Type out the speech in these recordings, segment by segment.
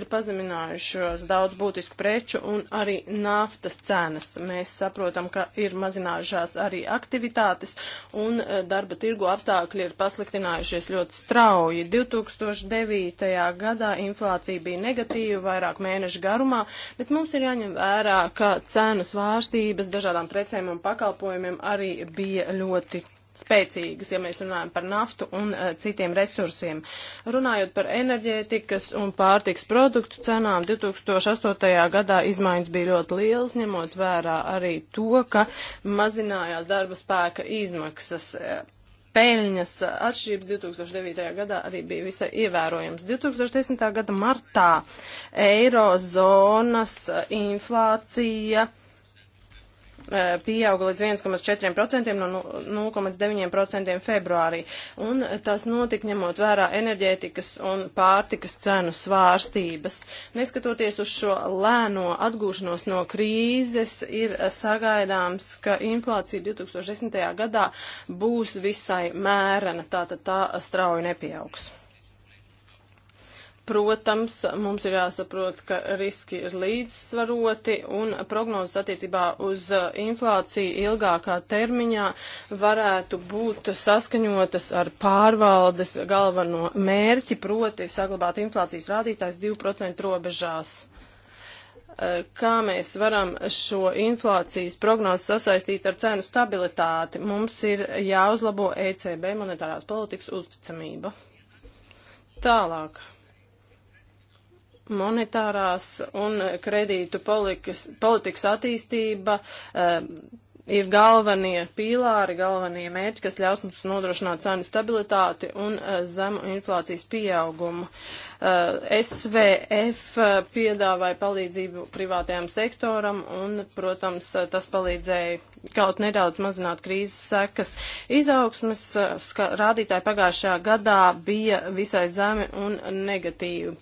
ir pazeminājušos daudz būtisku preču un arī naftas cenas. Mēs saprotam, ka ir mazinājušās arī aktivitātes un eh, darba tirgu apstākļi ir pasliktinājušies ļoti strauji. 2009. gadā inflācija bija negatīva vairāk mēnešu garumā, bet mums ir jāņem vērā, ka cenu svārstības dažādām precēm un pakalpojumiem arī bija ļoti spēcīgas, ja mēs runājam par naftu un uh, citiem resursiem. Runājot par enerģētikas un pārtiks produktu cenām, 2008. gadā izmaiņas bija ļoti lielas, ņemot vērā arī to, ka mazinājās darba spēka izmaksas. Uh, peļņas atšķirības 2009. gadā arī bija visai ievērojams. 2010. gada martā eirozonas inflācija pieauga līdz 1,4% no 0,9% nu, februārī. Un tas notika ņemot vērā enerģētikas un pārtikas cenu svārstības. Neskatoties uz šo lēno atgūšanos no krīzes, ir sagaidāms, ka inflācija 2010. gadā būs visai mērena, tātad tā strauji nepieaugs. Protams, mums ir jāsaprot, ka riski ir līdzsvaroti un prognozes attiecībā uz uh, inflāciju ilgākā termiņā varētu būt saskaņotas ar pārvaldes galveno mērķi, proti saglabāt inflācijas rādītājs 2% robežās uh, kā mēs varam šo inflācijas prognozi sasaistīt ar cenu stabilitāti. Mums ir jāuzlabo ECB monetārās politikas uzticamība. Tālāk. Monetārās un kredītu politikas, politikas attīstība eh, ir galvenie pīlāri, galvenie mērķi, kas ļaus mums nodrošināt cenu stabilitāti un eh, zemu inflācijas pieaugumu. Eh, SVF piedāvāja palīdzību privātajam sektoram un, protams, tas palīdzēja kaut nedaudz mazināt krīzes sekas. Izaugsmes rādītāji pagājušajā gadā bija visai zemi un negatīvi.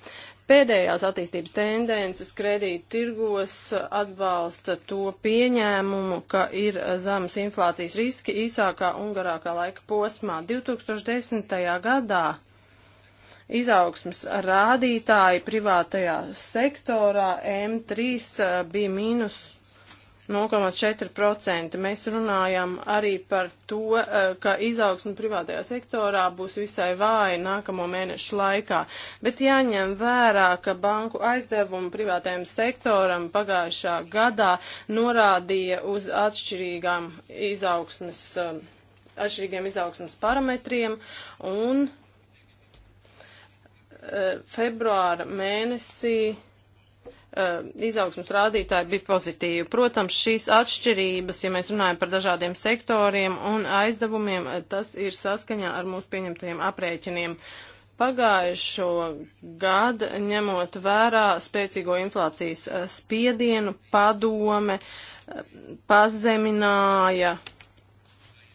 Pēdējās attīstības tendences kredītu tirgos atbalsta to pieņēmumu, ka ir zemes inflācijas riski īsākā un garākā laika posmā. 2010. gadā izaugsmas rādītāji privātajā sektorā M3 eh, bija mīnus 0,4%. Mēs runājam arī par to, eh, ka izaugsme privātajā sektorā būs visai vāja nākamo mēnešu laikā, bet jāņem vērā, ka banku aizdevumi privātajam sektoram pagājušā gadā norādīja uz atšķirīgām izaugsmes, eh, atšķirīgiem izaugsmes parametriem un eh, februāra mēnesī Uh, izaugsmas rādītāji bija pozitīvi. Protams, šīs atšķirības, ja mēs runājam par dažādiem sektoriem un aizdevumiem, uh, tas ir saskaņā ar mūsu pieņemtajiem aprēķiniem. Pagājušo gadu, ņemot vērā spēcīgo inflācijas uh, spiedienu, padome pazemināja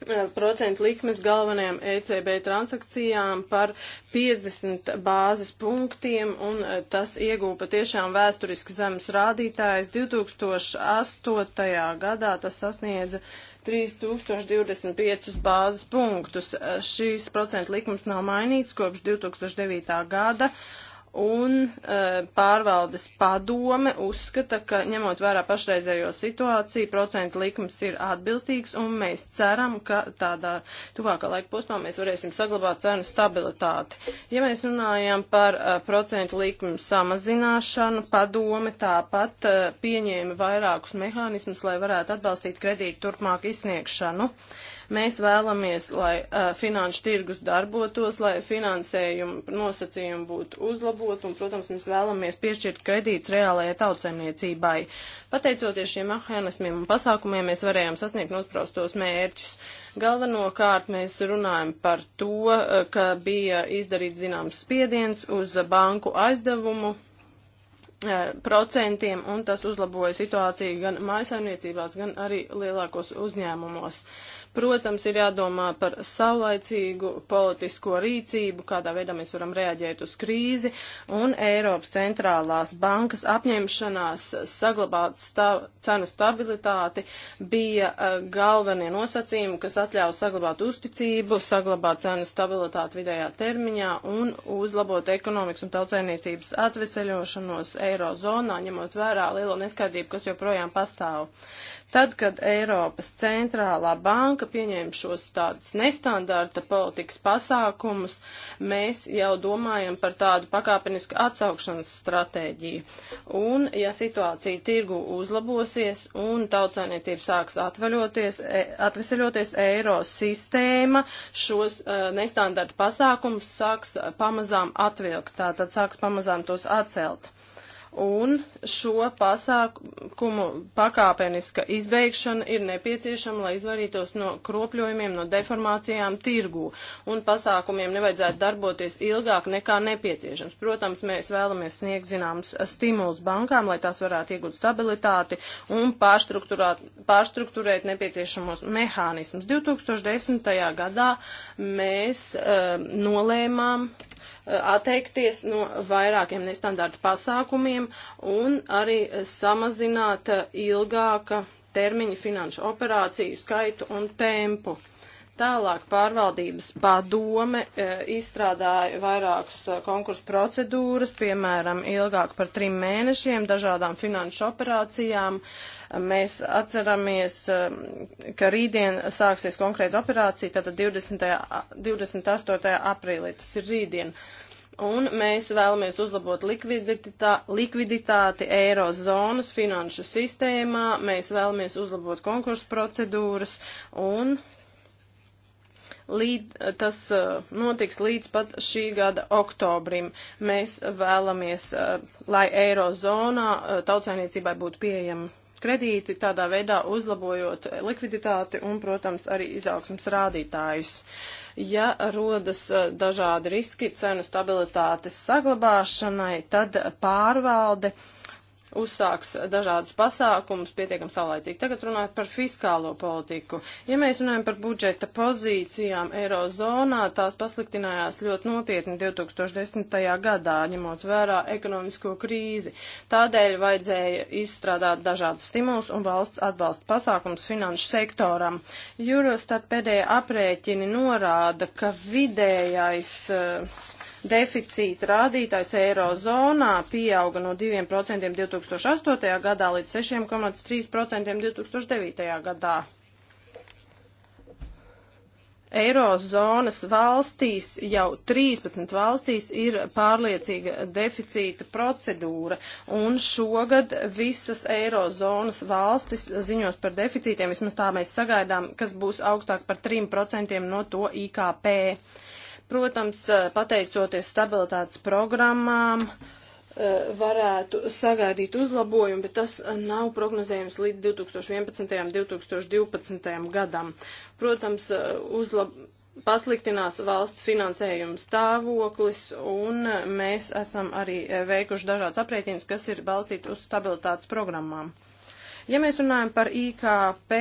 Eh, procentu likmes galvenajām ECB transakcijām par 50 bāzes punktiem, un eh, tas iegūpa patiešām vēsturiski zemes rādītājs. 2008. gadā tas sasniedza 3025 bāzes punktus. Eh, šīs procentu likums nav mainīts kopš 2009. gada, un e, pārvaldes padome uzskata, ka ņemot vērā pašreizējo situāciju, procentu likums ir atbilstīgs, un mēs ceram, ka tādā tuvākā laika posmā mēs varēsim saglabāt cenu stabilitāti. Ja mēs runājam par e, procentu likumu samazināšanu, padome tāpat e, pieņēma vairākus mehānismus, lai varētu atbalstīt kredītu turpmāk izsniegšanu. E, Mēs vēlamies, lai uh, finanšu tirgus darbotos, lai finansējuma nosacījumi būtu uzlabot, un, protams, mēs vēlamies piešķirt kredītus reālajai tautsaimniecībai. Pateicoties šiem mehānismiem un pasākumiem, mēs varējām sasniegt nospraustos mērķus. Galvenokārt mēs runājam par to, uh, ka bija izdarīts zināms spiediens uz banku aizdevumu uh, procentiem, un tas uzlaboja situāciju gan mājasaimniecībās, gan arī lielākos uzņēmumos. Protams, ir jādomā par saulaicīgu politisko rīcību, kādā veidā mēs varam reaģēt uz krīzi, un Eiropas centrālās bankas apņemšanās saglabāt stav, cenu stabilitāti bija uh, galvenie nosacījumi, kas atļauj saglabāt uzticību, saglabāt cenu stabilitāti vidējā termiņā un uzlabot ekonomikas un tautsēmniecības atveseļošanos eirozonā, ņemot vērā lielo neskaidrību, kas joprojām pastāv. Tad, kad Eiropas centrālā banka pieņēma šos tādus nestandarta politikas pasākumus, mēs jau domājam par tādu pakāpenisku atsaukšanas stratēģiju. Un, ja situācija tirgu uzlabosies un tautsāniecība sāks atvaļoties, e, atveseļoties eiro sistēma, šos uh, nestandarta pasākumus sāks pamazām atvilkt, tātad sāks pamazām tos atcelt un šo pasākumu pakāpeniska izbeigšana ir nepieciešama, lai izvairītos no kropļojumiem, no deformācijām tirgū, un pasākumiem nevajadzētu darboties ilgāk nekā nepieciešams. Protams, mēs vēlamies sniegt zināmus stimulus bankām, lai tās varētu iegūt stabilitāti un pārstruktūrēt nepieciešamos mehānismus. 2010. gadā mēs uh, nolēmām atteikties no vairākiem nestandarta pasākumiem un arī samazināt ilgāka termiņa finanšu operāciju skaitu un tempu. Tālāk pārvaldības padome e, izstrādāja vairākas e, konkursu procedūras, piemēram, ilgāk par trim mēnešiem, dažādām finanšu operācijām. Mēs atceramies, e, ka rītdien sāksies konkrēta operācija, tātad 20. 28. aprīlī, tas ir rītdien. Un mēs vēlamies uzlabot likviditā, likviditāti eirozonas finanšu sistēmā, mēs vēlamies uzlabot konkursu procedūras un līd, tas uh, notiks līdz pat šī gada oktobrim. Mēs vēlamies, uh, lai eirozonā uh, tautsainiecībai būtu pieejami kredīti, tādā veidā uzlabojot likviditāti un, protams, arī izaugsmas rādītājus. Ja rodas dažādi riski cenu stabilitātes saglabāšanai, tad pārvalde uh, uzsāks dažādus pasākumus pietiekam saulaicīgi. Tagad runājot par fiskālo politiku. Ja mēs runājam par budžeta pozīcijām Eirozonā, tās pasliktinājās ļoti nopietni 2010. gadā, ņemot vērā ekonomisko krīzi. Tādēļ vajadzēja izstrādāt dažādus stimulus un valsts atbalsta pasākums finanšu sektoram. Eurostat pēdējā aprēķini norāda, ka vidējais uh, Deficīta rādītājs Eirozonā pieauga no 2% 2008. gadā līdz 6,3% 2009. gadā. Eirozonas valstīs, jau 13 valstīs ir pārliecīga deficīta procedūra, un šogad visas Eirozonas valstis ziņos par deficītiem, vismaz tā mēs sagaidām, kas būs augstāk par 3% no to IKP. Uh, Protams, eh, pateicoties stabilitātes programmām, eh, varētu sagaidīt uzlabojumu, bet tas nav prognozējams līdz 2011. un 2012. gadam. Protams, eh, uzlab pasliktinās valsts finansējuma stāvoklis, un mēs esam arī veikuši dažādas aprēķinas, kas ir balstīti uz stabilitātes programmām. Ja mēs runājam par IKP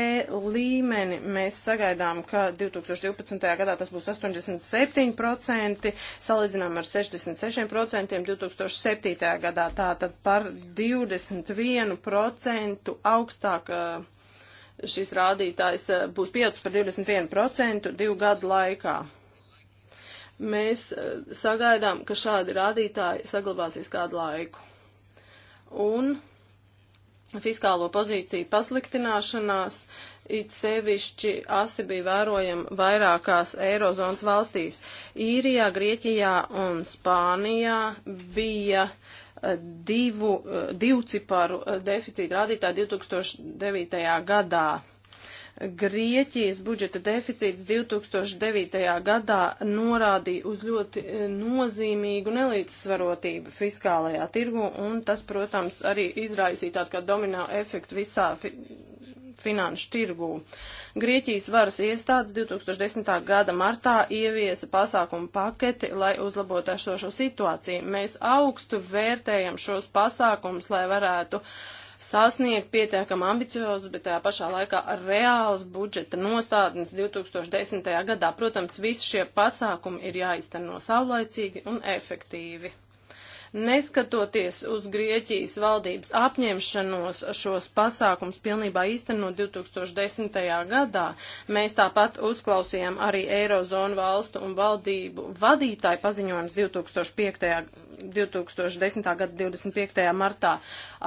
līmeni, mēs sagaidām, ka 2012. gadā tas būs 87%, salīdzinām ar 66% 2007. gadā, tātad par 21% augstāk eh, šis rādītājs eh, būs pieaudzis par 21% divu gadu laikā. Mēs eh, sagaidām, ka šādi rādītāji saglabāsies kādu laiku. Un fiskālo pozīciju pasliktināšanās, it sevišķi asi bija vērojama vairākās Eirozonas valstīs. Īrijā, Grieķijā un Spānijā bija eh, divu, eh, divciparu eh, deficīta rādītāji 2009. gadā. Grieķijas budžeta deficīts 2009. gadā norādīja uz ļoti e, nozīmīgu nelīdzsvarotību fiskālajā tirgu, un tas, protams, arī izraisīja tādu kā domino efektu visā fi finanšu tirgū. Grieķijas varas iestādes 2010. gada martā ieviesa pasākumu paketi, lai uzlabotu esošo situāciju. Mēs augstu vērtējam šos pasākumus, lai varētu uh, sasniegt pietiekam ambiciozus, bet tajā pašā laikā reāls budžeta nostādnes 2010. gadā. Protams, visi šie pasākumi ir jāizteno saulaicīgi un efektīvi. Neskatoties uz Grieķijas valdības apņemšanos šos pasākums pilnībā īstenot 2010. gadā, mēs tāpat uzklausījām arī Eirozonu valstu un valdību vadītāju paziņojums 2005. 2010. gada 25. martā.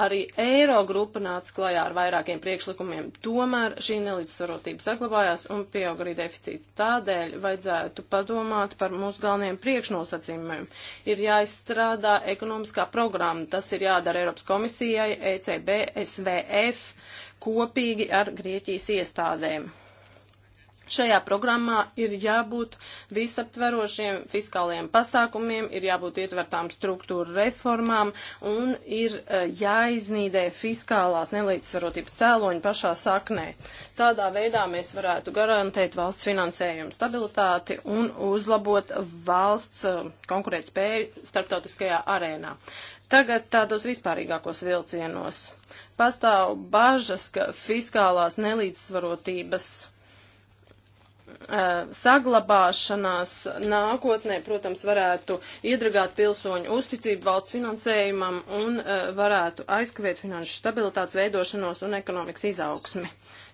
Arī Eiro grupa nāca klajā ar vairākiem priekšlikumiem. Tomēr šī nelīdzsvarotība saglabājās un pieauga arī deficīts. Tādēļ vajadzētu padomāt par mūsu galvenajiem priekšnosacījumiem. Ir jāizstrādā ekonomiskā programma. Tas ir jādara Eiropas komisijai, ECB, SVF kopīgi ar Grieķijas iestādēm. Šajā programmā ir jābūt visaptverošiem fiskālajiem pasākumiem, ir jābūt ietvertām struktūra reformām un ir eh, jāiznīdē fiskālās nelīdzsvarotības cēloņi pašā saknē. Tādā veidā mēs varētu garantēt valsts finansējumu stabilitāti un uzlabot valsts eh, konkurētspēju starptautiskajā arēnā. Tagad tādos vispārīgākos vilcienos. Pastāv bažas, ka fiskālās nelīdzsvarotības Uh, saglabāšanās nākotnē, protams, varētu iedragāt pilsoņu uzticību valsts finansējumam un uh, varētu aizkavēt finanšu stabilitātes veidošanos un ekonomikas izaugsmi.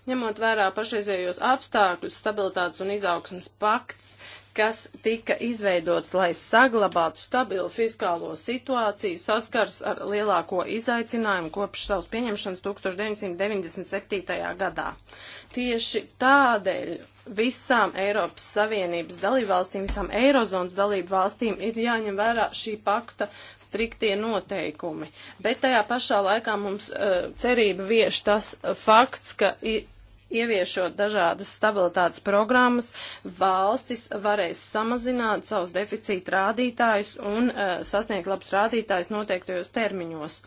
Ņemot vērā pašreizējos apstākļus, stabilitātes un izaugsmas pakts, kas tika izveidots, lai saglabātu stabilu fiskālo situāciju, saskars ar lielāko izaicinājumu kopš savas pieņemšanas 1997. gadā. Tieši tādēļ visām Eiropas Savienības dalībvalstīm, visām Eirozonas dalībvalstīm ir jāņem vērā šī pakta striktie noteikumi. Bet tajā pašā laikā mums uh, cerība vieš tas fakts, ka ir ieviešot dažādas stabilitātes programmas, valstis varēs samazināt savus deficīta rādītājus un uh, sasniegt labus rādītājus noteiktajos termiņos.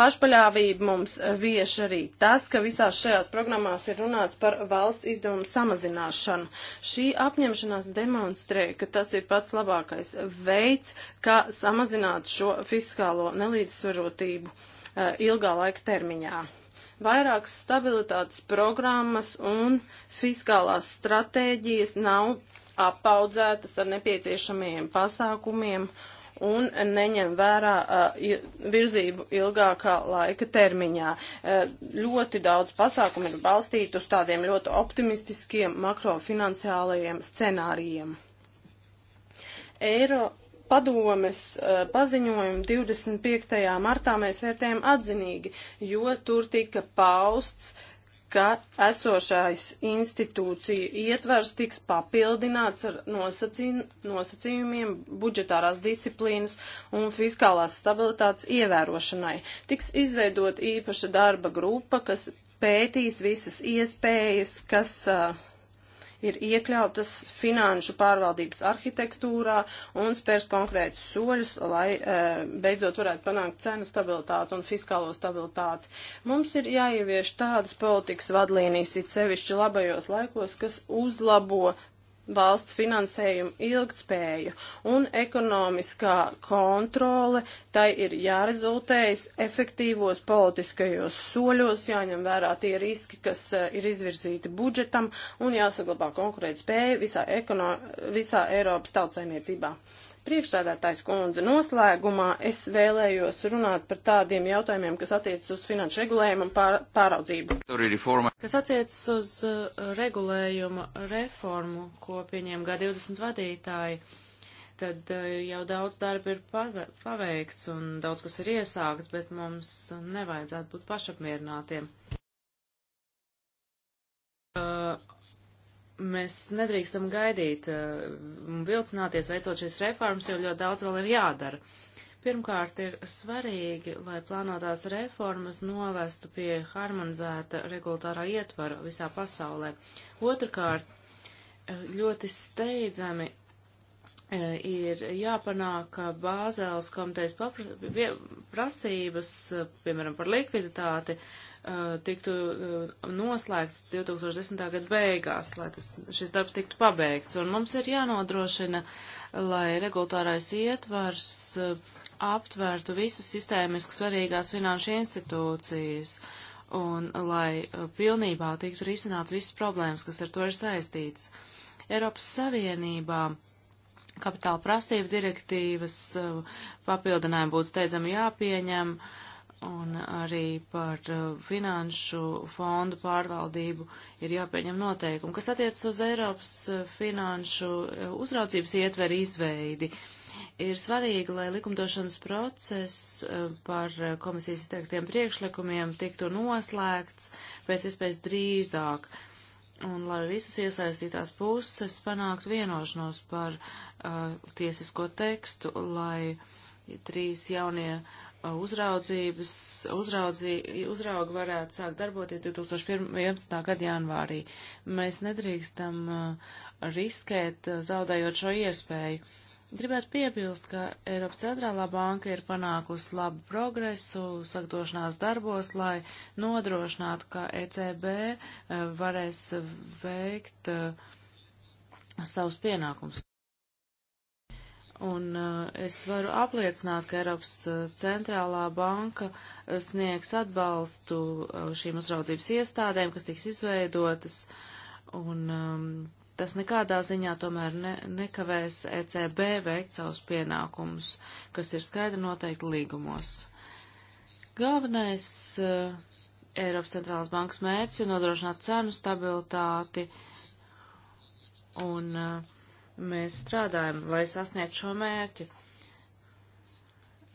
Pašpaļāvību mums vieš arī tas, ka visās šajās programmās ir runāts par valsts izdevumu samazināšanu. Šī apņemšanās demonstrē, ka tas ir pats labākais veids, kā samazināt šo fiskālo nelīdzsvarotību uh, ilgā laika termiņā. Vairākas stabilitātes programmas un fiskālās stratēģijas nav apaudzētas ar nepieciešamajiem pasākumiem un neņem vērā uh, virzību ilgākā laika termiņā. Uh, ļoti daudz pasākumu ir balstīti uz tādiem ļoti optimistiskiem makrofinansiālajiem scenārijiem. Eiro padomes eh, paziņojumu 25. martā mēs vērtējam atzinīgi, jo tur tika pausts, ka esošais institūciju ietvers tiks papildināts ar nosacījumiem budžetārās disciplīnas un fiskālās stabilitātes ievērošanai. Tiks izveidot īpaša darba grupa, kas pētīs visas iespējas, kas uh, ir iekļautas finanšu pārvaldības arhitektūrā un spērs konkrētus soļus, lai e, beidzot varētu panākt cenu stabilitāti un fiskālo stabilitāti. Mums ir jāievieš tādas politikas vadlīnijas, it sevišķi labajos laikos, kas uzlabo valsts finansējumu ilgtspēju un ekonomiskā kontrole, tai ir jārezultējas efektīvos politiskajos soļos, jāņem vērā tie riski, kas eh, ir izvirzīti budžetam un jāsaglabā konkurētspēja visā, visā Eiropas tautsaimniecībā. Priekšsēdētājs kundze, noslēgumā es vēlējos runāt par tādiem jautājumiem, kas attiecas uz finanšu regulējumu un pār, pāraudzību. Kas attiecas uz uh, regulējuma reformu, ko pieņēma G20 vadītāji, tad uh, jau daudz darba ir paveikts un daudz kas ir iesākts, bet mums nevajadzētu būt pašapmierinātiem. Uh, mēs nedrīkstam gaidīt eh, un vilcināties veicot šīs reformas, jo ļoti daudz vēl ir jādara. Pirmkārt, ir svarīgi, lai plānotās reformas novestu pie harmonizēta regulārā ietvara visā pasaulē. Otrkārt, eh, ļoti steidzami eh, ir jāpanāk Bāzēlas komitejas prasības, piemēram, par likviditāti, Uh, tiktu uh, noslēgts 2010. gada beigās, lai tas, šis darbs tiktu pabeigts. Un mums ir jānodrošina, lai regulatārais ietvars uh, aptvērtu visas sistēmiski svarīgās finanšu institūcijas un lai pilnībā tiktu risināts visas problēmas, kas ar to ir saistīts. Eiropas Savienībā kapitāla prasību direktīvas papildinājumu būtu steidzami jāpieņem. Uh, un arī par uh, finanšu fondu pārvaldību ir jāpieņem noteikumi, kas attiecas uz Eiropas uh, finanšu uh, uzraucības ietveru izveidi. Ir svarīgi, lai likumdošanas process par komisijas izteiktiem priekšlikumiem tiktu noslēgts pēc iespējas drīzāk un lai visas iesaistītās puses panāktu vienošanos par uh, tiesisko tekstu, lai trīs jaunie uzraudzības, uzraudzī, uzrauga varētu sākt darboties 2011. gada janvārī. Mēs nedrīkstam uh, riskēt, uh, zaudējot šo iespēju. Gribētu piebilst, ka Eiropas centrālā banka ir panākusi labu progresu sakdošanās darbos, lai nodrošinātu, ka ECB uh, varēs veikt savus pienākumus. Un uh, es varu apliecināt, ka Eiropas uh, centrālā banka uh, sniegs atbalstu uh, šīm uzraudzības iestādēm, kas tiks izveidotas, un um, tas nekādā ziņā tomēr ne, nekavēs ECB veikt savus pienākumus, kas ir skaidri noteikti līgumos. Galvenais uh, Eiropas centrālās bankas mērķis ir nodrošināt cenu stabilitāti un uh, mēs strādājam, lai sasniegtu šo mērķi.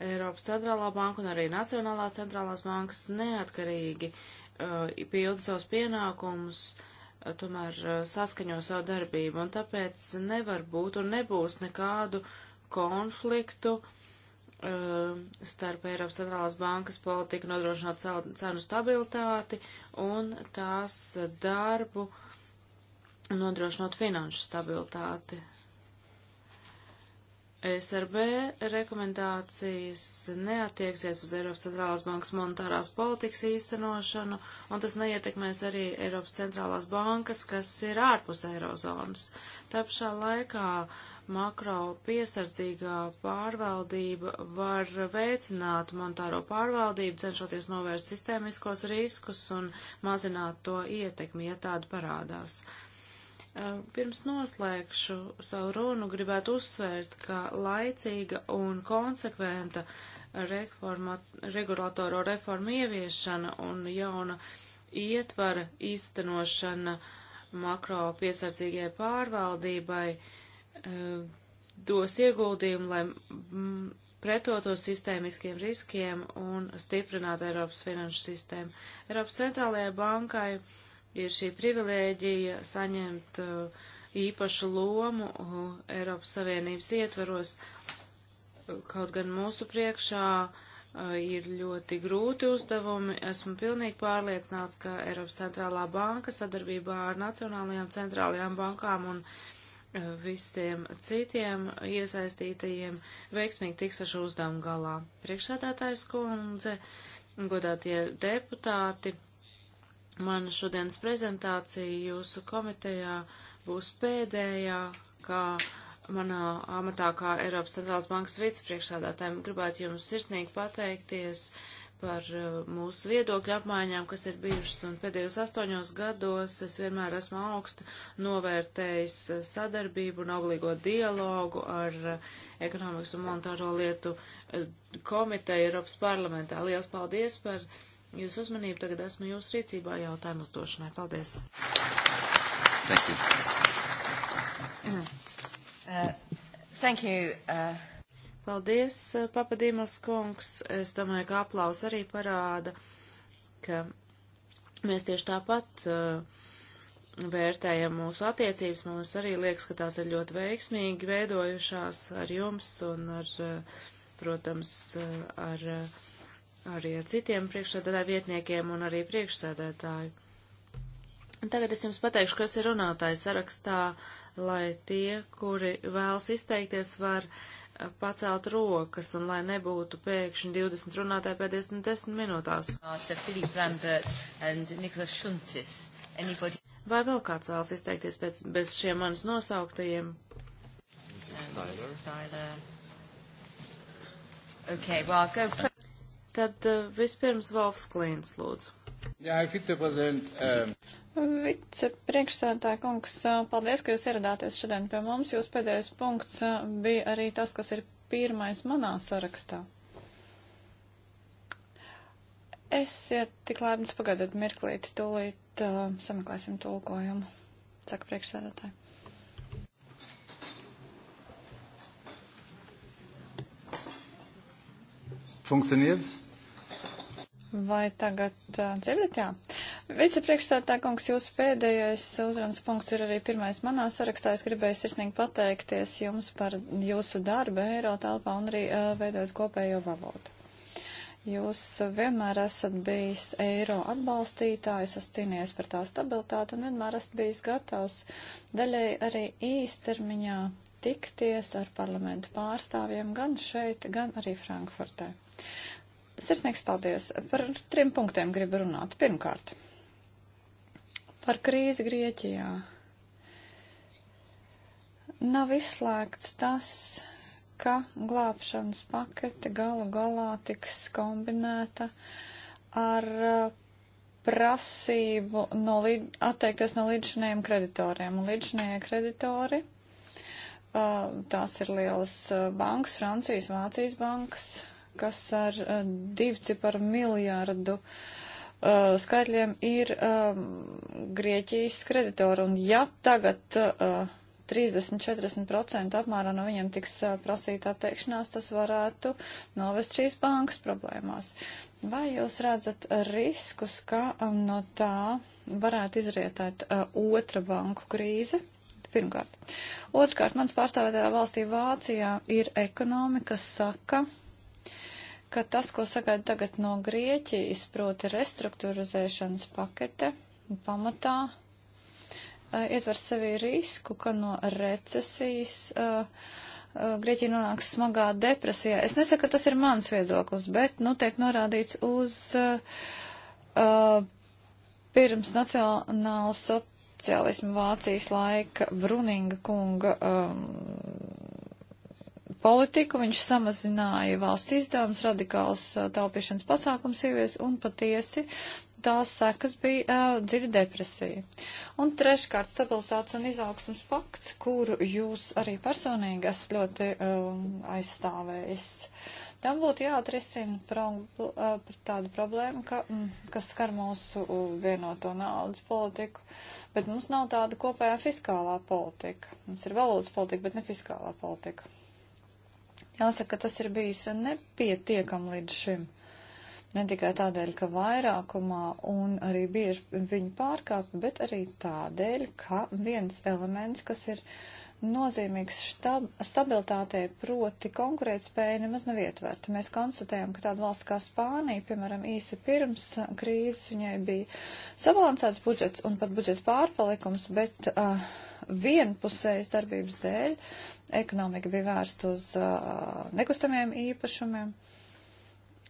Eiropas centrālā banka un arī Nacionālās centrālās bankas neatkarīgi uh, pilda savus pienākumus, uh, tomēr uh, saskaņo savu darbību, un tāpēc nevar būt un nebūs nekādu konfliktu uh, starp Eiropas centrālās bankas politiku nodrošināt cenu stabilitāti un tās darbu nodrošinot finanšu stabilitāti. SRB rekomendācijas neatieksies uz Eiropas centrālās bankas monetārās politikas īstenošanu, un tas neietekmēs arī Eiropas centrālās bankas, kas ir ārpus eirozonas. Tāpšā laikā makro piesardzīgā pārvaldība var veicināt monetāro pārvaldību, cenšoties novērst sistēmiskos riskus un mazināt to ietekmi, ja tāda parādās. Uh, Eh, pirms noslēgšu savu runu, gribētu uzsvērt, ka laicīga un konsekventa reforma, regulatoro reforma ieviešana un jauna ietvara īstenošana makro piesardzīgajai pārvaldībai eh, dos ieguldījumu, lai pretotos sistēmiskiem riskiem un stiprinātu Eiropas finanšu sistēmu. Eiropas centrālajai bankai ir šī privilēģija saņemt uh, īpašu lomu uh, Eiropas Savienības ietveros. Kaut gan mūsu priekšā uh, ir ļoti grūti uzdevumi, esmu pilnīgi pārliecināts, ka Eiropas centrālā banka sadarbībā ar nacionālajām centrālajām bankām un uh, visiem citiem iesaistītajiem veiksmīgi tiks ar šo uzdevumu galā. Priekšsādātājs kundze, godātie deputāti, Mana šodienas prezentācija jūsu komitejā būs pēdējā, kā manā amatā kā Eiropas centrālās bankas vicepriekšsādātājiem. Gribētu jums sirsnīgi pateikties par uh, mūsu viedokļu apmaiņām, kas ir bijušas, un pēdējos astoņos gados es vienmēr esmu augstu novērtējis uh, sadarbību un auglīgo dialogu ar uh, ekonomikas un monetāro lietu komiteju Eiropas parlamentā. Liels paldies par Jūsu uzmanību tagad esmu jūsu rīcībā jautājumu uzdošanai. Paldies! Thank you. Uh, thank you. Uh... Paldies, uh, papadīmos kungs. Es domāju, ka aplaus arī parāda, ka mēs tieši tāpat uh, vērtējam mūsu attiecības. Mums arī liekas, ka tās ir ļoti veiksmīgi veidojušās ar jums un ar, uh, protams, uh, ar. Uh, arī ar citiem priekšsēdētāju vietniekiem un arī priekšsēdētāju. Tagad es jums pateikšu, kas ir runātāju sarakstā, lai tie, kuri vēlas izteikties, var eh, pacelt rokas un lai nebūtu pēkšņi 20 runātāji pēdējās 10 minūtās. Vai vēl kāds vēlas izteikties pēc, bez šiem manis nosauktajiem? Tyler. Tyler. Okay, well, go. Tad eh, vispirms Volfs Klīns lūdzu. Jā, viceprezident. Um... Vicepriekšsēdētāja kungs, eh, paldies, ka jūs ieradāties šodien pie mums. Jūs pēdējais punkts eh, bija arī tas, kas ir pirmais manā sarakstā. Esiet tik laipni, pagaidiet mirklīti, tūlīt uh, sameklēsim tulkojumu, saka priekšsēdētāji. Funkcionierts? Vai tagad uh, dzirdat, jā? Vicepriekšstādā kungs, jūsu pēdējais uzrunas punkts ir arī pirmais manā sarakstā. Es gribēju sirsnīgi pateikties jums par jūsu darbu eiro telpā un arī uh, veidot kopējo valodu. Jūs vienmēr esat bijis eiro atbalstītājs, esat cīnījies par tā stabilitāti un vienmēr esat bijis gatavs daļai arī īstermiņā tikties ar parlamentu pārstāvjiem gan šeit, gan arī Frankfurtē. Sirsnīgs paldies. Par trim punktiem gribu runāt. Pirmkārt, par krīzi Grieķijā. Nav izslēgts tas, ka glābšanas pakete galu galā tiks kombinēta ar uh, prasību no līd, atteikties no līdzšinējiem kreditoriem. Un līdzšinējie kreditori, uh, tās ir lielas uh, bankas, Francijas, Vācijas bankas, kas ar eh, divciparu miljārdu uh, skaitļiem ir um, Grieķijas kreditori. Un ja tagad uh, 30-40% apmērā no viņiem tiks uh, prasīta atteikšanās, tas varētu novest šīs bankas problēmās. Vai jūs redzat riskus, ka um, no tā varētu izrietēt uh, otra banku krīze? Pirmkārt. Otrkārt, mans pārstāvētajā valstī Vācijā ir ekonomi, kas saka, ka tas, ko sagaida tagad no Grieķijas, proti restruktūrizēšanas pakete, pamatā e, ietver sevī risku, ka no recesijas uh, uh, Grieķija nonāks smagā depresijā. Es nesaku, ka tas ir mans viedoklis, bet, nu, tiek norādīts uz uh, pirms nacionāla sociālisma Vācijas laika Bruninga kunga um, politiku, viņš samazināja valsts izdevumus, radikāls taupīšanas pasākums ievies un patiesi tās sekas bija uh, dziļa depresija. Un treškārt stabilizācijas un izaugsmas pakts, kuru jūs arī personīgi esat ļoti um, aizstāvējis. Tam būtu jāatrisina pro, uh, tādu problēmu, ka, mm, kas skar mūsu vienoto naudas politiku, bet mums nav tāda kopējā fiskālā politika. Mums ir valūtas politika, bet ne fiskālā politika. Jāsaka, tas ir bijis nepietiekam līdz šim. Ne tikai tādēļ, ka vairākumā un arī bieži viņu pārkāpj, bet arī tādēļ, ka viens elements, kas ir nozīmīgs štab, stabilitātei, proti konkurētspēja, nemaz nav ietverta. Mēs konstatējam, ka tāda valsts kā Spānija, piemēram, īsi pirms krīzes viņai bija sabalansēts budžets un pat budžeta pārpalikums, bet uh, vienpusējas darbības dēļ ekonomika bija vērsta uz uh, nekustamiem īpašumiem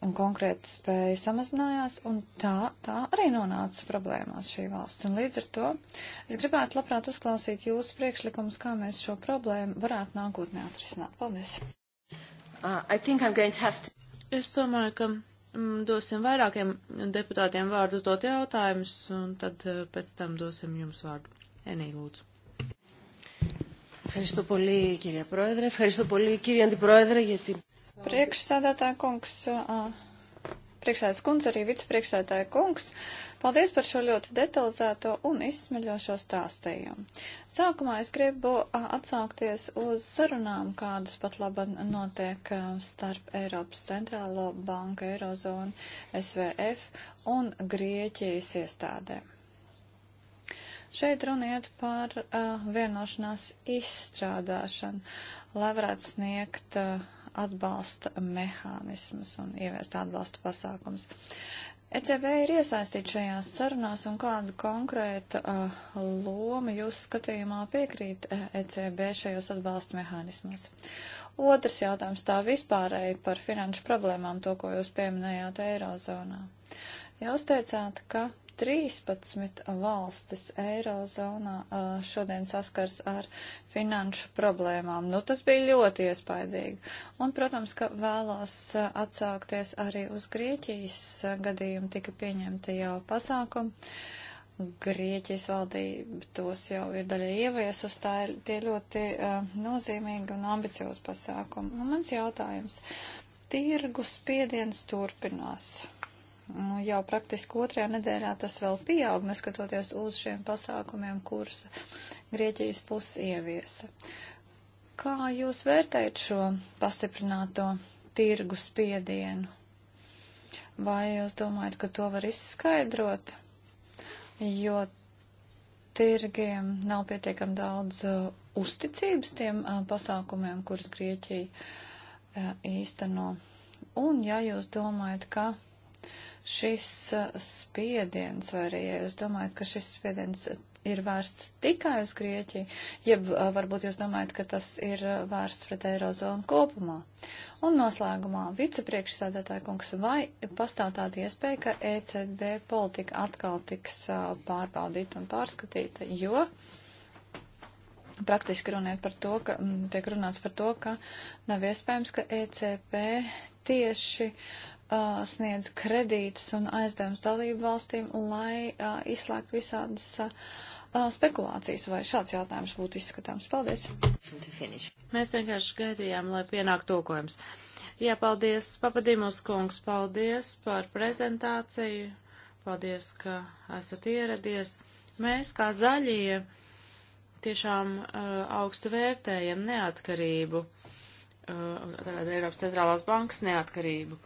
un konkrēti spēja samazinājās, un tā, tā arī nonāca problēmās šī valsts. Un līdz ar to es gribētu labprāt uzklausīt jūsu priekšlikumus, kā mēs šo problēmu varētu nākotnē atrisināt. Paldies! Uh, to... Es domāju, ka mm, dosim vairākiem deputātiem vārdu uzdot jautājumus, un tad uh, pēc tam dosim jums vārdu. Enī, lūdzu. Ευχαριστώ πολύ, κυρία Πρόεδρε. Ευχαριστώ πολύ, κύριε Αντιπρόεδρε, για την... Priekšsēdētāja kungs, priekšsēdētājs kundze, arī vicepriekšsēdētāja kungs, paldies par šo ļoti detalizēto un izsmeļošo stāstījumu. Sākumā es gribu atsaukties uz sarunām, kādas pat laba notiek starp Eiropas centrālo banku, Eirozonu, SVF un Grieķijas iestādēm. Šeit runiet par uh, vienošanās izstrādāšanu, lai varētu sniegt uh, atbalsta mehānismus un ieviest atbalsta pasākums. ECB ir iesaistīta šajās sarunās un kādu konkrētu uh, lomu jūs skatījumā piekrīt uh, ECB šajos atbalsta mehānismos? Otrs jautājums tā vispārēji par finanšu problēmām, to, ko jūs pieminējāt Eirozonā. Jūs teicāt, ka 13 valstis Eirozonā šodien saskars ar finanšu problēmām. Nu, tas bija ļoti iespaidīgi. Un, protams, ka vēlos atsākties arī uz Grieķijas gadījumu, tika pieņemti jau pasākumi. Grieķijas valdība tos jau ir daļai ieviesus, tā ir tie ļoti uh, nozīmīgi un ambiciozi pasākumi. Nu, mans jautājums. Tirgus spiediens turpinās Nu, jau praktiski otrajā nedēļā tas vēl pieaug, neskatoties uz šiem pasākumiem, kurus Grieķijas puses ieviesa. Kā jūs vērtējat šo pastiprināto tirgu spiedienu? Vai jūs domājat, ka to var izskaidrot? Jo tirgiem nav pietiekam daudz uh, uzticības tiem uh, pasākumiem, kurus Grieķija uh, īsteno. Un ja jūs domājat, ka šis uh, spiediens, vai arī ja jūs domājat, ka šis spiediens ir vērsts tikai uz Grieķiju, jeb uh, varbūt jūs domājat, ka tas ir uh, vērsts pret Eirozonu kopumā. Un noslēgumā vicepriekšsēdētāja kungs, vai pastāv tāda iespēja, ka ECB politika atkal tiks pārbaudīta un pārskatīta, jo praktiski runiet par to, ka tiek runāts par to, ka nav iespējams, ka ECB tieši uh, uh, sniedz kredītus un aizdevums dalību valstīm, lai uh, izslēgtu visādas uh, uh, spekulācijas, vai šāds jautājums būtu izskatāms. Paldies! Mēs vienkārši gaidījām, lai pienāk tūkojums. Jā, paldies, papadimus kungs, paldies par prezentāciju, paldies, ka esat ieradies. Mēs, kā zaļie, tiešām uh, augstu vērtējam neatkarību, uh, Eiropas centrālās bankas neatkarību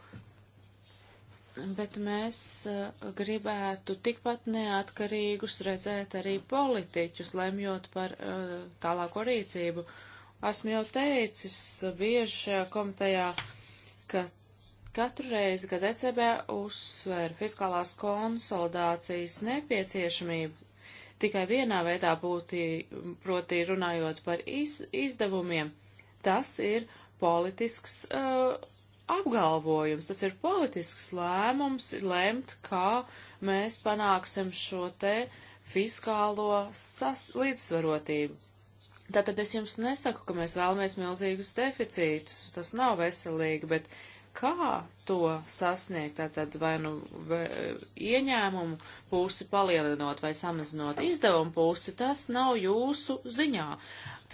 bet mēs uh, gribētu tikpat neatkarīgus redzēt arī politiķus, lemjot par uh, tālāko rīcību. Esmu jau teicis bieži šajā komitejā, ka katru reizi, kad ECB uzsver fiskālās konsolidācijas nepieciešamību, tikai vienā veidā būtī, proti runājot par iz, izdevumiem, tas ir politisks uh, apgalvojums, tas ir politisks lēmums lemt, kā mēs panāksim šo te fiskālo sas, līdzsvarotību. Tātad es jums nesaku, ka mēs vēlamies milzīgus deficītus, tas nav veselīgi, bet kā to sasniegt, tātad vai nu vai, ieņēmumu pusi palielinot vai samazinot izdevumu pusi, tas nav jūsu ziņā.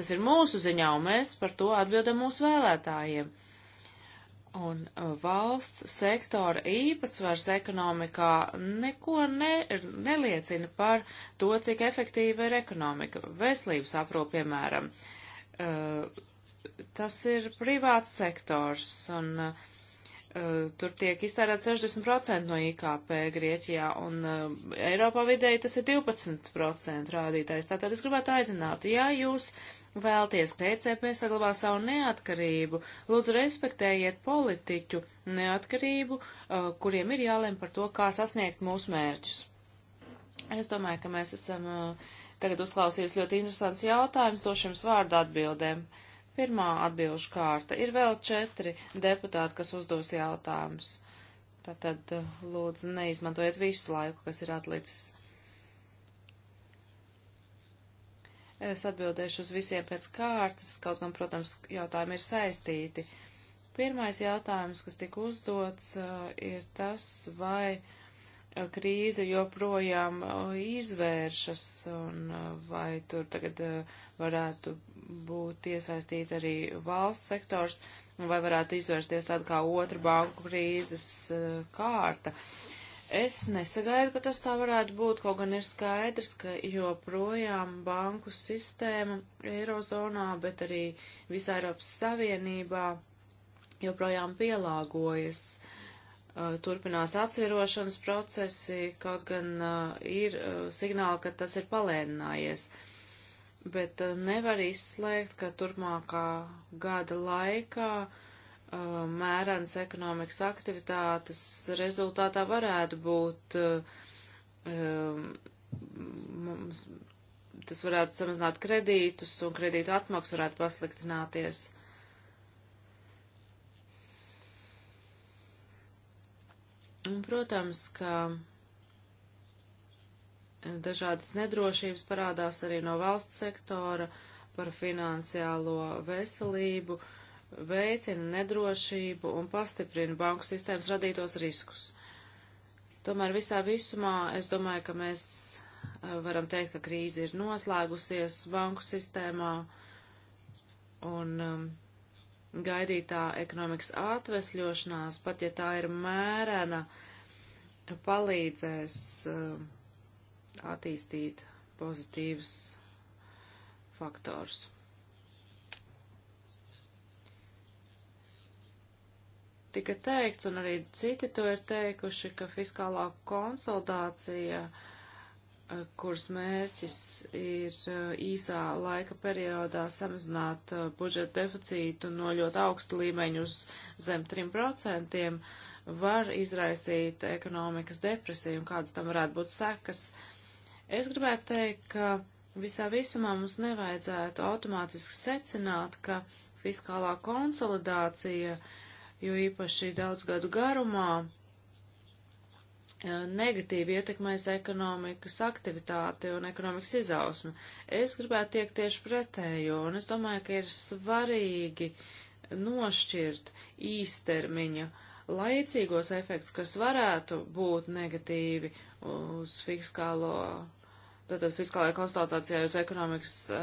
Tas ir mūsu ziņā, un mēs par to atbildam mūsu vēlētājiem. Uh, Un uh, valsts sektora īpatsvars ekonomikā neko ne, neliecina par to, cik efektīva ir ekonomika. Veselības aprūp, piemēram, uh, tas ir privāts sektors, un uh, tur tiek iztērēt 60% no IKP Grieķijā, un Eiropā vidēji tas ir 12% rādītājs. Tātad es gribētu aicināt, ja jūs vēlties, ka ECP saglabā savu neatkarību, lūdzu respektējiet politiķu neatkarību, uh, kuriem ir jālem par to, kā sasniegt mūsu mērķus. Es domāju, ka mēs esam uh, tagad uzklausījusi ļoti interesants jautājums, došu jums vārdu atbildēm. Pirmā atbilžu kārta. Ir vēl četri deputāti, kas uzdos jautājumus. Tātad, uh, lūdzu, neizmantojiet visu laiku, kas ir atlicis. Es atbildēšu uz visiem pēc kārtas, kaut gan, protams, jautājumi ir saistīti. Pirmais jautājums, kas tika uzdots, eh, ir tas, vai eh, krīze joprojām eh, izvēršas un vai tur tagad varētu būt iesaistīta arī valsts sektors vai varētu izvērsties tāda kā otra banku krīzes kārta. Uh, Es nesagaidu, ka tas tā varētu būt, kaut gan ir skaidrs, ka joprojām banku sistēma Eirozonā, bet arī visā Eiropas Savienībā joprojām pielāgojas. Uh, turpinās atcerošanas procesi, kaut gan uh, ir uh, signāli, ka tas ir palēninājies bet nevar izslēgt, ka turpmākā gada laikā Uh, mērens ekonomikas aktivitātes rezultātā varētu būt, uh, um, mums, tas varētu samazināt kredītus un kredītu atmaks varētu pasliktināties. Un, protams, ka dažādas nedrošības parādās arī no valsts sektora par finansiālo veselību. Uh, veicina nedrošību un pastiprina banku sistēmas radītos riskus. Tomēr visā visumā es domāju, ka mēs varam teikt, ka krīze ir noslēgusies banku sistēmā un um, gaidītā ekonomikas atvesļošanās, pat ja tā ir mērena, palīdzēs um, attīstīt pozitīvus faktors. tika teikts, un arī citi to ir teikuši, ka fiskālā konsolidācija, eh, kuras mērķis ir eh, īsā laika periodā samazināt eh, budžeta deficītu no ļoti augsta līmeņa uz zem 3%, var izraisīt ekonomikas depresiju, un kādas tam varētu būt sekas. Es gribētu teikt, ka visā visumā mums nevajadzētu automātiski secināt, ka fiskālā konsolidācija uh, jo īpaši daudz gadu garumā eh, negatīvi ietekmēs ekonomikas aktivitāti un ekonomikas izausmi. Es gribētu tiek tieši pretējo, un es domāju, ka ir svarīgi nošķirt īstermiņa laicīgos efektus, kas varētu būt negatīvi uz fiskālo tātad fiskālajā konsultācijā uz ekonomikas uh,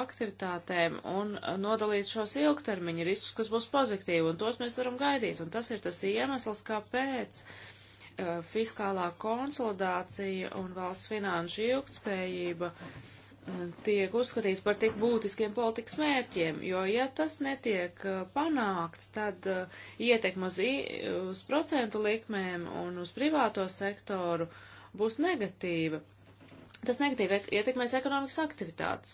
aktivitātēm un eh, nodalīt šos ilgtermiņa riskus, kas būs pozitīvi, un tos mēs varam gaidīt. Un tas ir tas iemesls, kāpēc uh, fiskālā konsolidācija un valsts finanšu ilgtspējība tiek uzskatīts par tik būtiskiem politikas mērķiem, jo, ja tas netiek panākts, tad uh, ietekma uz, uz procentu likmēm un uz privāto sektoru būs negatīva. Tas negatīvi ietekmēs ekonomikas aktivitātes.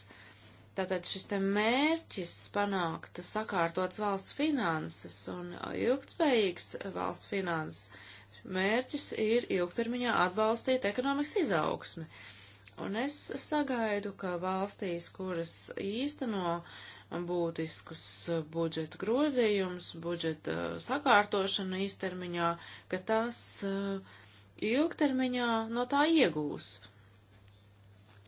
Tātad šis te mērķis panākt sakārtots valsts finanses un ilgtspējīgs valsts finanses mērķis ir ilgtermiņā atbalstīt ekonomikas izaugsmi. Un es sagaidu, ka valstīs, kuras īsteno būtiskus budžeta grozījumus, budžeta sakārtošanu īstermiņā, ka tas ilgtermiņā no tā iegūs. Uh,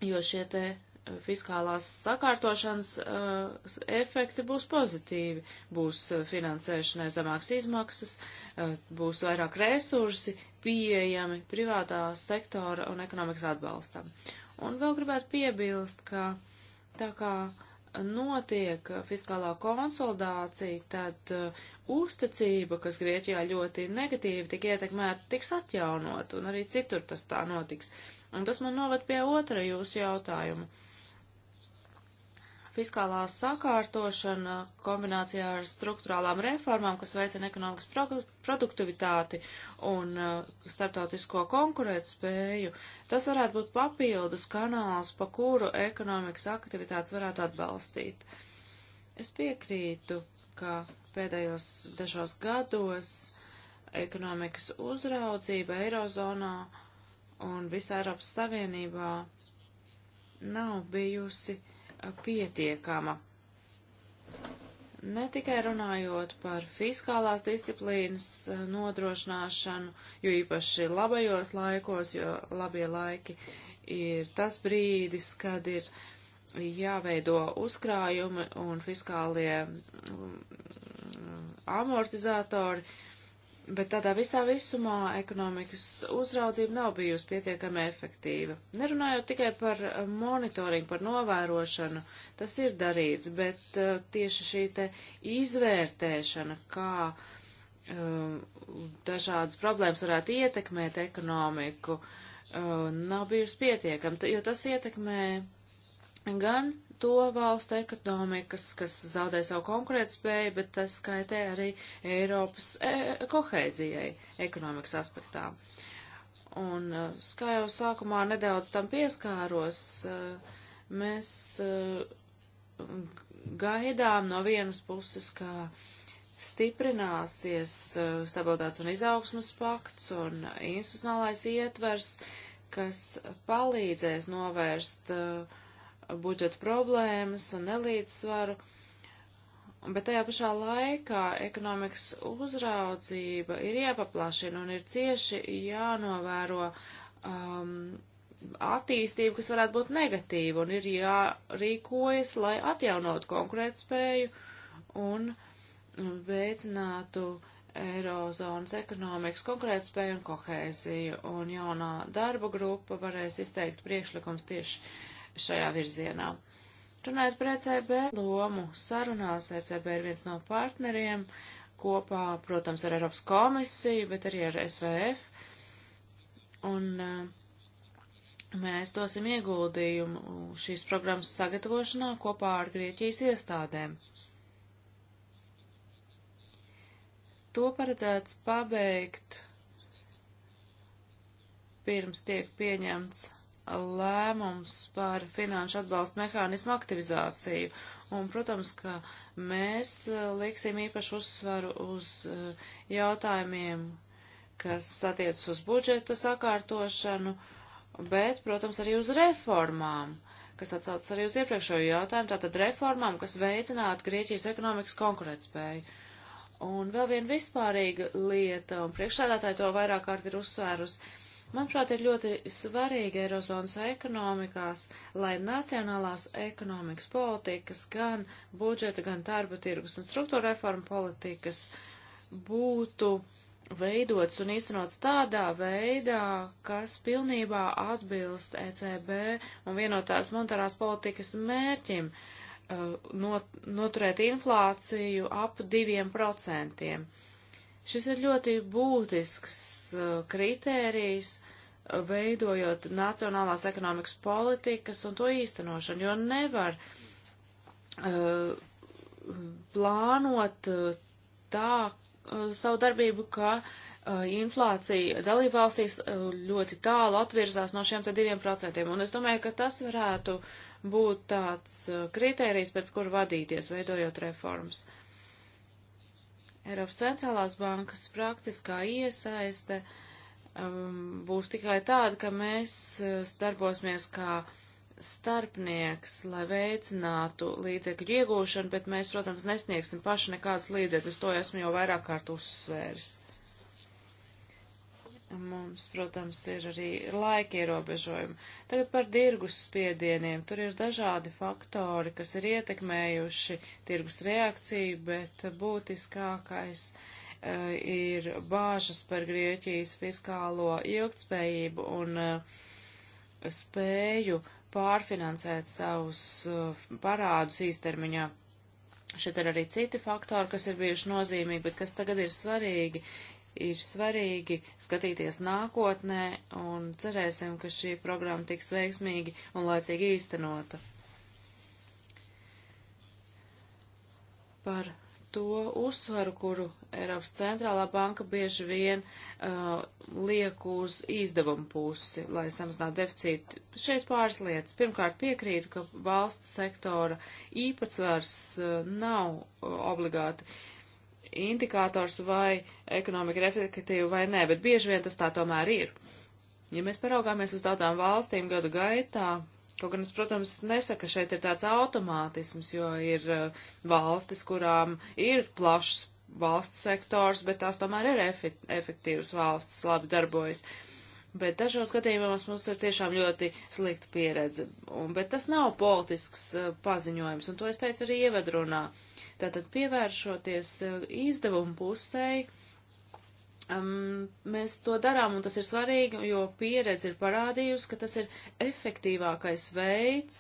jo šie te eh, fiskālās sakārtošanas uh, efekti būs pozitīvi. Būs eh, finansēšanai zemāks izmaksas, uh, būs vairāk resursi pieejami privātā sektora un ekonomikas atbalstam. Un vēl gribētu piebilst, ka tā kā notiek fiskālā konsolidācija, tad uh, uzticība, kas Grieķijā ļoti negatīvi tika ietekmēta, tiks atjaunot, un arī citur tas tā notiks. Uh, Un tas man novad pie otra jūsu jautājuma. Fiskālā sakārtošana kombinācijā ar struktūrālām reformām, kas veicina ekonomikas produktivitāti un uh, starptautisko konkurētspēju, tas varētu būt papildus kanāls, pa kuru ekonomikas aktivitātes varētu atbalstīt. Es piekrītu, ka pēdējos dažos gados ekonomikas uzraudzība Eirozonā uh, un visā Eiropas Savienībā nav bijusi pietiekama. Ne tikai runājot par fiskālās disciplīnas nodrošināšanu, jo īpaši labajos laikos, jo labie laiki ir tas brīdis, kad ir jāveido uzkrājumi un fiskālie amortizatori, Bet tādā visā visumā ekonomikas uzraudzība nav bijusi pietiekami efektīva. Nerunājot tikai par eh, monitoringu, par novērošanu, tas ir darīts, bet eh, tieši šī te izvērtēšana, kā um, dažādas problēmas varētu ietekmēt ekonomiku, um, nav bijusi pietiekama, jo tas ietekmē gan to valstu ekonomikas, kas zaudē savu konkurētspēju, bet tas skaitē arī Eiropas e kohēzijai ekonomikas aspektā. Un, e, kā jau sākumā nedaudz tam pieskāros, e, mēs e, gaidām no vienas puses, ka stiprināsies stabilitātes un izaugsmas pakts un institucionālais ietvers, kas palīdzēs novērst uh, budžeta problēmas un nelīdzsvaru, bet tajā pašā laikā ekonomikas uzraudzība ir jāpaplašina un ir cieši jānovēro um, attīstību, kas varētu būt negatīva, un ir jārīkojas, lai atjaunotu konkurētspēju un veicinātu Eirozonas ekonomikas konkurētspēju un kohēziju, un jaunā darba grupa varēs izteikt priekšlikums tieši šajā virzienā. Runājot par ECB lomu, sarunās ECB ir viens no partneriem kopā, protams, ar Eiropas komisiju, bet arī ar SVF. Un eh, mēs dosim ieguldījumu šīs programmas sagatavošanā kopā ar Grieķijas iestādēm. To paredzēts pabeigt pirms tiek pieņemts lēmums par finanšu atbalstu mehānismu aktivizāciju. Un, protams, ka mēs uh, liksim īpašu uzsvaru uz uh, jautājumiem, kas attiecas uz budžeta sakārtošanu, bet, protams, arī uz reformām, kas atsaucas arī uz iepriekšējo jautājumu, tātad reformām, kas veicinātu Grieķijas ekonomikas konkurētspēju. Un vēl viena vispārīga lieta, un priekšsēdētāji to vairāk kārt ir uzsvērusi Manuprāt, ir ļoti svarīgi Eirozonas ekonomikās, lai nacionālās ekonomikas politikas, gan budžeta, gan darba tirgus un struktūra reforma politikas būtu veidots un īstenots tādā veidā, kas pilnībā atbilst ECB un vienotās monetārās politikas mērķim uh, not, noturēt inflāciju ap diviem procentiem. Uh, Šis ir ļoti būtisks uh, kritērijs, uh, veidojot nacionālās ekonomikas politikas un to īstenošanu, jo nevar uh, plānot uh, tā uh, savu darbību, ka uh, inflācija dalībvalstīs ļoti tālu atvirzās no šiem te diviem procentiem. Un es domāju, ka tas varētu būt tāds kritērijs, pēc kur vadīties, veidojot reformas. Uh, Eiropas centrālās bankas praktiskā iesaiste um, būs tikai tāda, ka mēs uh, darbosimies kā starpnieks, lai veicinātu līdzekļu iegūšanu, bet mēs, protams, nesniegsim paši nekādus līdzekļus. To esmu jau vairāk kārt uzsvērs. Mums, protams, ir arī laika ierobežojumi. Tagad par tirgus spiedieniem. Tur ir dažādi faktori, kas ir ietekmējuši tirgus reakciju, bet būtiskākais uh, ir bāžas par Grieķijas fiskālo ilgtspējību un uh, spēju pārfinansēt savus uh, parādus īstermiņā. Šeit ir arī citi faktori, kas ir bijuši nozīmīgi, bet kas tagad ir svarīgi, ir svarīgi skatīties nākotnē un cerēsim, ka šī programma tiks veiksmīgi un laicīgi īstenota. Par to uzsvaru, kuru Eiropas centrālā banka bieži vien uh, liek uz izdevumu pusi, lai samazinātu deficītu. Šeit pāris lietas. Pirmkārt, piekrītu, ka valsts sektora īpatsvars uh, nav uh, obligāti uh, indikators, vai ekonomika ir efektīva vai nē, bet bieži vien tas tā tomēr ir. Ja mēs paraugāmies uz daudzām valstīm gadu gaitā, kaut gan es, protams, nesaku, ka šeit ir tāds automātisms, jo ir uh, valstis, kurām ir plašs valsts sektors, bet tās tomēr ir efi efektīvas valstis, labi darbojas. Bet dažos gadījumos mums ir tiešām ļoti slikta pieredze, un, bet tas nav politisks uh, paziņojums, un to es teicu arī ievadrunā. Uh, Tātad pievēršoties eh, izdevumu pusēji, um, mēs to darām, un tas ir svarīgi, jo pieredze ir parādījusi, ka tas ir efektīvākais veids,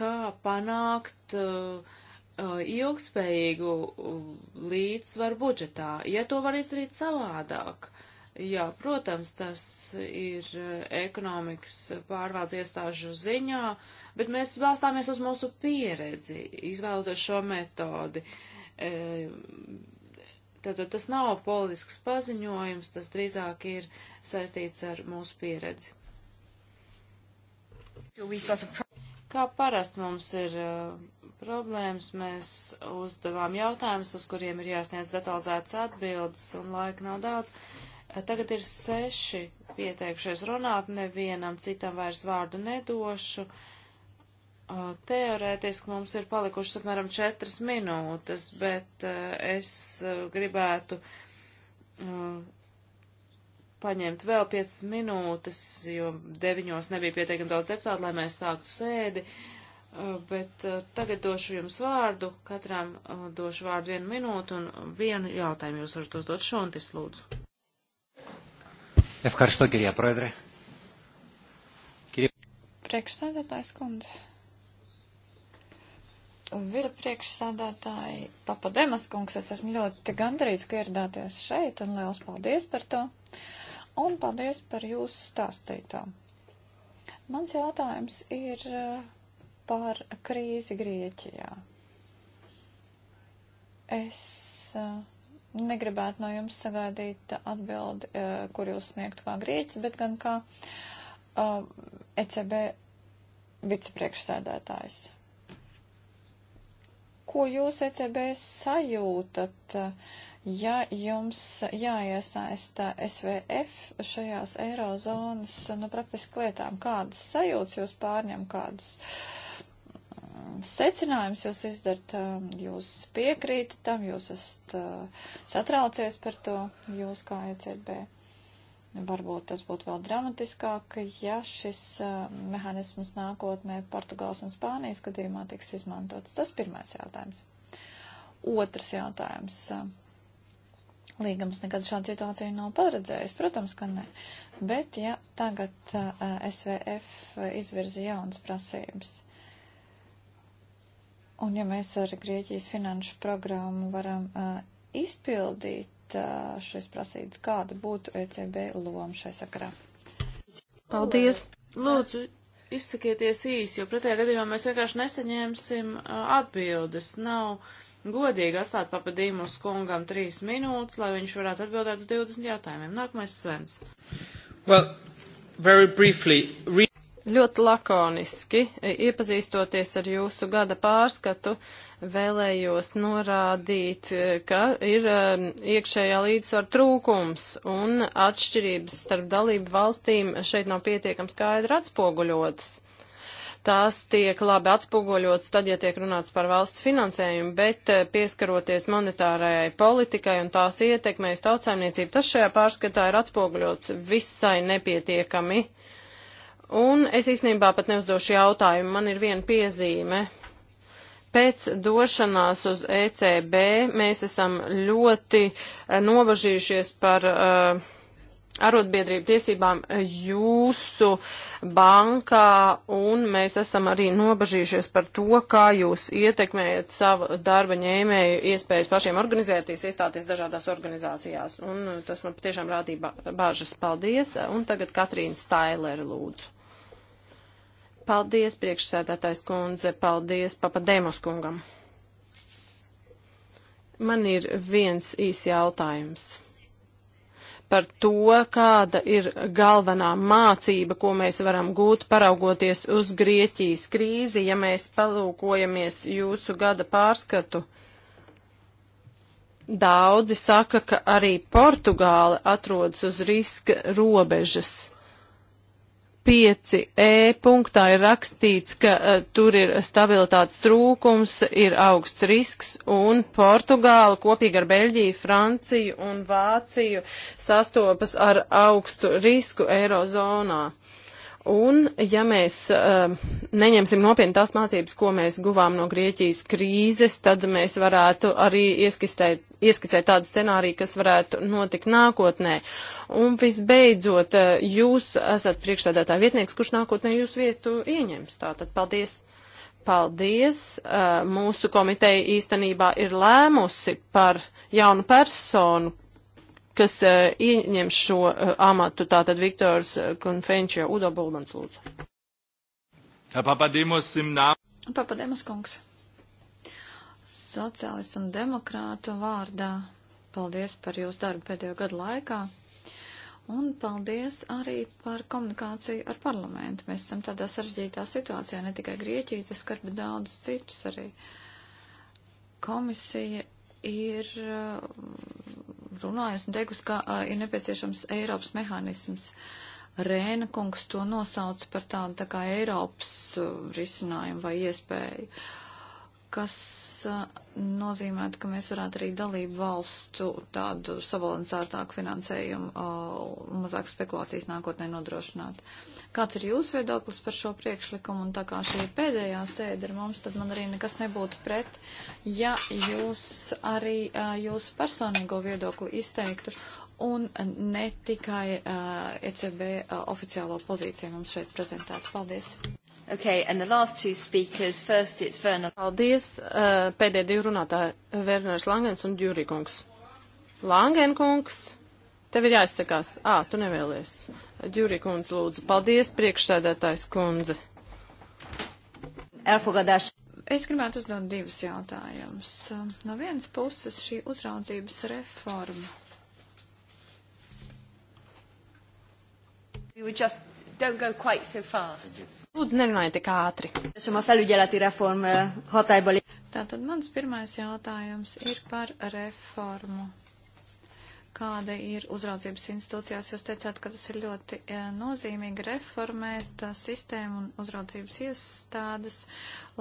kā panākt uh, ilgspējīgu līdzsvaru budžetā, ja to var izdarīt savādāk. Uh, Jā, protams, tas ir e, ekonomikas pārvaldes iestāžu ziņā, bet mēs balstāmies uz mūsu pieredzi, izvēloties šo metodi. E, tātad tas nav politisks paziņojums, tas drīzāk ir saistīts ar mūsu pieredzi. Kā parasti mums ir e, problēmas, mēs uzdevām jautājumus, uz kuriem ir jāsniedz detalizētas atbildes, un laika nav daudz. Uh, Tagad ir seši pieteikušies runāt, nevienam citam vairs vārdu nedošu. Teorētiski mums ir palikušas apmēram četras minūtes, bet es gribētu paņemt vēl 5 minūtes, jo 9 nebija pietiekami daudz deputātu, lai mēs sāktu sēdi. Bet tagad došu jums vārdu, katram došu vārdu vienu minūtu un vienu jautājumu jūs varat uzdot šontis, lūdzu. Ευχαριστώ κυρία Πρόεδρε. Κύριε... Priekšsēdētājs kundze. Vira priekšsādātāji Papademas kungs, es esmu ļoti gandarīts, ka ieradāties šeit, un liels paldies par to, un paldies par jūsu stāstīto. Mans jautājums ir eh, par krīzi Grieķijā. Es uh, negribētu no jums sagaidīt atbildi, eh, kur jūs sniegtu kā grieķis, bet gan kā ECB eh, e vicepriekšsēdētājs. Ko jūs ECB sajūtat, ja jums jāiesaista SVF šajās eirozonas, nu, praktiski lietām? Kādas sajūtas jūs pārņem, kādas secinājums jūs izdarat, um, jūs piekrītat tam, jūs esat uh, satraucies par to, jūs kā ECB. Varbūt tas būtu vēl dramatiskāk, ja šis uh, mehānisms nākotnē Portugāls un Spānijas gadījumā tiks izmantots. Tas pirmais jautājums. Otrs jautājums. Uh, Līgums nekad šādu situāciju nav paredzējis, protams, ka nē. Bet, ja tagad SVF izvirza jaunas prasības, Un ja mēs ar Grieķijas finanšu programmu varam uh, izpildīt uh, šīs prasības, kāda būtu ECB loma šai sakarā? Paldies! Lūdzu, izsakieties īsi, jo pretējā gadījumā mēs vienkārši nesaņēmsim uh, atbildes. Nav godīgi atstāt papadīmus kungam trīs minūtes, lai viņš varētu atbildēt uz 20 jautājumiem. Nākamais Svens. Well, very briefly. Re Ļoti lakoniski, e, iepazīstoties ar jūsu gada pārskatu, vēlējos norādīt, e, ka ir e, iekšējā līdzsvara trūkums un atšķirības starp dalību valstīm šeit nav pietiekami skaidri atspoguļotas. Tās tiek labi atspoguļotas tad, ja tiek runāts par valsts finansējumu, bet pieskaroties monetārajai politikai un tās ietekmējas tautsaimniecību, tas šajā pārskatā ir atspoguļots visai nepietiekami. Uh, Un es īstenībā pat neuzdošu jautājumu, man ir viena piezīme. Pēc došanās uz ECB mēs esam ļoti eh, nobažījušies par uh, arotbiedrību tiesībām jūsu bankā, un mēs esam arī nobažījušies par to, kā jūs ietekmējat savu darba ņēmēju iespējas pašiem organizēties, iestāties dažādās organizācijās. Un eh, tas man patiešām rādīja bāžas. Paldies. Un tagad Katrīna Stailera lūdzu. Paldies, priekšsēdētājs kundze, paldies papadēmos kungam. Man ir viens īs jautājums par to, kāda ir galvenā mācība, ko mēs varam gūt paraugoties uz Grieķijas krīzi, ja mēs palūkojamies jūsu gada pārskatu. Daudzi saka, ka arī Portugāla atrodas uz riska robežas. 5e punktā ir rakstīts, ka uh, tur ir stabilitātes trūkums, ir augsts risks, un Portugāla kopīgi ar Beļģiju, Franciju un Vāciju sastopas ar augstu risku Eirozonā. Un, ja mēs uh, neņemsim nopietni tās mācības, ko mēs guvām no Grieķijas krīzes, tad mēs varētu arī ieskistēt ieskicēt tādu scenāriju, kas varētu notikt nākotnē. Un visbeidzot, eh, jūs esat priekšsēdētāja vietnieks, kurš nākotnē jūs vietu ieņems. Tātad paldies! Paldies! Eh, mūsu komiteja īstenībā ir lēmusi par jaunu personu, kas eh, ieņem šo amatu. Tātad Viktors Konfenčija Udo Bulmans lūdzu. Papademos kungs sociālistu un demokrātu vārdā. Paldies par jūsu darbu pēdējo gadu laikā. Un paldies arī par komunikāciju ar parlamentu. Mēs esam tādā sarežģītā situācijā, ne tikai Grieķija, tas skar, bet daudz citus arī. Komisija ir uh, runājusi un teikusi, ka uh, ir nepieciešams Eiropas mehānisms. Rēna kungs to nosauca par tādu tā kā Eiropas uh, risinājumu vai iespēju. Uh, kas nozīmētu, ka mēs varētu arī dalību valstu tādu sabalansētāku finansējumu, mazāk spekulācijas nākotnē nodrošināt. Kāds ir jūsu viedoklis par šo priekšlikumu? Un tā kā šī pēdējā sēde ar mums, tad man arī nekas nebūtu pret, ja jūs arī jūsu personīgo viedokli izteiktu un ne tikai ECB oficiālo pozīciju mums šeit prezentētu. Paldies! Okay, and the last two speakers, first it's Werner. Paldies, uh, pēdējie divi runātāji, Werners Langens un Djurikungs. Langenkungs, tev ir jāizsakās. Ā, tu nevēlies. Djurikungs, lūdzu. Paldies, priekšsēdētājs kundze. Elfogadāšu. Es gribētu uzdot divus jautājumus. No vienas puses šī uzraudzības reforma. We just don't go quite so fast. Lūdzu, nerunājiet tik ātri. Esam felügyeleti reforma eh, hatályba. Tātad mans pirmais jautājums ir par reformu. Kāda ir uzraudzības institūcijās? Jūs teicāt, ka tas ir ļoti eh, nozīmīgi reformēt eh, sistēmu un uzraudzības iestādes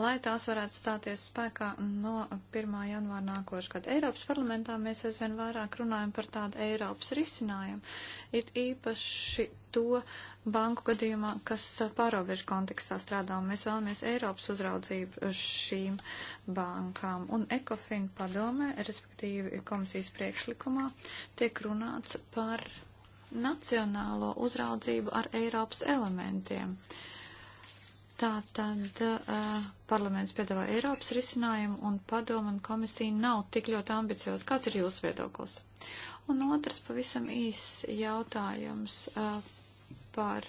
lai tās varētu stāties spēkā no 1. janvāra nākošu gadu. Eiropas parlamentā mēs aizvien vairāk runājam par tādu Eiropas risinājumu, it īpaši to banku gadījumā, kas pārobežu kontekstā strādā, un mēs vēlamies Eiropas uzraudzību šīm bankām. Un ECOFIN padomē, respektīvi komisijas priekšlikumā, tiek runāts par nacionālo uzraudzību ar Eiropas elementiem. Uh, Tā tad uh, parlaments piedāvā Eiropas risinājumu un padomu un komisija nav tik ļoti ambicioz. Kāds ir jūsu viedoklis? Un otrs pavisam īss jautājums uh, par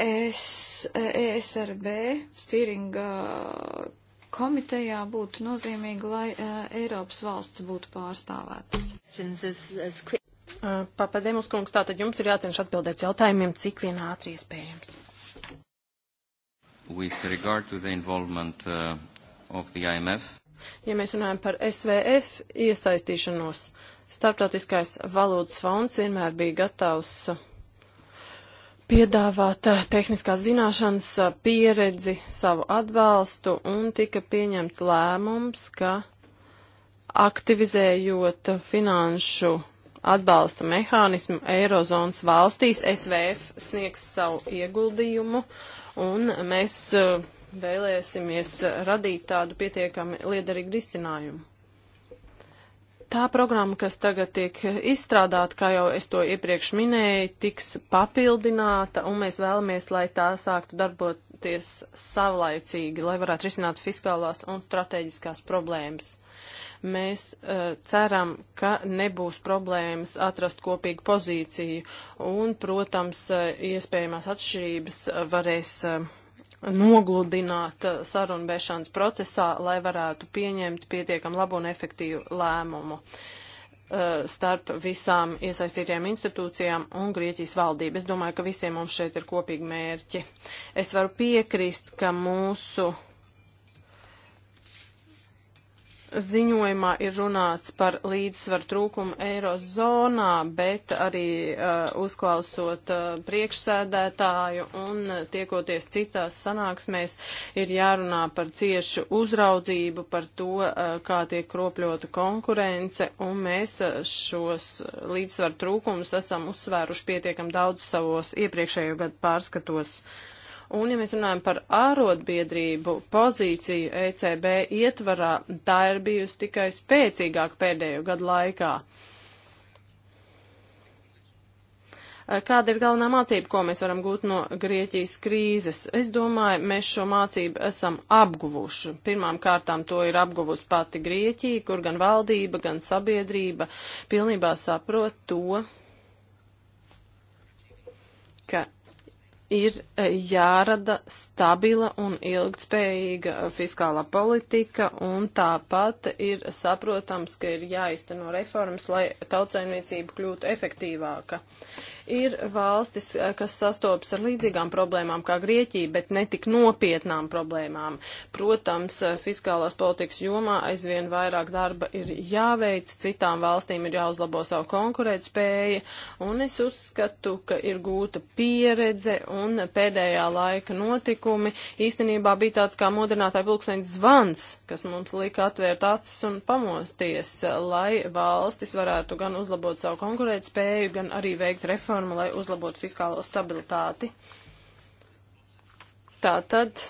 es, ESRB stīringa eh, komitejā būtu nozīmīgi, lai uh, Eiropas valsts būtu pārstāvētas. Uh, Papadēmus kungs, tātad jums ir jācenš atbildēt jautājumiem, cik vien ātri iespējams. With regard to the involvement uh, of the IMF. Ja mēs runājam par SVF iesaistīšanos, starptautiskais valūtas fonds vienmēr bija gatavs uh, piedāvāt uh, tehniskās zināšanas, pieredzi, savu atbalstu un tika pieņemts lēmums, ka aktivizējot finanšu atbalsta mehānismu Eirozonas valstīs. SVF sniegs savu ieguldījumu un mēs eh, vēlēsimies radīt tādu pietiekami liederīgu risinājumu. Tā programma, kas tagad tiek izstrādāta, kā jau es to iepriekš minēju, tiks papildināta, un mēs vēlamies, lai tā sāktu darboties savlaicīgi, lai varētu risināt fiskālās un strateģiskās problēmas. Mēs uh, ceram, ka nebūs problēmas atrast kopīgu pozīciju un, protams, uh, iespējamās atšķirības varēs. Uh, nogludināt sarunvešanas procesā, lai varētu pieņemt pietiekam labu un efektīvu lēmumu starp visām iesaistītajām institūcijām un Grieķijas valdību. Es domāju, ka visiem mums šeit ir kopīgi mērķi. Es varu piekrist, ka mūsu ziņojumā ir runāts par līdzsvaru trūkumu eirozonā, bet arī uh, uzklausot uh, priekšsēdētāju un uh, tiekoties citās sanāksmēs, ir jārunā par ciešu uzraudzību, par to, uh, kā tiek kropļota konkurence, un mēs uh, šos līdzsvaru trūkumus esam uzsvēruši pietiekam daudz savos iepriekšējo gadu pārskatos. Uh, Un, ja mēs runājam par ārotbiedrību pozīciju ECB ietvarā, tā ir bijusi tikai spēcīgāka pēdējo gadu laikā. Kāda ir galvenā mācība, ko mēs varam gūt no Grieķijas krīzes? Es domāju, mēs šo mācību esam apguvuši. Pirmām kārtām to ir apguvusi pati Grieķija, kur gan valdība, gan sabiedrība pilnībā saprot to, ka ir e, jārada stabila un ilgtspējīga e, fiskālā politika, un tāpat ir saprotams, ka ir jāizteno reformas, lai tautsaimniecība kļūtu efektīvāka. Ir valstis, eh, kas sastopas ar līdzīgām problēmām kā Grieķija, bet ne tik nopietnām problēmām. Protams, eh, fiskālās politikas jomā aizvien vairāk darba ir jāveic, citām valstīm ir jāuzlabo savu konkurētspēju, un es uzskatu, ka ir gūta pieredze un pēdējā laika notikumi īstenībā bija tāds kā modernātāja pulksteņa zvans, kas mums lika atvērt acis un pamosties, lai valstis varētu gan uzlabot savu konkurētspēju, gan arī veikt reformu reformu, lai uzlabotu fiskālo stabilitāti. Tātad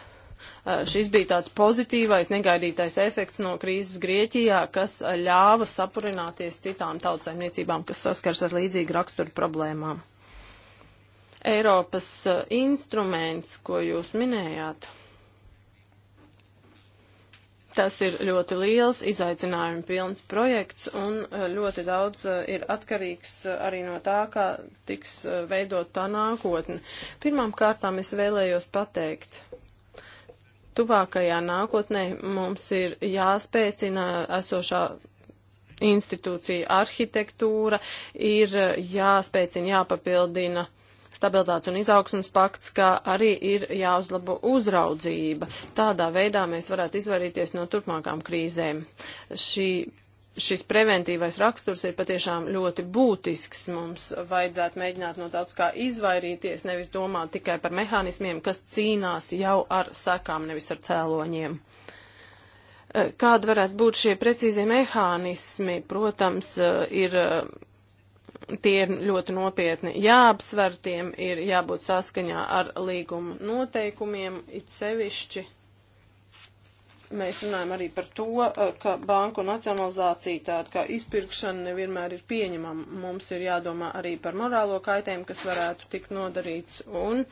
šis bija tāds pozitīvais, negaidītais efekts no krīzes Grieķijā, kas ļāva sapurināties citām tautsaimniecībām, kas saskars ar līdzīgu raksturu problēmām. Eiropas instruments, ko jūs minējāt. Tas ir ļoti liels, izaicinājumi pilns projekts un e, ļoti daudz e, ir atkarīgs e, arī no tā, kā tiks veidot tā nākotne. Pirmām kārtām es vēlējos pateikt. Tuvākajā nākotnē mums ir jāspēcina esošā institūcija arhitektūra, ir jāspēcina, jāpapildina uh, stabilitātes un izaugsmas pakts, kā arī ir jāuzlabo uzraudzība. Tādā veidā mēs varētu izvairīties no turpmākām krīzēm. Šī Šis preventīvais raksturs ir patiešām ļoti būtisks. Mums vajadzētu mēģināt no daudz kā izvairīties, nevis domāt tikai par mehānismiem, kas cīnās jau ar sakām, nevis ar cēloņiem kāda varētu būt šie precīzie mehānismi, protams, ir tie ir ļoti nopietni jāapsver, tiem ir jābūt saskaņā ar līguma noteikumiem, it sevišķi. Mēs runājam arī par to, eh, ka banku nacionalizācija tāda kā izpirkšana nevienmēr ir pieņemama. Mums ir jādomā arī par morālo kaitējumu, kas varētu tikt nodarīts, un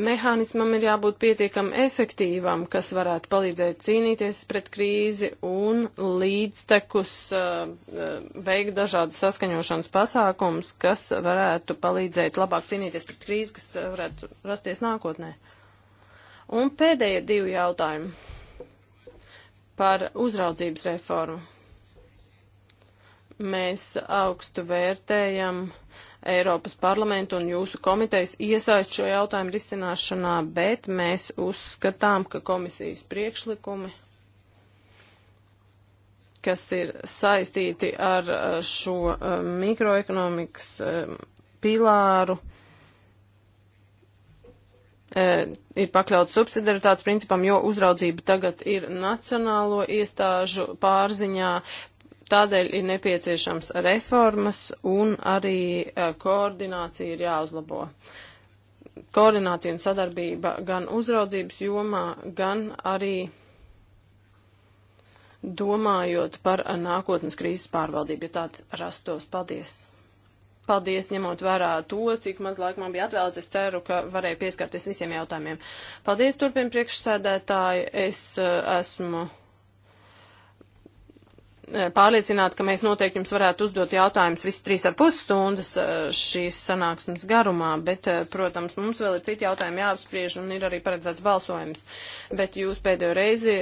mehānismam ir jābūt pietiekam efektīvam, kas varētu palīdzēt cīnīties pret krīzi un līdztekus eh, eh, veikt dažādas saskaņošanas pasākums, kas varētu palīdzēt labāk cīnīties pret krīzi, kas eh, varētu rasties nākotnē. Un pēdējie divi jautājumi par uzraudzības reformu. Mēs augstu vērtējam uh, Eiropas parlamentu un jūsu komitejas iesaist šo jautājumu risināšanā, bet mēs uzskatām, ka komisijas priekšlikumi kas ir saistīti ar uh, šo uh, mikroekonomikas um, pilāru, uh, ir pakļauts subsidiaritātes principam, jo uzraudzība tagad ir nacionālo iestāžu pārziņā. Tādēļ ir nepieciešams reformas un arī e, koordinācija ir jāuzlabo. Koordinācija un sadarbība gan uzraudzības jomā, gan arī domājot par nākotnes krīzes pārvaldību, ja tāda rastos. Paldies! Paldies, ņemot vērā to, cik maz laika man bija atvēlēts. Es ceru, ka varēju pieskarties visiem jautājumiem. Paldies, turpin priekšsēdētāji. Es uh, esmu. E, pārliecināti, ka mēs noteikti jums varētu uzdot jautājumus visu trīs ar pusstundas e, šīs sanāksmes garumā, bet, e, protams, mums vēl ir citi jautājumi jāapspriež un ir arī paredzēts balsojums. Bet jūs pēdējo reizi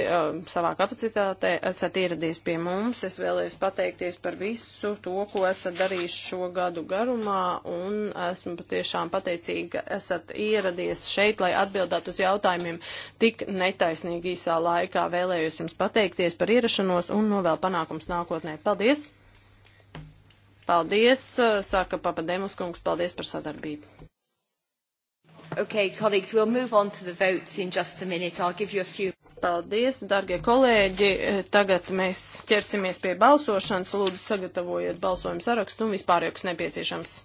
savā kapacitātē esat ieradies pie mums. Es vēlējos pateikties par visu to, ko esat darījis šo gadu garumā un esmu patiešām pateicīga, ka esat ieradies šeit, lai atbildētu uz jautājumiem tik netaisnīgi īsā laikā. Vēlējos jums pateikties par ierašanos un novēl panākumu pasākums nākotnē. Paldies! Paldies, uh, saka Papademus kungs, paldies par sadarbību. Okay, colleagues, we'll move on to the votes in just a minute. I'll give you a few. Paldies, dargie kolēģi. Eh, tagad mēs ķersimies pie balsošanas. Lūdzu, sagatavojiet balsojumu sarakstu un vispār, ja kas nepieciešams.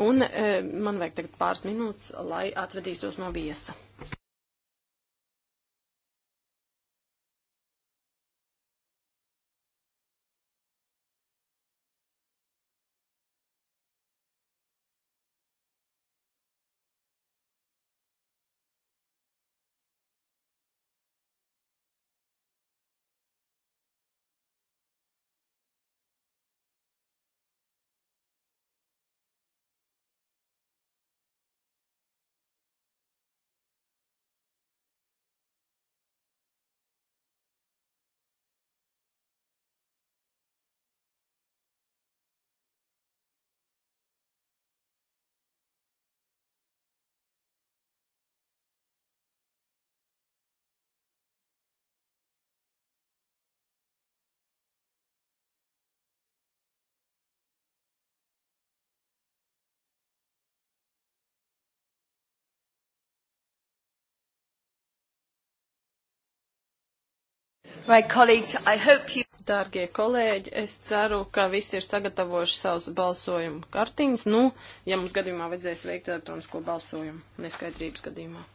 Un e, man vajag tagad pāris minūtes, lai atvadītos no viesa. You... Dārgie kolēģi, es ceru, ka visi ir sagatavojuši savus balsojumu kartiņas, nu, ja mums gadījumā vajadzēs veikt elektronisko balsojumu neskaidrības gadījumā.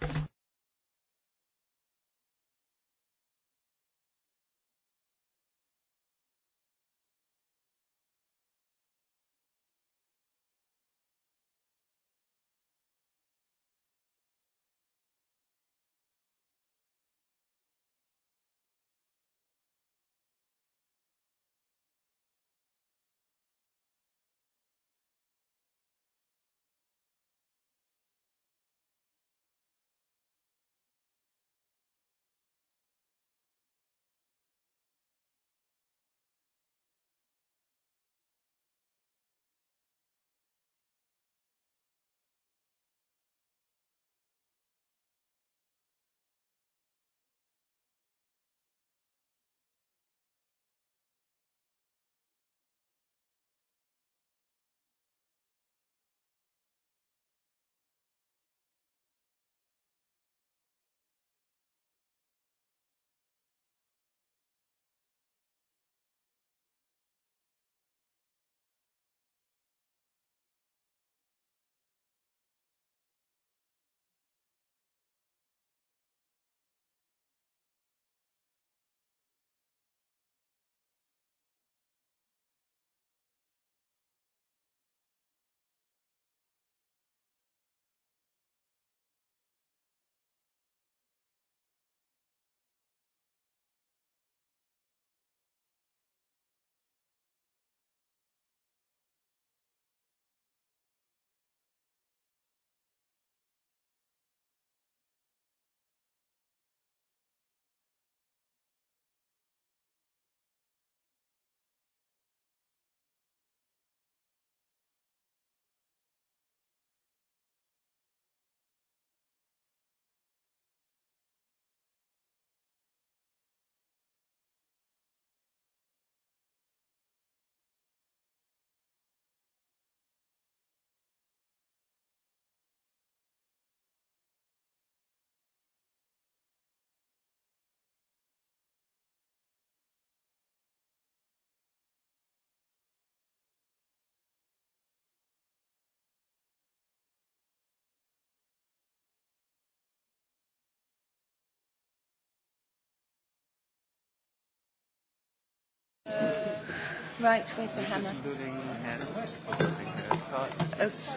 Right, where's the this hammer? Is including hands.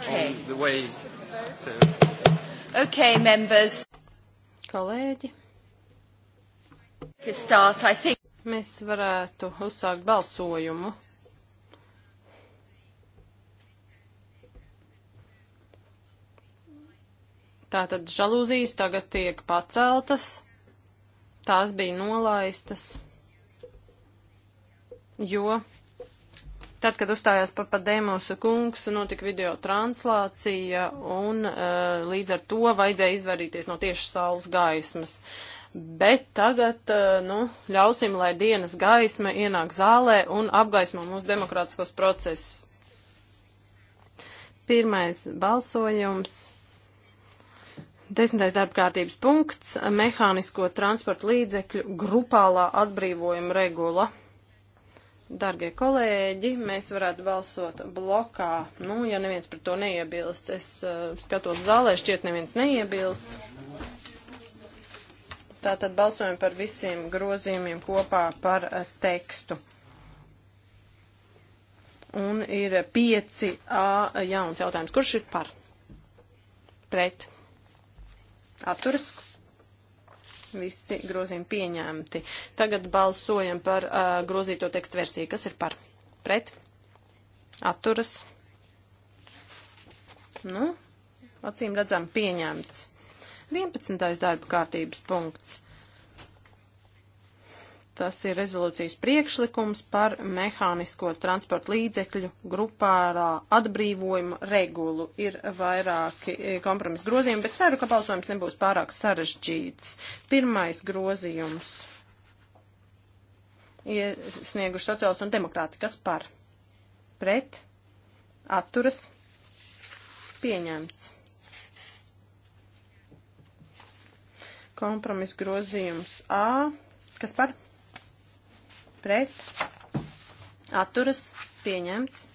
Okay. On the way. So. Okay, members. Kolēģi. Start, I think. Mēs varētu uzsākt balsojumu. Tātad žalūzijas tagad tiek paceltas, tās bija nolaistas, jo Tad, kad uzstājās Papadēmosa kungs, notika video translācija un uh, līdz ar to vajadzēja izvairīties no tieši saules gaismas. Bet tagad, uh, nu, ļausim, lai dienas gaisma ienāk zālē un apgaismo mūsu demokrātiskos procesus. Pirmais balsojums. Desmitais darba kārtības punkts - mehānisko transporta līdzekļu grupālā atbrīvojuma regula. Dargie kolēģi, mēs varētu balsot blokā. Nu, ja neviens par to neiebilst, es uh, skatos zālē, šķiet neviens neiebilst. Tātad balsojam par visiem grozījumiem kopā par uh, tekstu. Un ir 5A jauns jautājums. Kurš ir par? Pret. Atturis. Visi grozījumi pieņemti. Tagad balsojam par uh, grozīto tekstu versiju. Kas ir par? Pret? Atturas? Nu, acīm redzam, pieņemts. 11. darba kārtības punkts Tas ir rezolūcijas priekšlikums par mehānisko transporta līdzekļu grupārā atbrīvojumu regulu. Ir vairāki e, kompromisu grozījumi, bet ceru, ka balsojums nebūs pārāk sarežģīts. Pirmais grozījums iesnieguši sociālisti un demokrāti. Kas par? Pret? Atturas? Pieņemts. Kompromis grozījums A. Kas par? pret, atturas, pieņemts.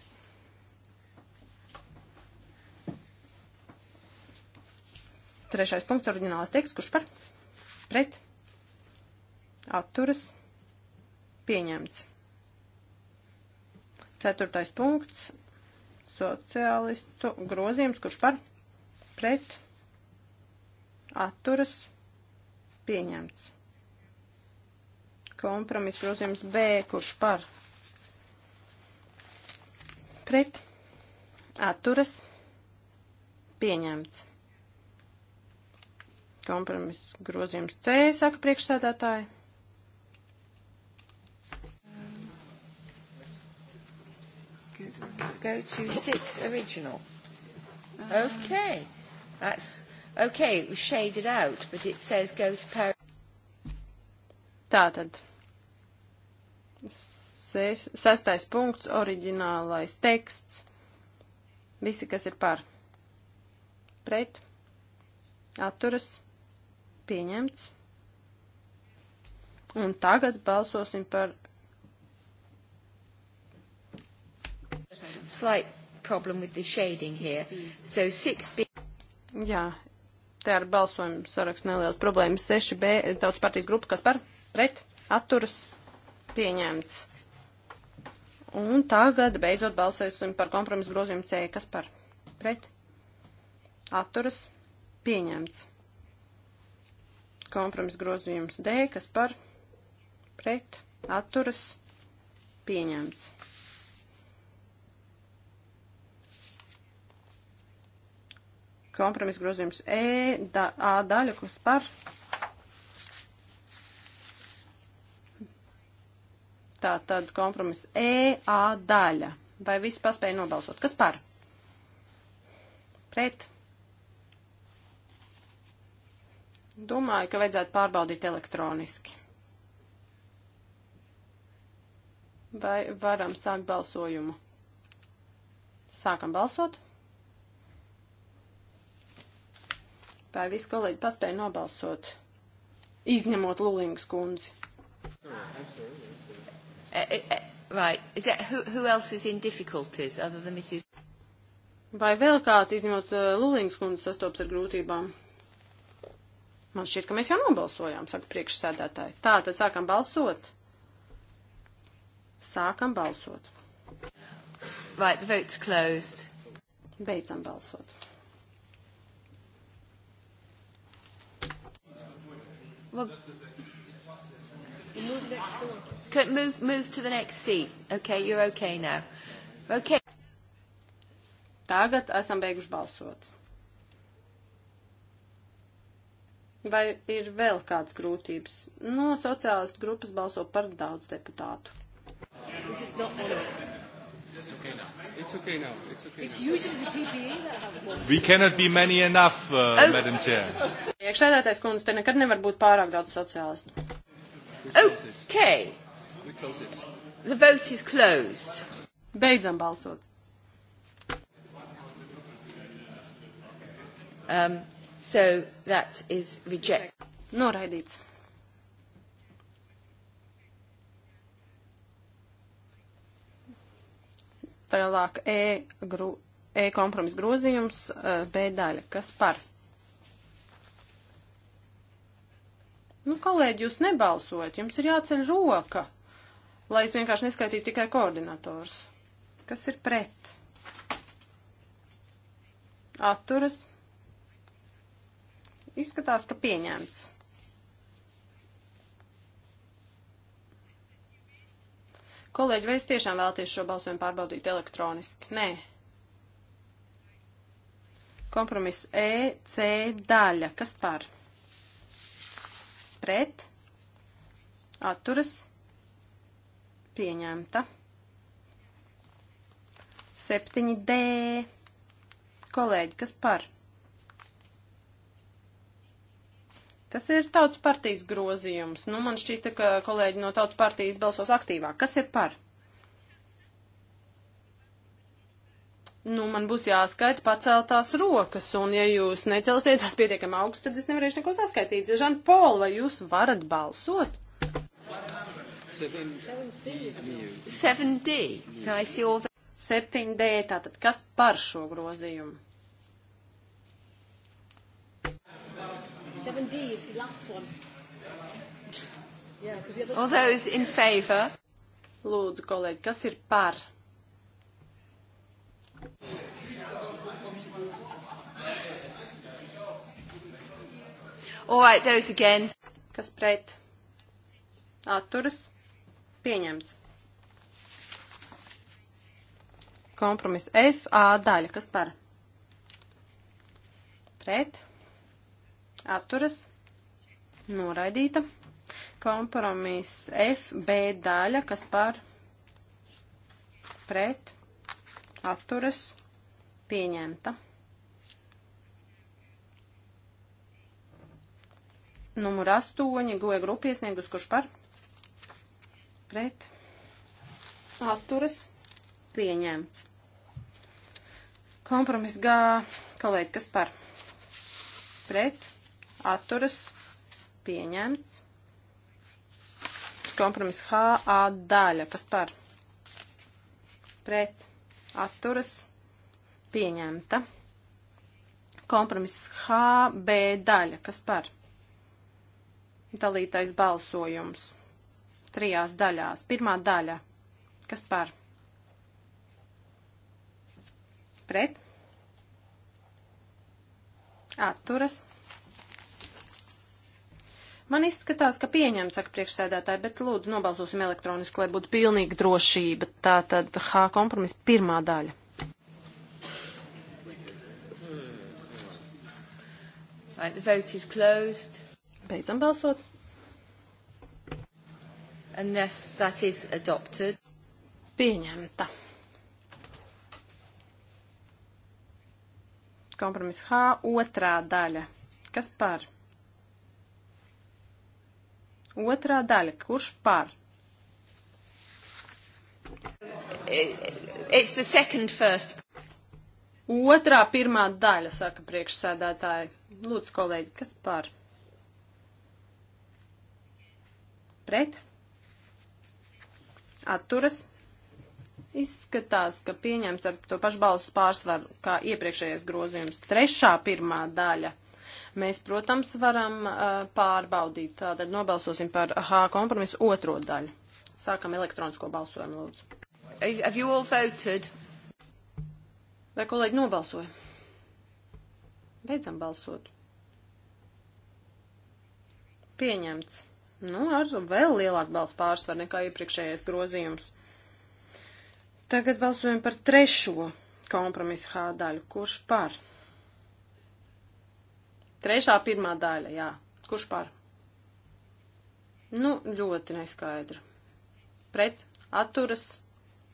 Trešais punkts, oriģinālais teksts, kurš par, pret, atturas, pieņemts. Ceturtais punkts, sociālistu grozījums, kurš par, pret, atturas, pieņemts. Kompromis grozījums B, kurš par pret atturas pieņemts. Kompromis grozījums C, saka priekšsēdētāji. Go to six original. Okay. That's okay, it was shaded out, but it says go to Paris. Tātad Ses, sestais punkts, oriģinālais teksts. Visi, kas ir par. Pret. Atturas. Pieņemts. Un tagad balsosim par. Slight problem with the shading here. So 6B. Jā, te ar balsojumu saraksts nelielas problēmas. 6B, tautas partijas grupa, kas par? Pret. Atturas pieņemts. Un tagad beidzot balsēsim par kompromisu grozījumu C, kas par pret atturas pieņemts. Kompromisu grozījums D, kas par pret atturas pieņemts. Kompromisu grozījums E, da, A daļa, kas par pret Tā tad kompromiss EA daļa. Vai visi paspēja nobalsot? Kas par? Pret? Domāju, ka vajadzētu pārbaudīt elektroniski. Vai varam sākt balsojumu? Sākam balsot. Pār visu kolēģi paspēja nobalsot, izņemot Lulīngas kundzi. Absolutely. Uh, uh, right. Is that, who, who else is in difficulties other than Mrs. Vai vēl kāds, izņemot Lulīngas kundzi, sastops ar grūtībām? Man šķiet, ka mēs jau nobalsojām, saka priekšsēdētāji. Tā, tad sākam balsot. Sākam balsot. Right, the vote's closed. Beidzam balsot. Well, move next door. Move, move to the next seat. Okay, you're okay now. Okay. Tagad esam beiguši balsot. Vai ir vēl kādas grūtības? No sociālistu grupas balso par daudz deputātu. E uh, oh. Iekšēdētais kundze, te nekad nevar būt pārāk daudz sociālistu. Okay close it. The vote is closed. Beidzam balsot. Um, so that is reject. Noraidīts. Tālāk E, gru, e kompromis grozījums, uh, B daļa. Kas par? Nu, kolēģi, jūs nebalsojat, jums ir jāceļ roka lai es vienkārši neskaitītu tikai koordinators. Kas ir pret? Atturas. Izskatās, ka pieņemts. Kolēģi, vai jūs tiešām vēlaties šo balsojumu pārbaudīt elektroniski? Nē. Kompromiss E, C daļa. Kas par? Pret? Atturas? pieņemta. 7D. Kolēģi, kas par? Tas ir tautas partijas grozījums. Nu, man šķita, ka kolēģi no tautas partijas balsos aktīvāk. Kas ir par? Nu, man būs jāskaita paceltās rokas, un ja jūs necelsiet tās pietiekami augstu, tad es nevarēšu neko saskaitīt. Žan Pol, vai jūs varat balsot? 7D. 7D. Tātad kas par šo grozījumu? 7D is the last one. Yeah, the other All those in favour? Lūdzu, kolēģi, kas ir par? All right, those against. Kas pret? Atturas. Pieņemts. Kompromiss FA daļa. Kas par? Pret. Atturas. Noraidīta. Kompromiss FB daļa. Kas par? Pret. Atturas. Pieņemta. Numur 8. Goja grupiesniegus. Kurš par? Pret pret atturas pieņemts. Kompromis G, kolēģi, kas par pret atturas pieņemts. Kompromis H, A daļa, kas par pret atturas pieņemta. Kompromiss H, B daļa, kas par dalītais balsojums trijās daļās. Pirmā daļa. Kas par? Pret. Atturas. Man izskatās, ka pieņemts, saka priekšsēdētāji, bet lūdzu nobalsosim elektroniski, lai būtu pilnīga drošība. Tā tad H kompromiss pirmā daļa. Right, the vote is closed. Beidzam balsot. Unless that is adopted. Pieņemta. Kompromis H otrā daļa. Kas par? Otrā daļa. Kurš par? It's the second first. Otrā pirmā daļa, saka priekšsēdētāji. Lūdzu, kolēģi, kas par? Pret? atturas. Izskatās, ka pieņemts ar to pašu balsu pārsvaru kā iepriekšējais grozījums. Trešā pirmā daļa. Mēs, protams, varam uh, pārbaudīt. Tātad nobalsosim par H kompromisu otro daļu. Sākam elektronisko balsojumu, lūdzu. Have you all voted? Vai kolēģi nobalsoja? Beidzam balsot. Pieņemts nu, ar vēl lielāku balsu pārsvaru nekā iepriekšējais grozījums. Tagad balsojam par trešo kompromisu H daļu. Kurš par? Trešā pirmā daļa, jā. Kurš par? Nu, ļoti neskaidru. Pret atturas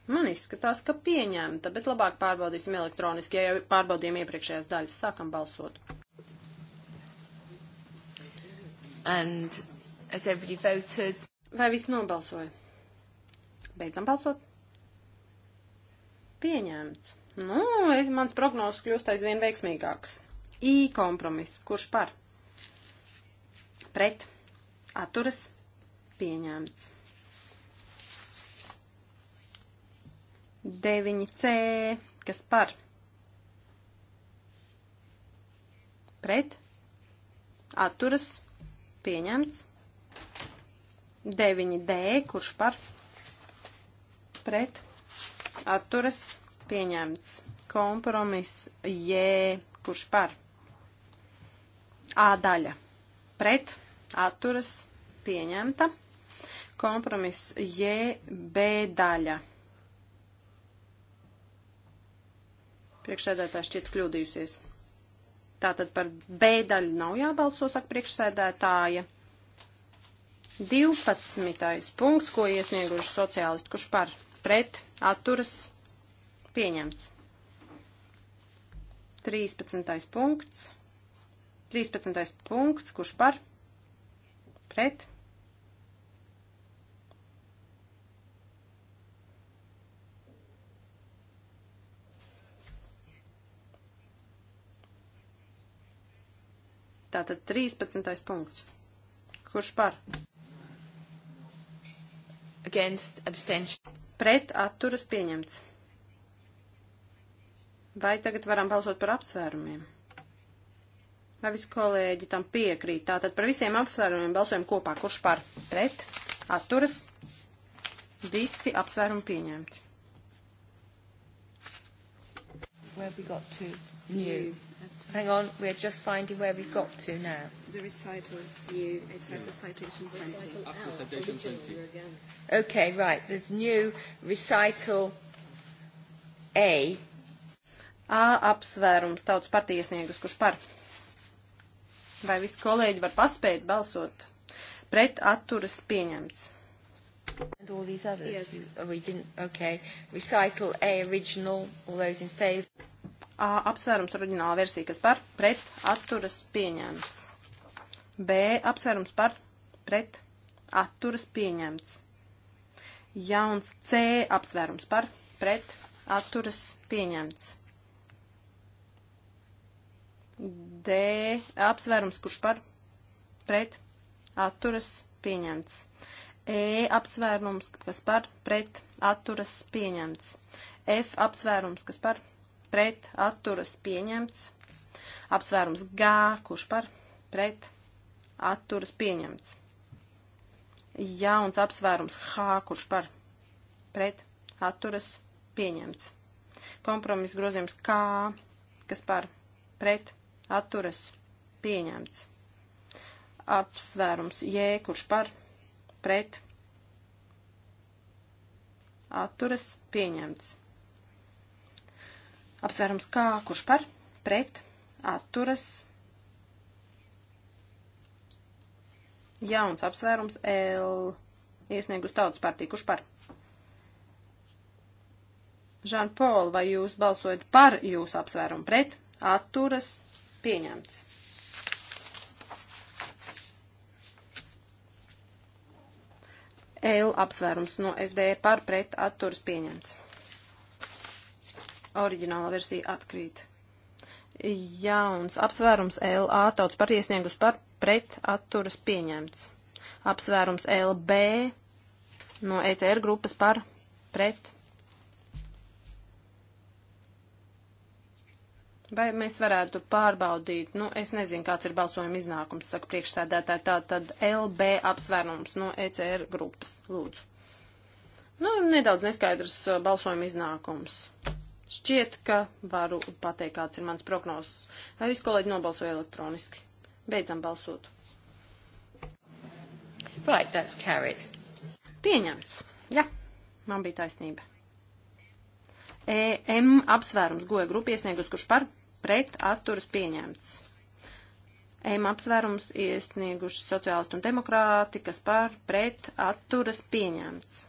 man izskatās, ka pieņemta, bet labāk pārbaudīsim elektroniski, ja jau pārbaudījām iepriekšējās daļas. Sākam balsot. And Has everybody voted? Vai viss nobalsoja? Beidzam balsot. Pieņemts. Nu, mans prognozes kļūst aizvien veiksmīgāks. I kompromiss. Kurš par? Pret. Atturas. Pieņemts. 9C. Kas par? Pret. Atturas. Pieņemts. 9D, kurš par pret atturas pieņemts. Kompromiss J, kurš par A daļa pret atturas pieņemta. Kompromiss J, B daļa. Priekšsēdētājs šķiet kļūdījusies. Tātad par B daļu nav jābalso, saka priekšsēdētāja. Ja 12. punkts, ko iesnieguši sociālisti, kurš par pret atturas pieņemts. 13. punkts. 13. punkts, kurš par pret Tātad 13. punkts. Kurš par? against abstention. Pret atturas pieņemts. Vai tagad varam balsot par apsvērumiem? Vai visi kolēģi tam piekrīt? Tātad par visiem apsvērumiem balsojam kopā. Kurš par? Pret atturas. Visi apsvērumi pieņemti. Where have we got to? New. New. Hang on, we're just finding where we got to now. The recitals, new, it's after citation 20. After citation 20. Okay, right, there's new recital A. A apsvērums tautas partijas sniegus, kurš par. Vai visi kolēģi var paspēt balsot? Pret atturas pieņemts. And all these others? Yes. You, oh, we didn't, okay. Recital A original, all those in favour. A apsvērums oriģināla versija, kas par pret atturas pieņemts. B apsvērums par pret atturas pieņemts. Jauns C apsvērums par pret atturas pieņemts. D apsvērums, kurš par pret atturas pieņemts. E apsvērums, kas par pret atturas pieņemts. F apsvērums, kas par pret atturas pieņemts. Apsvērums G, kurš par pret atturas pieņemts. Jauns apsvērums H, kurš par pret atturas pieņemts. Kompromiss grozījums K, kas par pret atturas pieņemts. Apsvērums J, kurš par pret atturas pieņemts. Apsvērums kā, kurš par, pret, atturas. Jauns apsvērums L. Iesniegus tautas partiju, kurš par. Žan Pola, vai jūs balsojat par jūsu apsvērumu pret, atturas, pieņemts. L apsvērums no SD e par pret atturas pieņemts. Oriģināla versija atkrīt. Jauns apsvērums LA tautas par iesniegus par pret atturas pieņemts. Apsvērums LB no ECR grupas par pret. Vai mēs varētu pārbaudīt, nu, es nezinu, kāds ir balsojuma iznākums, saka priekšsēdētāji, tā tad LB apsvērums no ECR grupas, lūdzu. Nu, nedaudz neskaidrs uh, balsojuma iznākums. Šķiet, ka varu pateikt, kāds ir mans prognozes. Vai visi kolēģi nobalsoja elektroniski? Beidzam balsot. Right, that's carried. Pieņemts. Jā, man bija taisnība. EM apsvērums goja grupa iesniegus, kurš par pret atturas pieņemts. EM apsvērums iesnieguši sociālisti un demokrāti, kas par pret atturas pieņemts.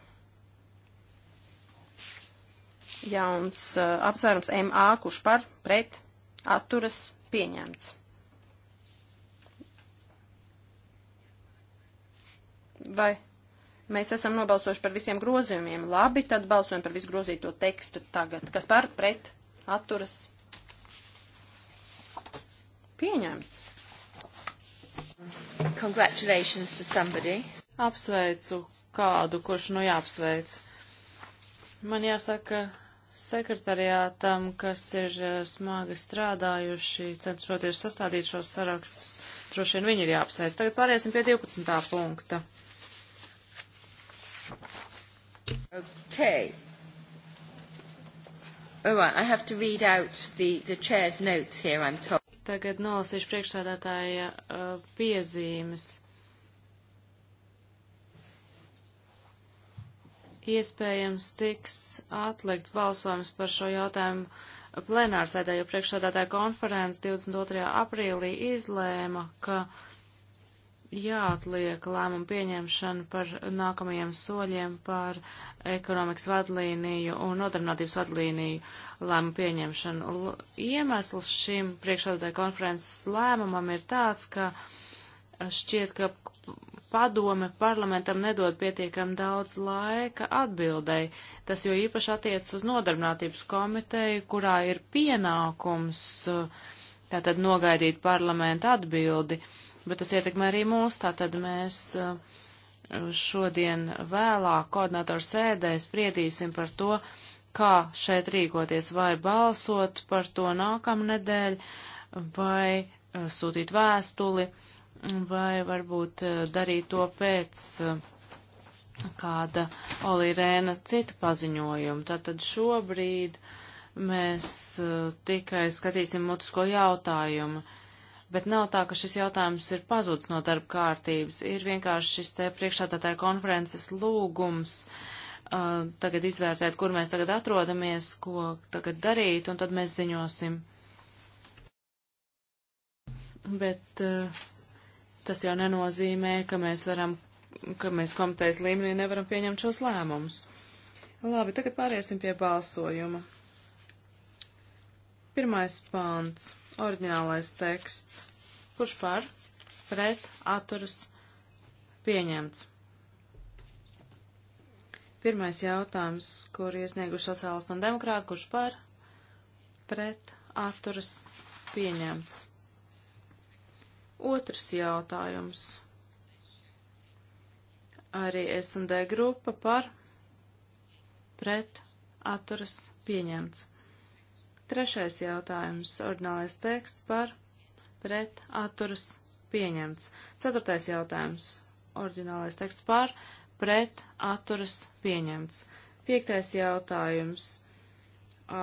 Jauns uh, apsvērums MA, kurš par, pret, atturas, pieņemts. Vai mēs esam nobalsojuši par visiem grozījumiem? Labi, tad balsojam par visu grozīto tekstu tagad. Kas par, pret, atturas, pieņemts. Congratulations to somebody. Apsveicu kādu, kurš nu jāapsveic. Man jāsaka, sekretariātam, kas ir eh, smagi strādājuši, cenšoties sastādīt šos sarakstus. Droši vien viņi ir jāapsveic. Tagad pāriesim pie 12. punkta. Okay. All right, I have to read out the, the chair's notes here, I'm told. Tagad nolasīšu priekšsādātāja uh, eh, piezīmes. iespējams tiks atlikts balsojums par šo jautājumu plenārsēdē, jo priekšsādātāja konferences 22. aprīlī izlēma, ka jāatliek lēmumu pieņemšana par nākamajiem soļiem par ekonomikas vadlīniju un nodarbinātības vadlīniju lēmumu pieņemšanu. L iemesls šim priekšsādātāja konferences lēmumam ir tāds, ka šķiet, ka padome parlamentam nedod pietiekam daudz laika atbildēji. Tas jo īpaši attiecas uz nodarbinātības komiteju, kurā ir pienākums eh, tātad nogaidīt parlamentu atbildi, bet tas ietekmē arī mūs, tātad mēs eh, šodien vēlāk koordinatoru sēdē spriedīsim par to, kā šeit rīkoties, vai balsot par to nākamnedēļ, vai eh, sūtīt vēstuli vai varbūt eh, darīt to pēc eh, kāda Olirēna citu paziņojumu. Tātad šobrīd mēs eh, tikai skatīsim mutisko jautājumu, bet nav tā, ka šis jautājums ir pazudis no darba kārtības. Ir vienkārši šis te priekšādātāja konferences lūgums uh, tagad izvērtēt, kur mēs tagad atrodamies, ko tagad darīt, un tad mēs ziņosim. Bet uh, Tas jau nenozīmē, ka mēs varam, ka mēs komitejas līmenī nevaram pieņemt šos lēmumus. Labi, tagad pāriesim pie balsojuma. Pirmais pāns, oriģinālais teksts. Kurš par? Pret, atturas, pieņemts. Pirmais jautājums, kur iesnieguši sociālistu un demokrātu, kurš par, pret, atturas, pieņemts. Otrs jautājums. Arī S&D grupa par pret atturas pieņemts. Trešais jautājums. Ordinālais teksts par pret atturas pieņemts. Ceturtais jautājums. Ordinālais teksts par pret atturas pieņemts. Piektais jautājums.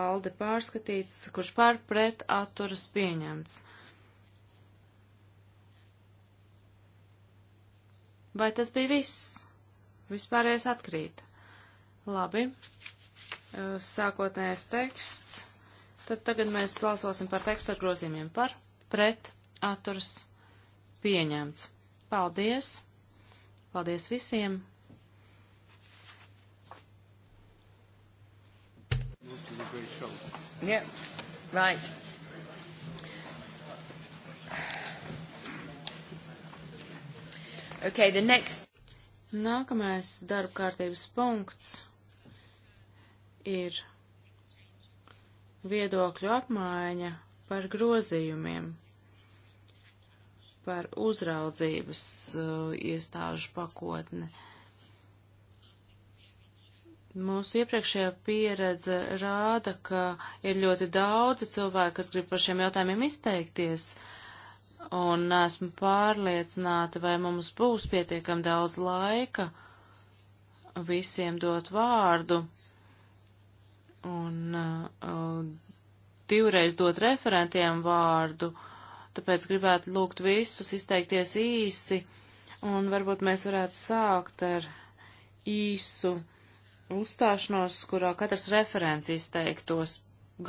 Alde pārskatīts, kurš par pret atturas pieņemts. Vai tas bija viss? Vispārējais atkrīt. Labi. Sākotnējais teksts. Tad tagad mēs balsosim par tekstu ar grozījumiem par, pret, atturs, pieņemts. Paldies! Paldies visiem! Yeah, right. Okay, the next. Nākamais darba kārtības punkts ir viedokļu apmaiņa par grozījumiem, par uzraudzības uh, iestāžu pakotni. Mūsu iepriekšējā pieredze rāda, ka ir ļoti daudzi cilvēki, kas grib par šiem jautājumiem izteikties. Uh, un esmu pārliecināta, vai mums būs pietiekam daudz laika visiem dot vārdu un uh, divreiz dot referentiem vārdu, tāpēc gribētu lūgt visus izteikties īsi, un varbūt mēs varētu sākt ar īsu uzstāšanos, kurā katrs referents izteiktos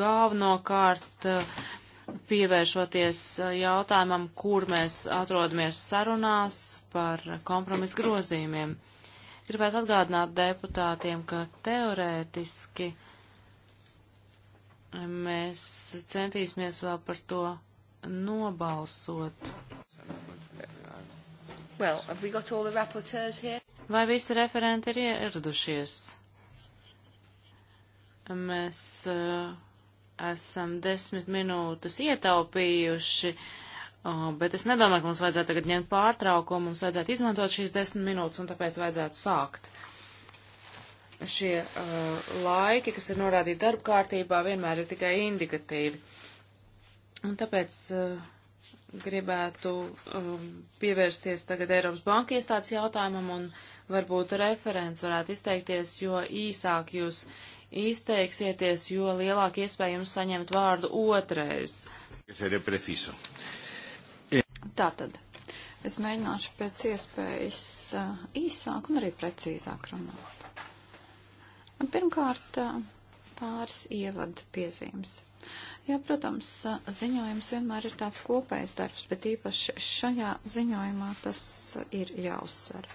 galvenokārt. Uh, pievēršoties jautājumam, kur mēs atrodamies sarunās par kompromisu grozījumiem. Gribētu atgādināt deputātiem, ka teorētiski mēs centīsimies vēl par to nobalsot. Well, have we got all the rapporteurs here? Vai visi referenti ir ieradušies? Mēs uh, esam desmit minūtes ietaupījuši, bet es nedomāju, ka mums vajadzētu tagad ņemt pārtraukumu, mums vajadzētu izmantot šīs desmit minūtes un tāpēc vajadzētu sākt. Šie uh, laiki, kas ir norādīti darba kārtībā, vienmēr ir tikai indikatīvi. Un tāpēc uh, gribētu um, pievērsties tagad Eiropas Banka iestādes jautājumam un varbūt referents varētu izteikties, jo īsāk jūs izteiksieties, jo lielāka iespēja jums saņemt vārdu otrais. Eh. Tātad, es mēģināšu pēc iespējas eh, īsāk un arī precīzāk runāt. Pirmkārt, eh, pāris ievada piezīmes. Jā, protams, ziņojums vienmēr ir tāds kopējs darbs, bet īpaši šajā ziņojumā tas ir jāuzsver. Uh,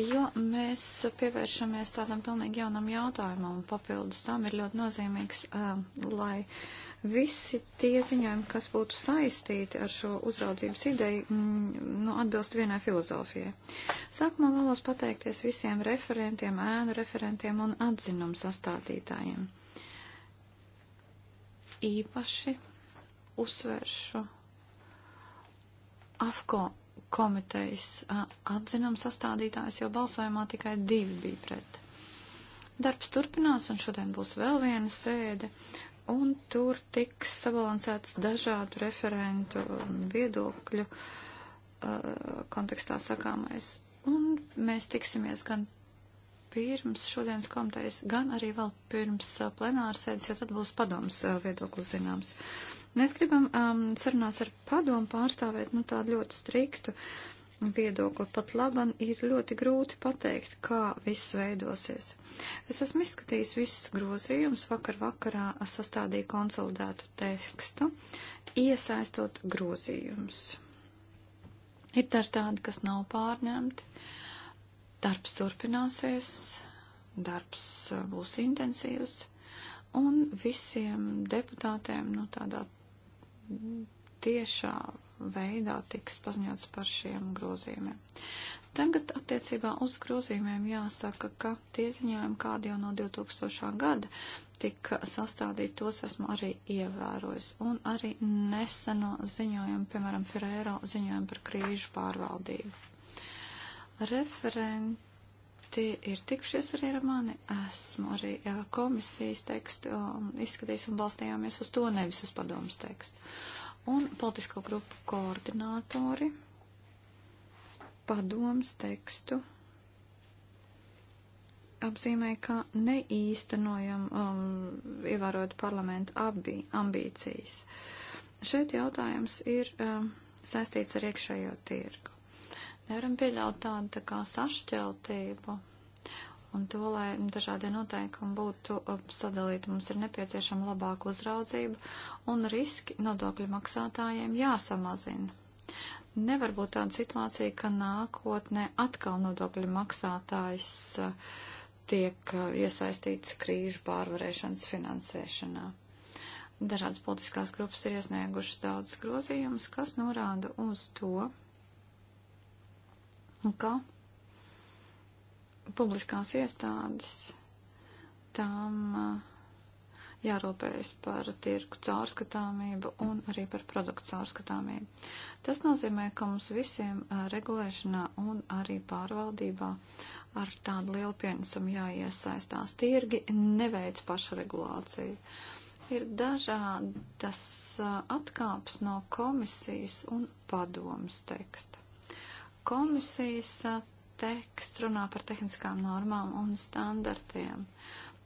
jo mēs pievēršamies tādam pilnīgi jaunam jautājumam, un papildus tam ir ļoti nozīmīgs, uh, lai visi tie ziņojumi, kas būtu saistīti ar šo uzraudzības ideju, mm, nu, atbilst vienai filozofijai. Sākumā vēlos pateikties visiem referentiem, ēnu referentiem un atzinumu sastādītājiem. Īpaši uzsveršu AFCO komitejas atzinuma sastādītājs, jo balsojumā tikai divi bija pret. Darbs turpinās, un šodien būs vēl viena sēde, un tur tiks sabalansēts dažādu referentu viedokļu kontekstā sakāmais. Un mēs tiksimies gan pirms šodienas komitejas, gan arī vēl pirms plenārsēdes, jo tad būs padoms viedoklis zināms. Mēs gribam um, sarunās ar padomu pārstāvēt nu, tādu ļoti striktu viedokli. Pat laban ir ļoti grūti pateikt, kā viss veidosies. Es esmu izskatījis visus grozījumus, vakar vakarā sastādīju konsolidētu tekstu, iesaistot grozījumus. Ir daži tādi, kas nav pārņemti. Darbs turpināsies, darbs uh, būs intensīvs, un visiem deputātiem, nu, tādā tiešā veidā tiks paziņots par šiem grozījumiem. Tagad attiecībā uz grozījumiem jāsaka, ka tie ziņojumi, kādi jau no 2000. gada tika sastādīti, tos esmu arī ievērojis. Un arī neseno ziņojumu, piemēram, Ferēro ziņojumu par krīžu pārvaldību. Referenti tie ir tikušies arī ar mani. Esmu arī jā, komisijas tekstu um, izskatījis un balstījāmies uz to, nevis uz padomus tekstu. Un politisko grupu koordinātori padomus tekstu apzīmē, ka neīstenojam um, ievērot parlamenta abi, ambīcijas. Šeit jautājums ir um, saistīts ar iekšējo tirgu. Nevaram pieļaut tādu tā kā sašķeltību un to, lai dažādie noteikumi būtu uh, sadalīti, mums ir nepieciešama labāka uzraudzība un riski nodokļu maksātājiem jāsamazina. Nevar būt tāda situācija, ka nākotnē atkal nodokļu maksātājs uh, tiek uh, iesaistīts krīžu pārvarēšanas finansēšanā. Dažādas politiskās grupas ir iesniegušas daudz grozījumus, kas norāda uz to, ka publiskās iestādes tām eh, jārūpējas par tirku caurskatāmību un arī par produktu caurskatāmību. Tas nozīmē, ka mums visiem eh, regulēšanā un arī pārvaldībā ar tādu lielu pienesumu jāiesaistās. Tirgi neveic pašregulāciju. Ir dažādas eh, atkāpes no komisijas un padomas teksta. Komisijas teksts runā par tehniskām normām un standartiem.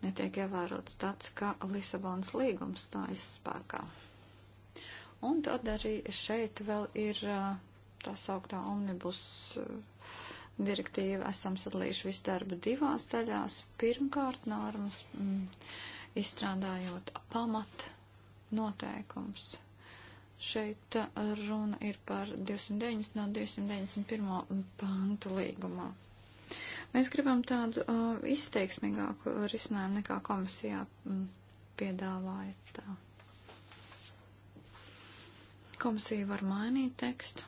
Netiek ievērots tāds, ka Lisabonas līgums stājas spēkā. Un tad arī šeit vēl ir tā sauktā omnibus direktīva. Esam sadalījuši visu darbu divās daļās. Pirmkārt, normas m, izstrādājot pamat noteikums Šeit uh, runa ir par 290 no 291. pantu līgumā. Mēs gribam tādu uh, izteiksmīgāku risinājumu nekā komisijā mm, piedāvāja. Tā. Komisija var mainīt tekstu.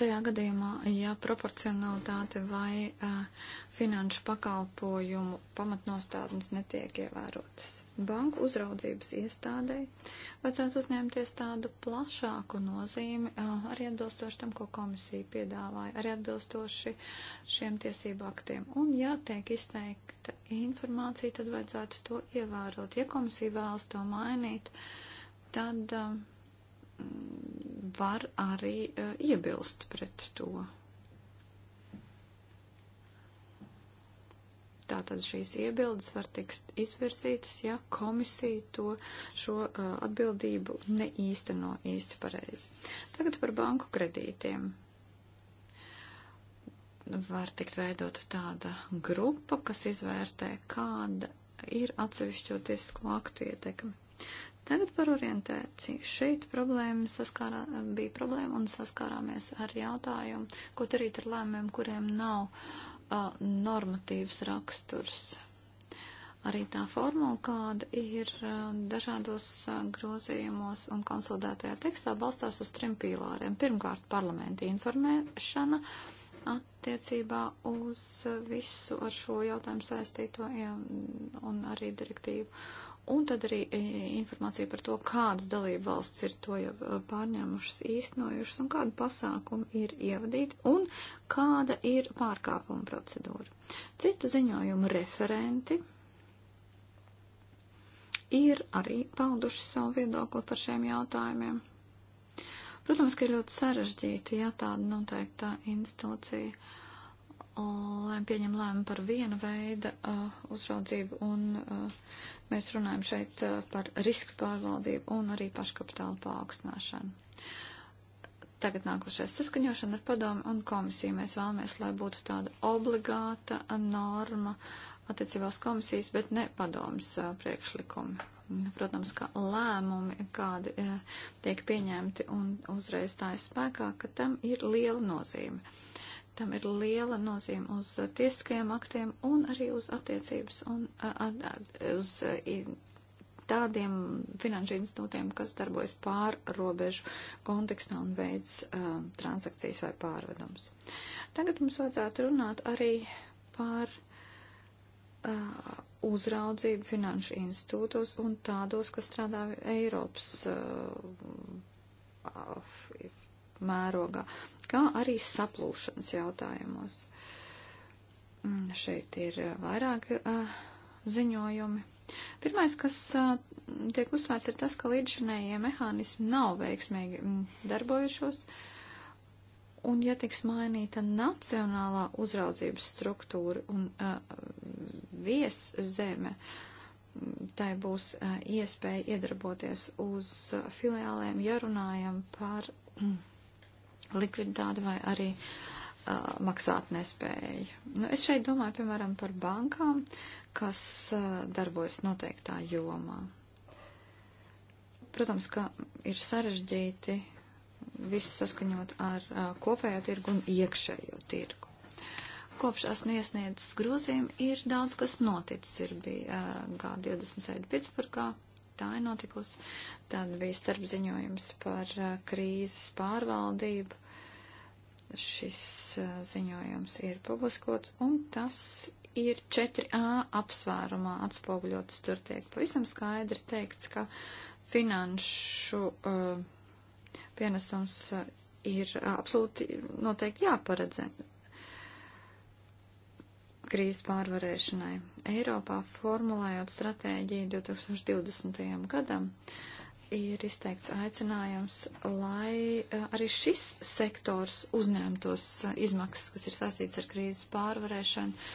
Tajā gadījumā, ja proporcionalitāte vai uh, finanšu pakalpojumu pamatnostādnes netiek ievērotas, banku uzraudzības iestādei vajadzētu uzņemties tādu plašāku nozīmi, uh, arī atbilstoši tam, ko komisija piedāvāja, arī atbilstoši šiem tiesību aktiem. Un, ja tiek izteikta informācija, tad vajadzētu to ievērot. Ja komisija vēlas to mainīt, tad. Uh, var arī uh, iebilst pret to. Tātad šīs iebildes var tikt izvirzītas, ja komisija to šo uh, atbildību neīsteno īsti pareizi. Tagad par banku kredītiem. Var tikt veidota tāda grupa, kas izvērtē, kāda ir atsevišķo tiesisko aktu ietekme. Tagad par orientāciju. Šeit problēma saskārā, bija problēma un saskārāmies ar jautājumu, ko darīt ar lēmumiem, kuriem nav uh, normatīvs raksturs. Arī tā formula, kāda ir uh, dažādos uh, grozījumos un konsolidētajā tekstā, balstās uz trim pīlāriem. Pirmkārt, parlamenta informēšana attiecībā uz visu ar šo jautājumu saistīto ja, un arī direktīvu Un tad arī e, informācija par to, kādas dalība valsts ir to jau e, pārņēmušas, īstenojušas un kādu pasākumu ir ievadīti un kāda ir pārkāpuma procedūra. Citu ziņojumu referenti ir arī pauduši savu viedokli par šiem jautājumiem. Protams, ka ir ļoti sarežģīti, ja tāda noteikta institūcija lēma pieņem lēmumu par vienu veidu uh, uzraudzību, un uh, mēs runājam šeit uh, par riska pārvaldību un arī paškapitāla paaugstināšanu. Tagad nākošais saskaņošana ar padomu un komisiju. Mēs vēlamies, lai būtu tāda obligāta norma attiecībās komisijas, bet ne padomas uh, priekšlikumi. Protams, ka lēmumi, kādi uh, tiek pieņemti un uzreiz tā ir spēkā, ka tam ir liela nozīme. Uh, tam ir liela nozīme uz tiesiskajiem aktiem un arī uz attiecības un at, at, uz tādiem finanšu institūtiem, kas darbojas pārrobežu kontekstā un veids uh, transakcijas vai pārvedumus. Tagad mums vajadzētu runāt arī par uh, uzraudzību finanšu institūtos un tādos, kas strādā Eiropas uh, mērogā, kā arī saplūšanas jautājumos. Mm, šeit ir eh, vairāk uh, eh, ziņojumi. Pirmais, kas uh, tiek uzsvērts, ir tas, ka līdzšinējie mehānismi nav veiksmīgi mm, darbojušos, un ja tiks mainīta nacionālā uzraudzības struktūra un uh, vies zeme, mm, tai būs uh, iespēja iedarboties uz uh, filiālēm, ja runājam par. Uh, likviditāti vai arī uh, maksāt nespēju. Nu, es šeit domāju, piemēram, par bankām, kas uh, darbojas noteiktā jomā. Protams, ka ir sarežģīti visu saskaņot ar uh, kopējo tirgu un iekšējo tirgu. Kopš esmu iesniedzis grozījumu, ir daudz kas noticis. Ir bija uh, G20 sēde Pitsburgā, tā ir notikusi. Tad bija starpziņojums par krīzes pārvaldību. Šis ziņojums ir publiskots, un tas ir 4A apsvērumā atspoguļots. Tur tiek pavisam skaidri teikts, ka finanšu uh, pienesums ir absolūti noteikti jāparedzē, krīzes pārvarēšanai. Eiropā formulējot stratēģiju 2020. gadam, ir izteikts aicinājums, lai eh, arī šis sektors uzņemtos eh, izmaksas, kas ir saistīts ar krīzes pārvarēšanu,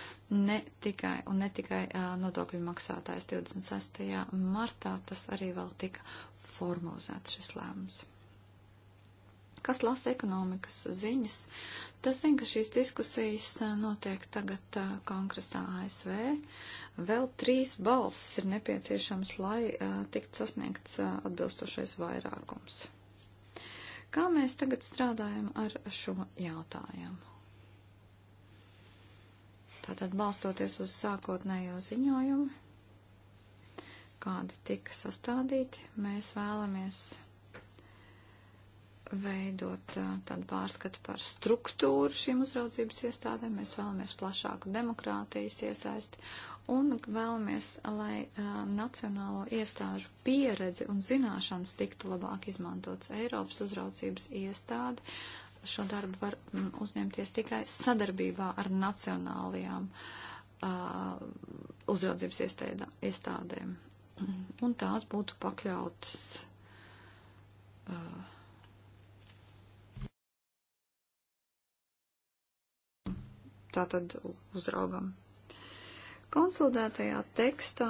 ne tikai un ne tikai eh, nodokļu maksātājs 26. martā, tas arī vēl tika formalizēts šis lēmums kas lasa ekonomikas ziņas, tas zina, ka šīs diskusijas notiek tagad kongresā ASV. Vēl trīs balsis ir nepieciešams, lai tiktu sasniegts atbilstošais vairākums. Kā mēs tagad strādājam ar šo jautājumu? Tātad balstoties uz sākotnējo ziņojumu, kādi tika sastādīti, mēs vēlamies veidot tādu pārskatu par struktūru šīm uzraudzības iestādēm. Mēs vēlamies plašāku demokrātijas iesaisti un vēlamies, lai uh, nacionālo iestāžu pieredze un zināšanas tiktu labāk izmantotas. Eiropas uzraudzības iestāde šo darbu var mm, uzņemties tikai sadarbībā ar nacionālajām uh, uzraudzības iestādā, iestādēm. Un tās būtu pakļautas. Uh, tātad uzraugam. Konsolidētajā tekstā,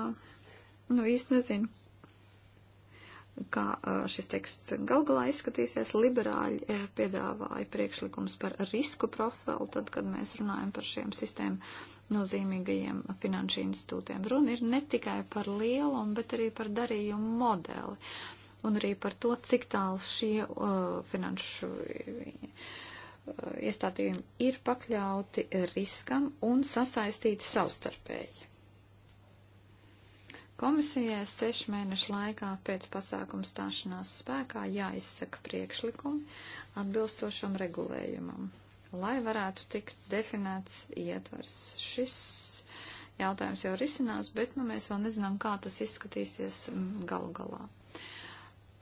nu īsti nezinu, kā šis teksts galgalā izskatīsies, liberāļi piedāvāja priekšlikums par risku profilu, tad, kad mēs runājam par šiem sistēmu nozīmīgajiem finanšu institūtiem. Runa ir ne tikai par lielumu, bet arī par darījumu modeli un arī par to, cik tālu šie uh, finanšu iestādījumi ir pakļauti riskam un sasaistīti savstarpēji. Komisijai sešu mēnešu laikā pēc pasākuma stāšanās spēkā jāizsaka priekšlikumi atbilstošam regulējumam, lai varētu tikt definēts ietvers. Šis jautājums jau risinās, bet nu, mēs vēl nezinām, kā tas izskatīsies galu galā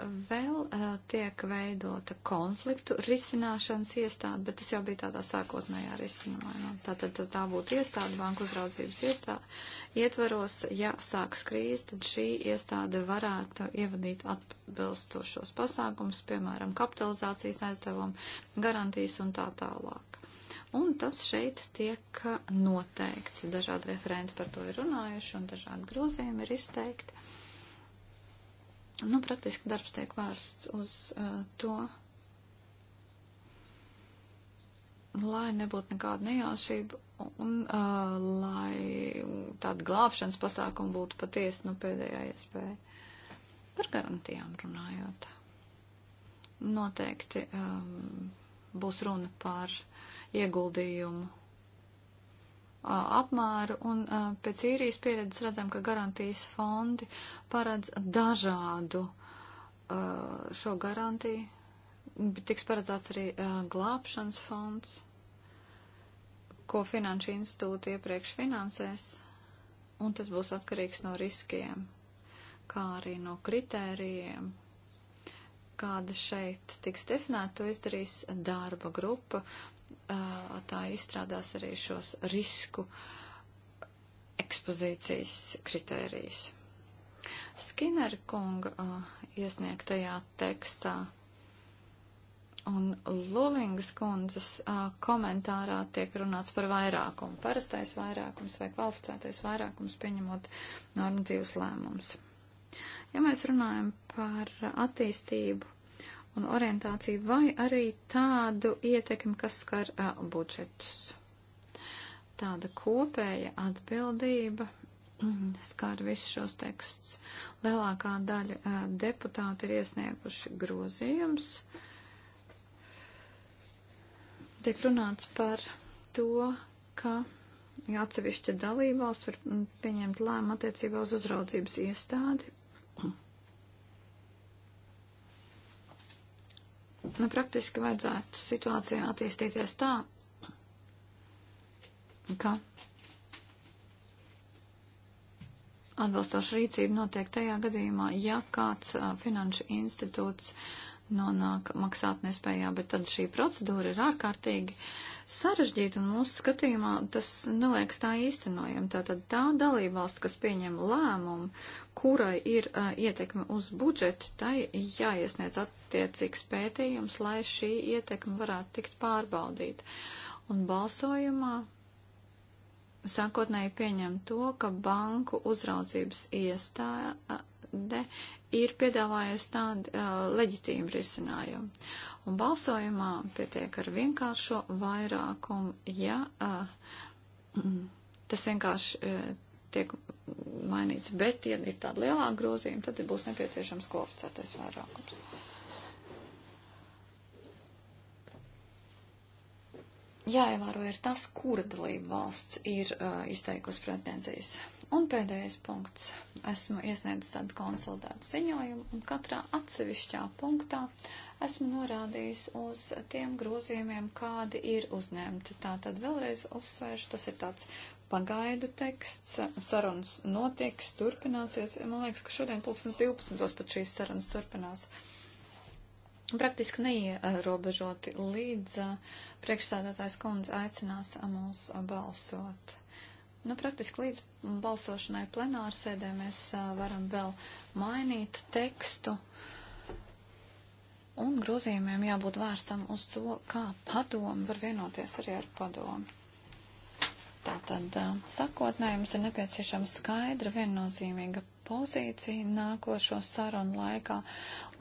vēl uh, tiek veidota konfliktu risināšanas iestāde, bet tas jau bija tādā sākotnējā risinājumā. Tātad tā, tā būtu iestāde banku uzraudzības iestāde. Ietvaros, ja sāks krīze, tad šī iestāde varētu ievadīt atbilstošos pasākums, piemēram, kapitalizācijas aizdevumu, garantijas un tā tālāk. Un tas šeit tiek noteikts. Dažādi referenti par to ir runājuši un dažādi grozījumi ir izteikti. Uh, Nu, praktiski darbs tiek vērsts uz uh, to, lai nebūtu nekāda nejaušība un uh, lai tāda glābšanas pasākuma būtu patiesi no nu, pēdējā iespēja. Par garantijām runājot. Noteikti um, būs runa par ieguldījumu apmēru, un pēc īrijas pieredzes redzam, ka garantijas fondi paredz dažādu šo garantiju. Tiks paredzēts arī glābšanas fonds, ko finanšu institūti iepriekš finansēs, un tas būs atkarīgs no riskiem, kā arī no kritērijiem, kāda šeit tiks definēta, to izdarīs darba grupa, tā izstrādās arī šos risku ekspozīcijas kritērijus. Skinner kunga uh, iesniegtajā tekstā un Lulingas kundzes uh, komentārā tiek runāts par vairākumu, parastais vairākums vai kvalificētais vairākums pieņemot normatīvas lēmumus. Ja mēs runājam par attīstību un orientāciju, vai arī tādu ietekmi, kas skar uh, budžetus. Tāda kopēja atbildība mm, skar visus šos tekstus. Lielākā daļa uh, deputāti ir iesnieguši grozījums. Tiek runāts par to, ka atsevišķa dalībvalsts var mm, pieņemt lēmumu attiecībā uz uzraudzības iestādi Nu, praktiski vajadzētu situācijā attīstīties tā, ka atbilstoša rīcība notiek tajā gadījumā, ja kāds a, finanšu institūts a, nonāk maksātnespējā, bet tad šī procedūra ir ārkārtīgi sarežģīta un mūsu skatījumā tas neliekas tā īstenojam. Tātad tā dalībvalsts, kas pieņem lēmumu, kurai ir uh, ietekme uz budžetu, tai jāiesniedz attiecīgs pētījums, lai šī ietekme varētu tikt pārbaudīta. Un balsojumā sākotnēji pieņem to, ka banku uzraudzības iestāde ir piedāvājusi tādu uh, leģitīmu risinājumu. Un balsojumā pietiek ar vienkāršo vairākumu, ja uh, tas vienkārši uh, tiek mainīts, bet, ja ir tāda lielāka grozījuma, tad būs nepieciešams kvalificētais vairākums. Jāievēro ir tas, kura dalība valsts ir uh, izteikusi pretenzijas. Un pēdējais punkts. Esmu iesniedzis tādu konsolidētu ziņojumu, un katrā atsevišķā punktā esmu norādījis uz tiem grozījumiem, kādi ir uzņemti. Tā tad vēlreiz uzsvēršu, tas ir tāds pagaidu teksts, sarunas notiks, turpināsies. Man liekas, ka šodien 2012. pat šīs sarunas turpinās. Praktiski neierobežoti līdz eh, priekšsādātājs kundze aicinās mūs balsot. Nu, praktiski līdz balsošanai plenārsēdē mēs uh, varam vēl mainīt tekstu. Un grozījumiem jābūt vērstam uz to, kā padomu var vienoties arī ar padomu. Tātad uh, sakotnē jums ir nepieciešama skaidra, viennozīmīga pozīcija nākošo sarunu laikā,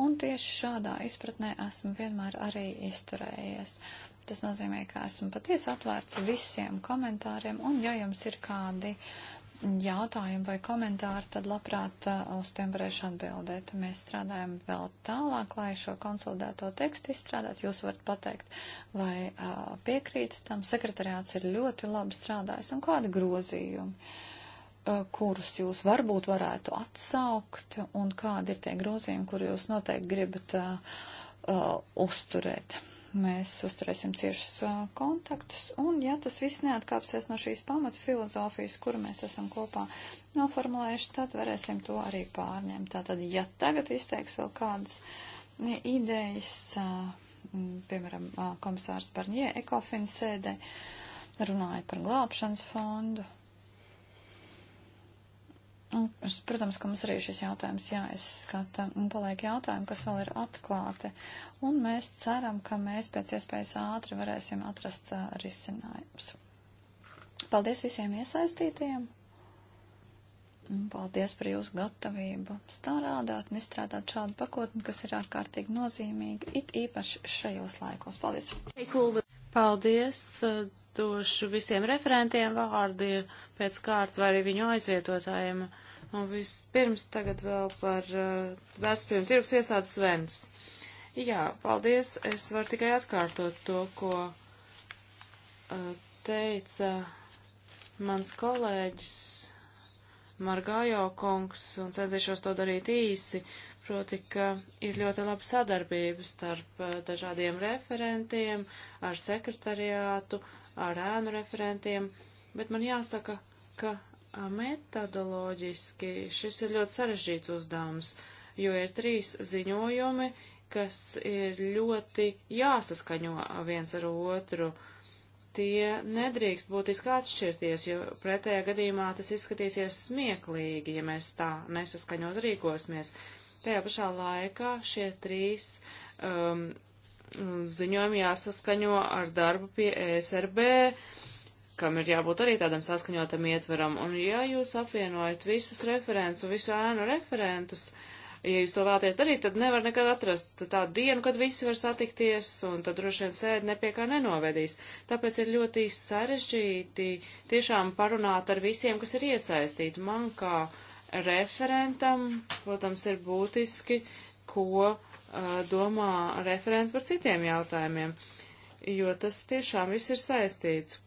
un tieši šādā izpratnē esmu vienmēr arī izturējies. Uh, Tas nozīmē, ka esmu patiesi atvērts visiem komentāriem, un ja jums ir kādi jautājumi vai komentāri, tad labprāt uh, uz tiem varēšu atbildēt. Mēs strādājam vēl tālāk, lai šo konsolidēto tekstu izstrādāt. Jūs varat pateikt, vai uh, piekrīt tam. Sekretariāts ir ļoti labi strādājis un kādi grozījumi, uh, kurus jūs varbūt varētu atsaukt un kādi ir tie grozījumi, kur jūs noteikti gribat uh, uh, uzturēt. Mēs uzturēsim ciešus uh, kontaktus, un ja tas viss neatkāpsies no šīs pamata filozofijas, kuru mēs esam kopā noformulējuši, tad varēsim to arī pārņemt. Tātad, ja tagad izteiks vēl kādas idejas, uh, piemēram, komisārs Barņie Ekofin sēdē runāja par glābšanas fondu, Protams, ka mums arī šis jautājums jāizskata un paliek jautājumi, kas vēl ir atklāti. Un mēs ceram, ka mēs pēc iespējas ātri varēsim atrast uh, risinājumus. Paldies visiem iesaistītajiem. Paldies par jūsu gatavību stārādāt un izstrādāt šādu pakotni, kas ir ārkārtīgi nozīmīga, it īpaši šajos laikos. Paldies! Paldies! Došu visiem referentiem vārdi pēc kārtas vai arī viņu aizvietotājiem. Un vispirms tagad vēl par uh, vērtspējumu tirgus iestādes Svens. Jā, paldies. Es varu tikai atkārtot to, ko uh, teica mans kolēģis Margājo kungs, un centīšos to darīt īsi, proti, ka ir ļoti laba sadarbība starp uh, dažādiem referentiem, ar sekretariātu, ar ēnu referentiem, bet man jāsaka, ka metodoloģiski šis ir ļoti sarežģīts uzdevums, jo ir trīs ziņojumi, kas ir ļoti jāsaskaņo viens ar otru. Tie nedrīkst būtiski atšķirties, jo pretējā gadījumā tas izskatīsies smieklīgi, ja mēs tā nesaskaņot rīkosimies. Tajā pašā laikā šie trīs um, ziņojumi jāsaskaņo ar darbu pie ESRB, uh, kam ir jābūt arī tādam saskaņotam ietveram. Un ja jūs apvienojat visus referents un visu ēnu referentus, ja jūs to vēlaties darīt, tad nevar nekad atrast tādu dienu, kad visi var satikties, un tad droši vien sēdi nepie kā nenovedīs. Tāpēc ir ļoti sarežģīti tiešām parunāt ar visiem, kas ir iesaistīti. Man kā referentam, protams, ir būtiski, ko uh, domā referenti par citiem jautājumiem, jo tas tiešām viss ir saistīts.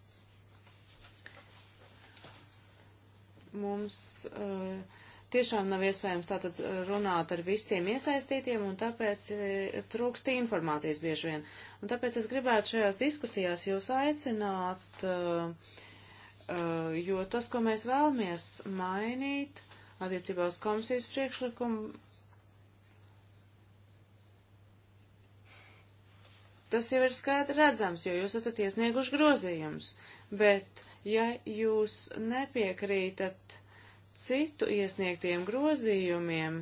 mums uh, tiešām nav iespējams tātad eh, runāt ar visiem iesaistītiem, un tāpēc eh, trūkst informācijas bieži vien. Un tāpēc es gribētu šajās diskusijās jūs aicināt, jo tas, ko mēs vēlamies mainīt attiecībā uz komisijas priekšlikumu, tas jau ir skaidri redzams, jo jūs esat iesnieguši grozījumus, bet Ja jūs nepiekrītat citu iesniegtiem grozījumiem,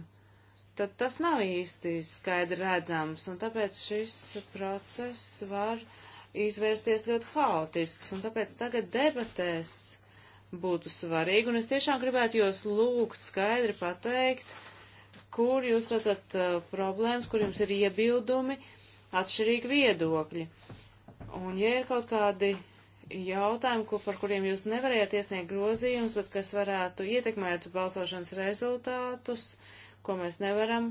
tad tas nav īsti skaidri redzams, un tāpēc šis process var izvērsties ļoti haotisks, un tāpēc tagad debatēs būtu svarīgi, un es tiešām gribētu jūs lūgt skaidri pateikt, kur jūs redzat uh, problēmas, kur jums ir iebildumi, atšķirīgi viedokļi. Un ja ir kaut kādi jautājumu, ko, par kuriem jūs nevarējāt iesniegt grozījumus, bet kas varētu ietekmēt balsošanas rezultātus, ko mēs nevaram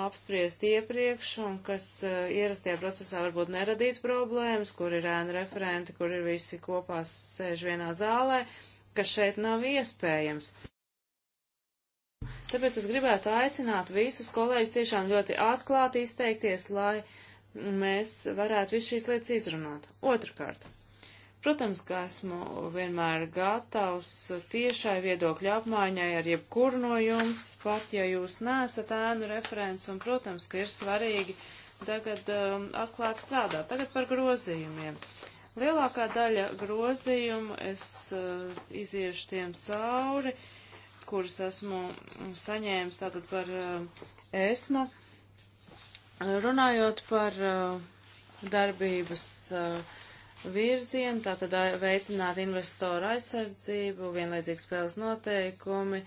apspriest iepriekš un kas uh, ierastajā procesā varbūt neradīt problēmas, kur ir ēna referenti, kur ir visi kopā sēž vienā zālē, kas šeit nav iespējams. Tāpēc es gribētu aicināt visus kolēģus tiešām ļoti atklāti izteikties, lai mēs varētu visu šīs lietas izrunāt. Otrakārt. Protams, ka esmu vienmēr gatavs tiešai viedokļu apmaiņai ar jebkuru no jums, pat ja jūs nesat ēnu referents, un, protams, ka ir svarīgi tagad um, atklāt strādāt. Tagad par grozījumiem. Lielākā daļa grozījumu es uh, iziešu tiem cauri, kurus esmu saņēmis tātad par uh, ESMA. Runājot par uh, darbības. Uh, virzienu, tātad veicināt investoru aizsardzību, vienlaicīgi spēles noteikumi,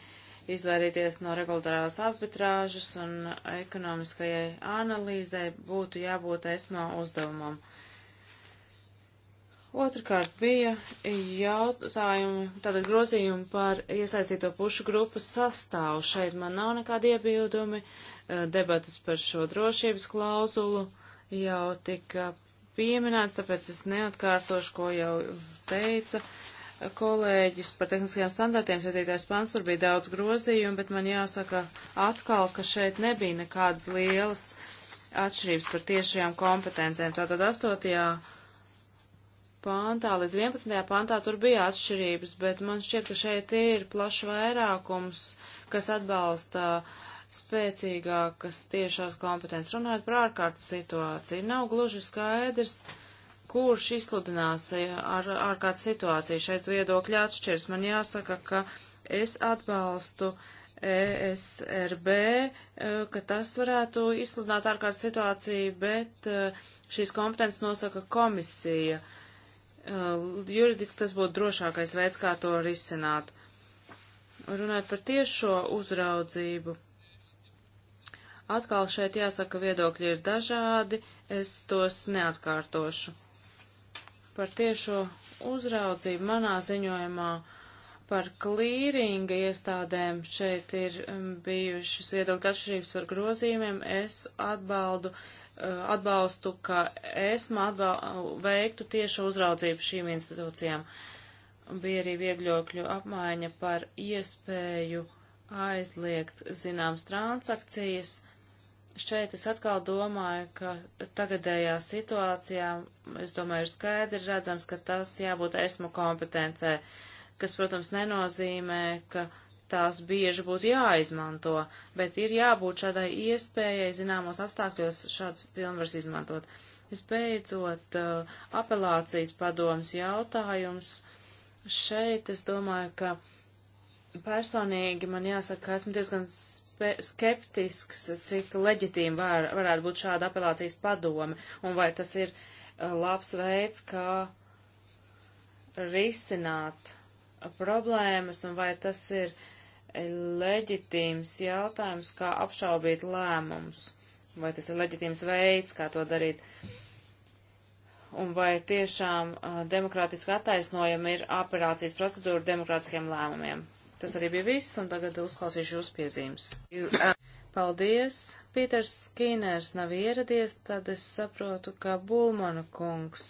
izvairīties no regulatorās arbitrāžas un ekonomiskajai analīzei būtu jābūt esmā uzdevumam. Otrakārt bija jautājumi, tātad grozījumi par iesaistīto pušu grupas sastāvu. Šeit man nav nekādi iebildumi. Debatas par šo drošības klauzulu jau tika pieminēts, tāpēc es neatkārtošu, ko jau teica kolēģis par tehniskajiem standartiem. Sēdītais pants tur bija daudz grozījumu, bet man jāsaka atkal, ka šeit nebija nekādas lielas atšķirības par tiešajām kompetencēm. Tātad 8. pāntā līdz 11. pāntā tur bija atšķirības, bet man šķiet, ka šeit ir plašs vairākums, kas atbalsta uh, spēcīgākas tiešās kompetences. Runājot par ārkārtas situāciju, nav gluži skaidrs, kurš izsludinās ar ārkārtas situāciju. Šeit viedokļi atšķirs. Man jāsaka, ka es atbalstu ESRB, eh, ka tas varētu izsludināt ārkārtas situāciju, bet eh, šīs kompetences nosaka komisija. Eh, juridiski tas būtu drošākais veids, kā to risināt. Runājot par tiešo uzraudzību Atkal šeit jāsaka, viedokļi ir dažādi, es tos neatkārtošu. Par tiešo uzraudzību manā ziņojumā par klīringa iestādēm šeit ir um, bijušas viedokļa atšķirības par grozījumiem. Es atbaldu, uh, atbalstu, ka esmu atbal, veiktu tiešu uzraudzību šīm institūcijām. Bija arī viegļokļu apmaiņa par iespēju aizliegt zināmas transakcijas Šeit es atkal domāju, ka tagadējā situācijā, es domāju, ir skaidri redzams, ka tas jābūt esmu kompetencē, kas, protams, nenozīmē, ka tās bieži būtu jāizmanto, bet ir jābūt šādai iespējai zināmos apstākļos šāds pilnvars izmantot. Visbeidzot, uh, apelācijas padomas jautājums. Šeit es domāju, ka personīgi man jāsaka, ka esmu diezgan skeptisks, cik leģitīma var, varētu būt šāda apelācijas padome, un vai tas ir uh, labs veids, kā risināt problēmas, un vai tas ir leģitīms jautājums, kā apšaubīt lēmumus, vai tas ir leģitīms veids, kā to darīt. Un vai tiešām uh, demokrātiski attaisnojama ir operācijas procedūra demokrātiskiem lēmumiem? Tas arī bija viss, un tagad uzklausīšu jūsu piezīmes. Uh, Paldies! Pīters Skīners nav ieradies, tad es saprotu, ka Bulmanu kungs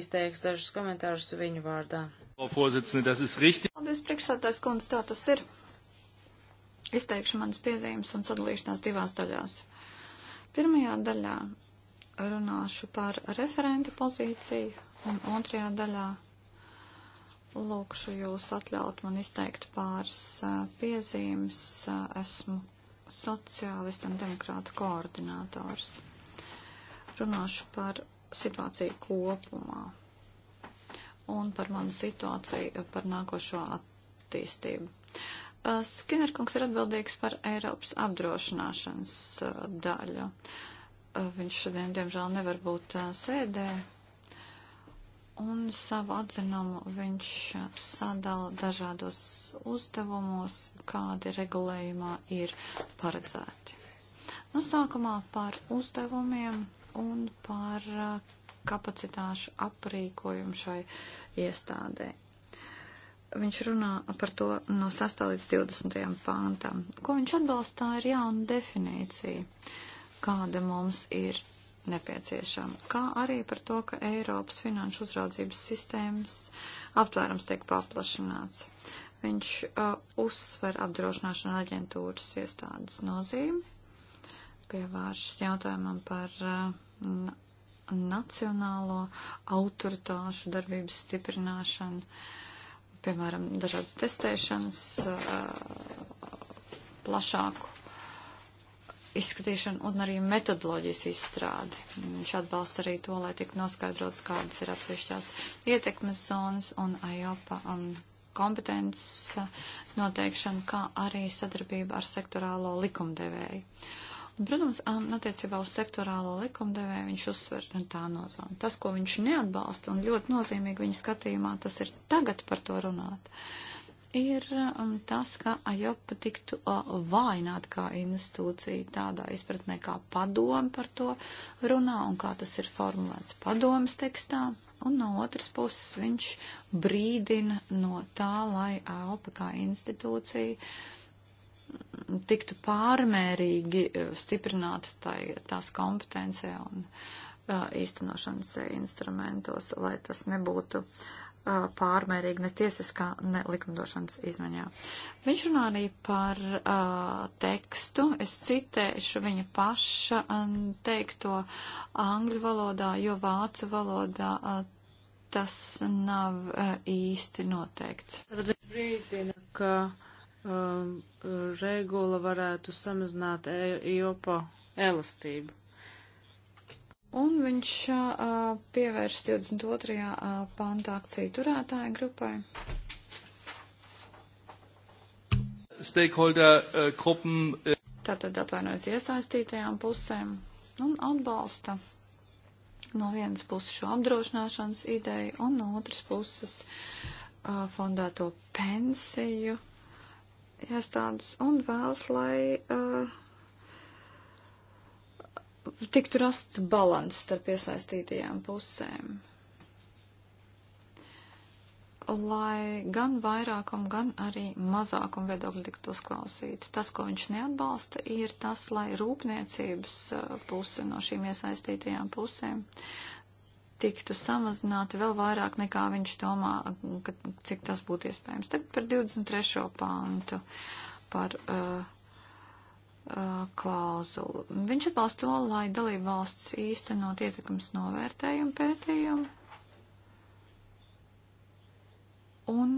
izteiks dažus komentārus viņu vārdā. Paldies, priekšsētājs kundze, tā tas ir. Izteikšu manas piezīmes un sadalīšanās divās daļās. Pirmajā daļā runāšu par referenta pozīciju, un otrajā daļā Lūkšu jūs atļaut man izteikt pāris piezīmes. Esmu sociālistu un demokrātu koordinātors. Runāšu par situāciju kopumā un par manu situāciju, par nākošo attīstību. Skinnerkungs ir atbildīgs par Eiropas apdrošināšanas daļu. Viņš šodien, diemžēl, nevar būt sēdē, un savu atzinumu viņš sadala dažādos uzdevumos, kādi regulējumā ir paredzēti. Nu, sākumā par uzdevumiem un par uh, kapacitāšu aprīkojumu šai iestādē. Viņš runā par to no 6. līdz 20. pāntam. Ko viņš atbalstā ir jauna definīcija, kāda mums ir nepieciešama, kā arī par to, ka Eiropas finanšu uzraudzības sistēmas aptvērums tiek paplašināts. Viņš uh, uzsver apdrošināšanu aģentūras iestādes nozīmi, pievēršas jautājumam par uh, nacionālo autoritāšu darbības stiprināšanu, piemēram, dažādas testēšanas, uh, plašāku izskatīšanu un arī metodoloģijas izstrādi. Viņš atbalsta arī to, lai tik noskaidrots, kādas ir atsevišķās ietekmes zonas un AJOPA um, kompetences uh, noteikšana, kā arī sadarbība ar sektorālo likumdevēju. Un, protams, um, attiecībā uz sektorālo likumdevēju viņš uzsver nu, tā nozomu. Tas, ko viņš neatbalsta un ļoti nozīmīgi viņa skatījumā, tas ir tagad par to runāt. Uh, ir um, tas, ka AJOPA tiktu vājināt kā institūcija tādā izpratnē, kā padoma par to runā un kā tas ir formulēts padomas tekstā. Un no otras puses viņš brīdina no tā, lai AOPA kā institūcija mm, tiktu pārmērīgi e, stiprināta tai, tās kompetencija un uh, īstenošanas instrumentos, lai tas nebūtu uh, pārmērīgi ne tiesiskā, ne likumdošanas izmaiņā. Viņš runā arī par uh, tekstu. Es citēšu viņa paša um, teikto angļu valodā, jo vācu valodā uh, tas nav uh, īsti noteikts. Tad viņš brīdina, ka um, regula varētu samazināt e jopa elastību. Un viņš pievērs 22. pānta akciju turētāju grupai. Stakeholdergruppen. Uh, Tātad atvainojas iesaistītajām pusēm un atbalsta no vienas puses šo apdrošināšanas ideju un no otras puses uh, fondēto pensiju iestādes un vēlas, lai. Uh, tiktu rasts balans starp iesaistītajām pusēm. Lai gan vairākam, gan arī mazākam viedokļu tiktu uzklausīti. Tas, ko viņš neatbalsta, ir tas, lai rūpniecības uh, puse no šīm iesaistītajām pusēm tiktu samazināti vēl vairāk nekā viņš domā, ka, cik tas būtu iespējams. Tagad par 23. pāntu par uh, klauzulu. Viņš atbalsta to, lai dalība valsts īstenot ietekmes novērtējumu pētījumu un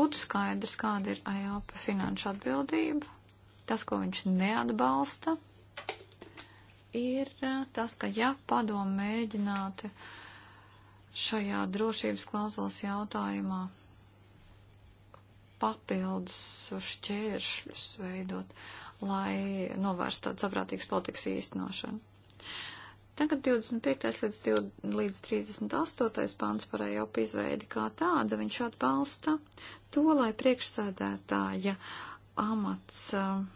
būtu skaidrs, kāda ir AJOP finanšu atbildība. Tas, ko viņš neatbalsta, ir eh, tas, ka ja padomu mēģinātu šajā drošības klauzulas jautājumā papildus šķēršļus veidot, lai novērstu tādu saprātīgas politikas īstenošanu. Tagad 25. līdz, 20, līdz 38. pāns par Eiropu izveidi kā tāda, viņš atbalsta to, lai priekšsēdētāja amats un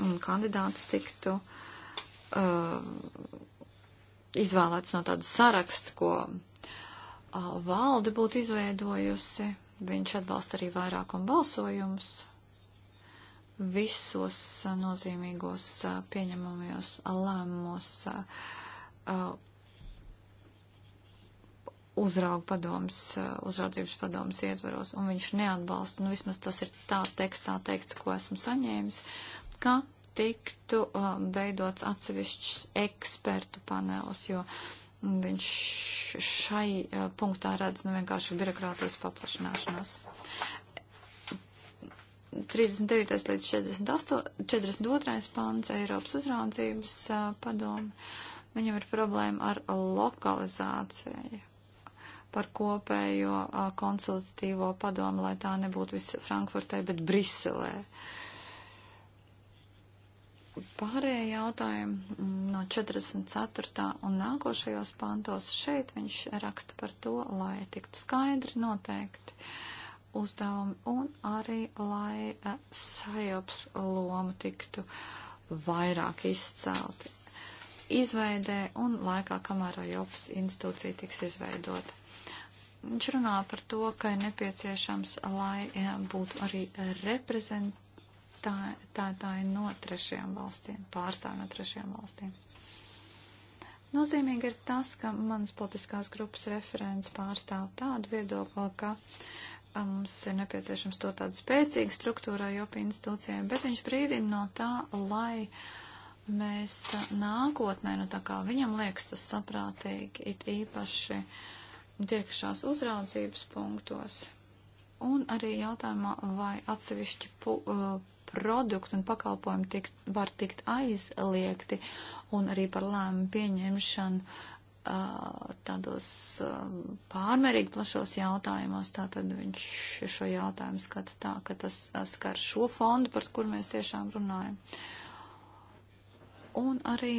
um, kandidāts tiktu uh, izvēlēts no tāda saraksta, ko uh, valde būtu izveidojusi Viņš atbalsta arī vairākumu balsojumus visos nozīmīgos pieņemamajos lēmumos uzrauga padoms, uzraudzības padoms ietvaros, un viņš neatbalsta, nu vismaz tas ir tā tekstā teikts, ko esmu saņēmis, ka tiktu um, veidots atsevišķs ekspertu panelis, jo Viņš šai eh, punktā redz nu, vienkārši birokrātijas paplašināšanos. 39. līdz 48, 42. pāns Eiropas uzraudzības eh, padomu. Viņam ir problēma ar lokalizāciju par kopējo eh, konsultatīvo padomu, lai tā nebūtu viss Frankfurtē, bet Briselē. Uh, pārējie jautājumi no 44. un nākošajos pantos šeit viņš raksta par to, lai tiktu skaidri noteikti uzdevumi un arī, lai eh, sajops loma tiktu vairāk izcelti izveidē un laikā, kamēr jopas institūcija tiks izveidota. Viņš runā par to, ka ir nepieciešams, lai eh, būtu arī reprezent strādātāji no trešajām valstīm, pārstāvi no trešajām valstīm. Nozīmīgi ir tas, ka manas politiskās grupas referents pārstāv tādu viedokli, ka mums ir nepieciešams to tādu spēcīgu struktūrā jopi institūcijai, bet viņš brīdina no tā, lai mēs nākotnē, nu tā kā viņam liekas tas saprātīgi, it īpaši tiekšās uzraudzības punktos un arī jautājumā, vai atsevišķi pu, uh, produktu un pakalpojumu tikt, var tikt aizliegti un arī par lēmumu pieņemšanu uh, tādos uh, pārmērīgi plašos jautājumos. Tātad viņš šo jautājumu skata tā, ka tas skar šo fondu, par kur mēs tiešām runājam. Un arī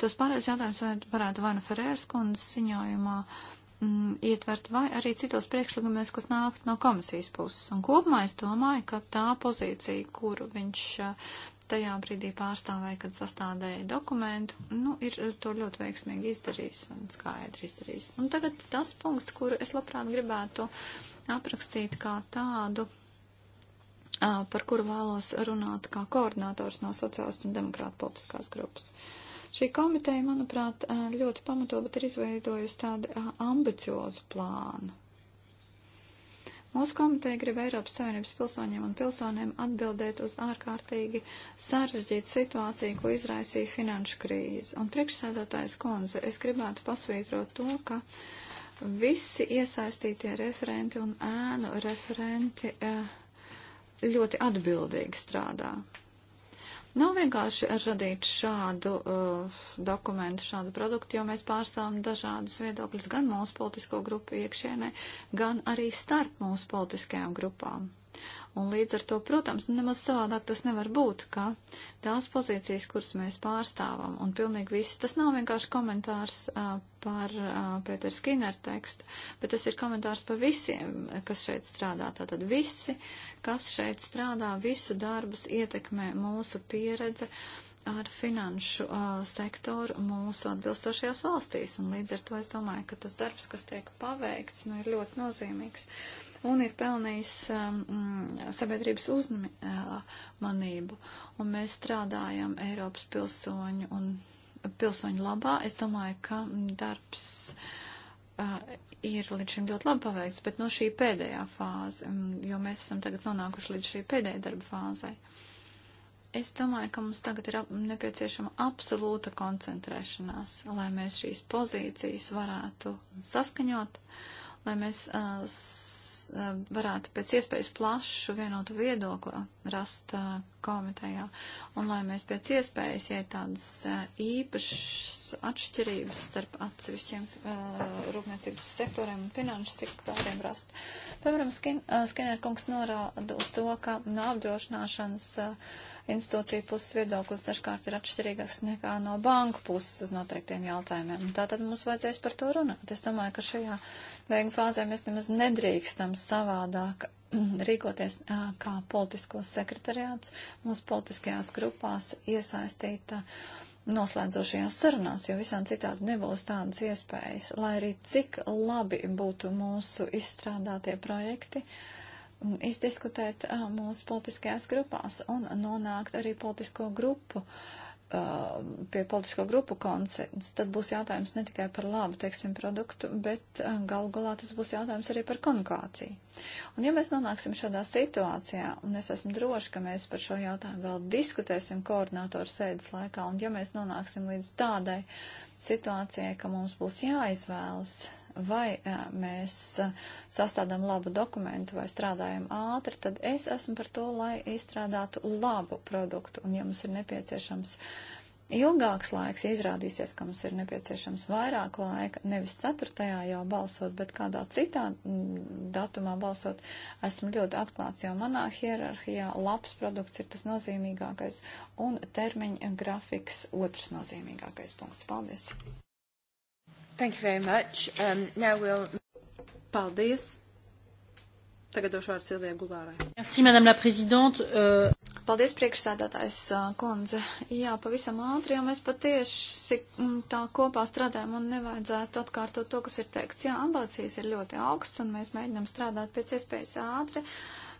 tas pārējais jautājums varētu vai nu Ferēras kundzes ziņojumā mm, ietvert vai arī citos priekšlikumos, kas nāk no komisijas puses. Un kopumā es domāju, ka tā pozīcija, kuru viņš eh, tajā brīdī pārstāvēja, kad sastādēja dokumentu, nu, ir to ļoti veiksmīgi izdarījis un skaidri izdarījis. Un tagad tas punkts, kuru es labprāt gribētu aprakstīt kā tādu, eh, par kuru vēlos runāt kā koordinators no sociālistu un demokrātu politiskās grupas. Uh, Šī komiteja, manuprāt, eh, ļoti pamato, bet ir izveidojusi tādu eh, ambiciozu plānu. Mūsu komiteja grib Eiropas Savienības pilsoņiem un pilsoniem atbildēt uz ārkārtīgi sarežģītu situāciju, ko izraisīja finanšu krīze. Un priekšsēdētājs Konze, es gribētu pasvītrot to, ka visi iesaistītie referenti un ēnu referenti eh, ļoti atbildīgi strādā. Nav vienkārši radīt šādu uh, dokumentu, šādu produktu, jo mēs pārstāvam dažādas viedokļas gan mūsu politisko grupu iekšienē, gan arī starp mūsu politiskajām grupām. Un līdz ar to, protams, nu, nemaz savādāk tas nevar būt, ka tās pozīcijas, kuras mēs pārstāvam, un pilnīgi viss, tas nav vienkārši komentārs uh, par uh, Pēteru Skinner tekstu, bet tas ir komentārs par visiem, kas šeit strādā. Tātad visi, kas šeit strādā, visu darbus ietekmē mūsu pieredze. Uh, ar finanšu uh, sektoru mūsu atbilstošajās valstīs. Un līdz ar to es domāju, ka tas darbs, kas tiek paveikts, nu, ir ļoti nozīmīgs un ir pelnījis um, mm, sabiedrības uzmanību. Un mēs strādājam Eiropas pilsoņu un pilsoņu labā. Es domāju, ka darbs uh, ir līdz šim ļoti labi paveikts, bet no šī pēdējā fāze, mm, jo mēs esam tagad nonākuši līdz šī pēdējā darba fāzai. Es domāju, ka mums tagad ir ap, nepieciešama absolūta koncentrēšanās, lai mēs šīs pozīcijas varētu saskaņot, lai mēs uh, Eh, varētu pēc iespējas plašu vienotu viedokli rast eh, komitejā, un lai mēs pēc iespējas, ja ir tādas eh, īpašas atšķirības starp atsevišķiem rūpniecības sektoriem un finanšu sektoriem rast. Piemēram, skin, Skinner kungs norāda uz to, ka no apdrošināšanas institūcija puses viedoklis dažkārt ir atšķirīgāks nekā no banku puses uz noteiktiem jautājumiem. Tātad mums vajadzēs par to runāt. Es domāju, ka šajā beigu fāzē mēs nemaz nedrīkstam savādāk rīkoties kā politiskos sekretariāts mūsu politiskajās grupās iesaistīta noslēdzošajās sarunās, jo visām citādi nebūs tādas iespējas, lai arī cik labi būtu mūsu izstrādātie projekti, izdiskutēt mūsu politiskajās grupās un nonākt arī politisko grupu uh, Um, pie politisko grupu konsens, tad būs jautājums ne tikai par labu, teiksim, produktu, bet uh, galu galā tas būs jautājums arī par komunikāciju. Un ja mēs nonāksim šādā situācijā, un es esmu droši, ka mēs par šo jautājumu vēl diskutēsim koordinātoru sēdes laikā, un ja mēs nonāksim līdz tādai situācijai, ka mums būs jāizvēlas vai mēs sastādām labu dokumentu vai strādājam ātri, tad es esmu par to, lai izstrādātu labu produktu. Un, ja mums ir nepieciešams ilgāks laiks, izrādīsies, ka mums ir nepieciešams vairāk laika, nevis ceturtajā jau balsot, bet kādā citā datumā balsot, esmu ļoti atklāts, jo manā hierarhijā labs produkts ir tas nozīmīgākais un termiņa grafiks otrs nozīmīgākais punkts. Paldies! Thank you very much. Um, now we'll... Paldies. Tagad došu vārdu Silvijai Gulārai. Merci, madame la présidente. Uh... Paldies, priekšsēdētājs uh, kundze. Jā, pavisam ātri, jo mēs patieši mm, tā kopā strādājam un nevajadzētu atkārtot to, kas ir teikts. Jā, ambācijas ir ļoti augsts un mēs mēģinam strādāt pēc iespējas ātri,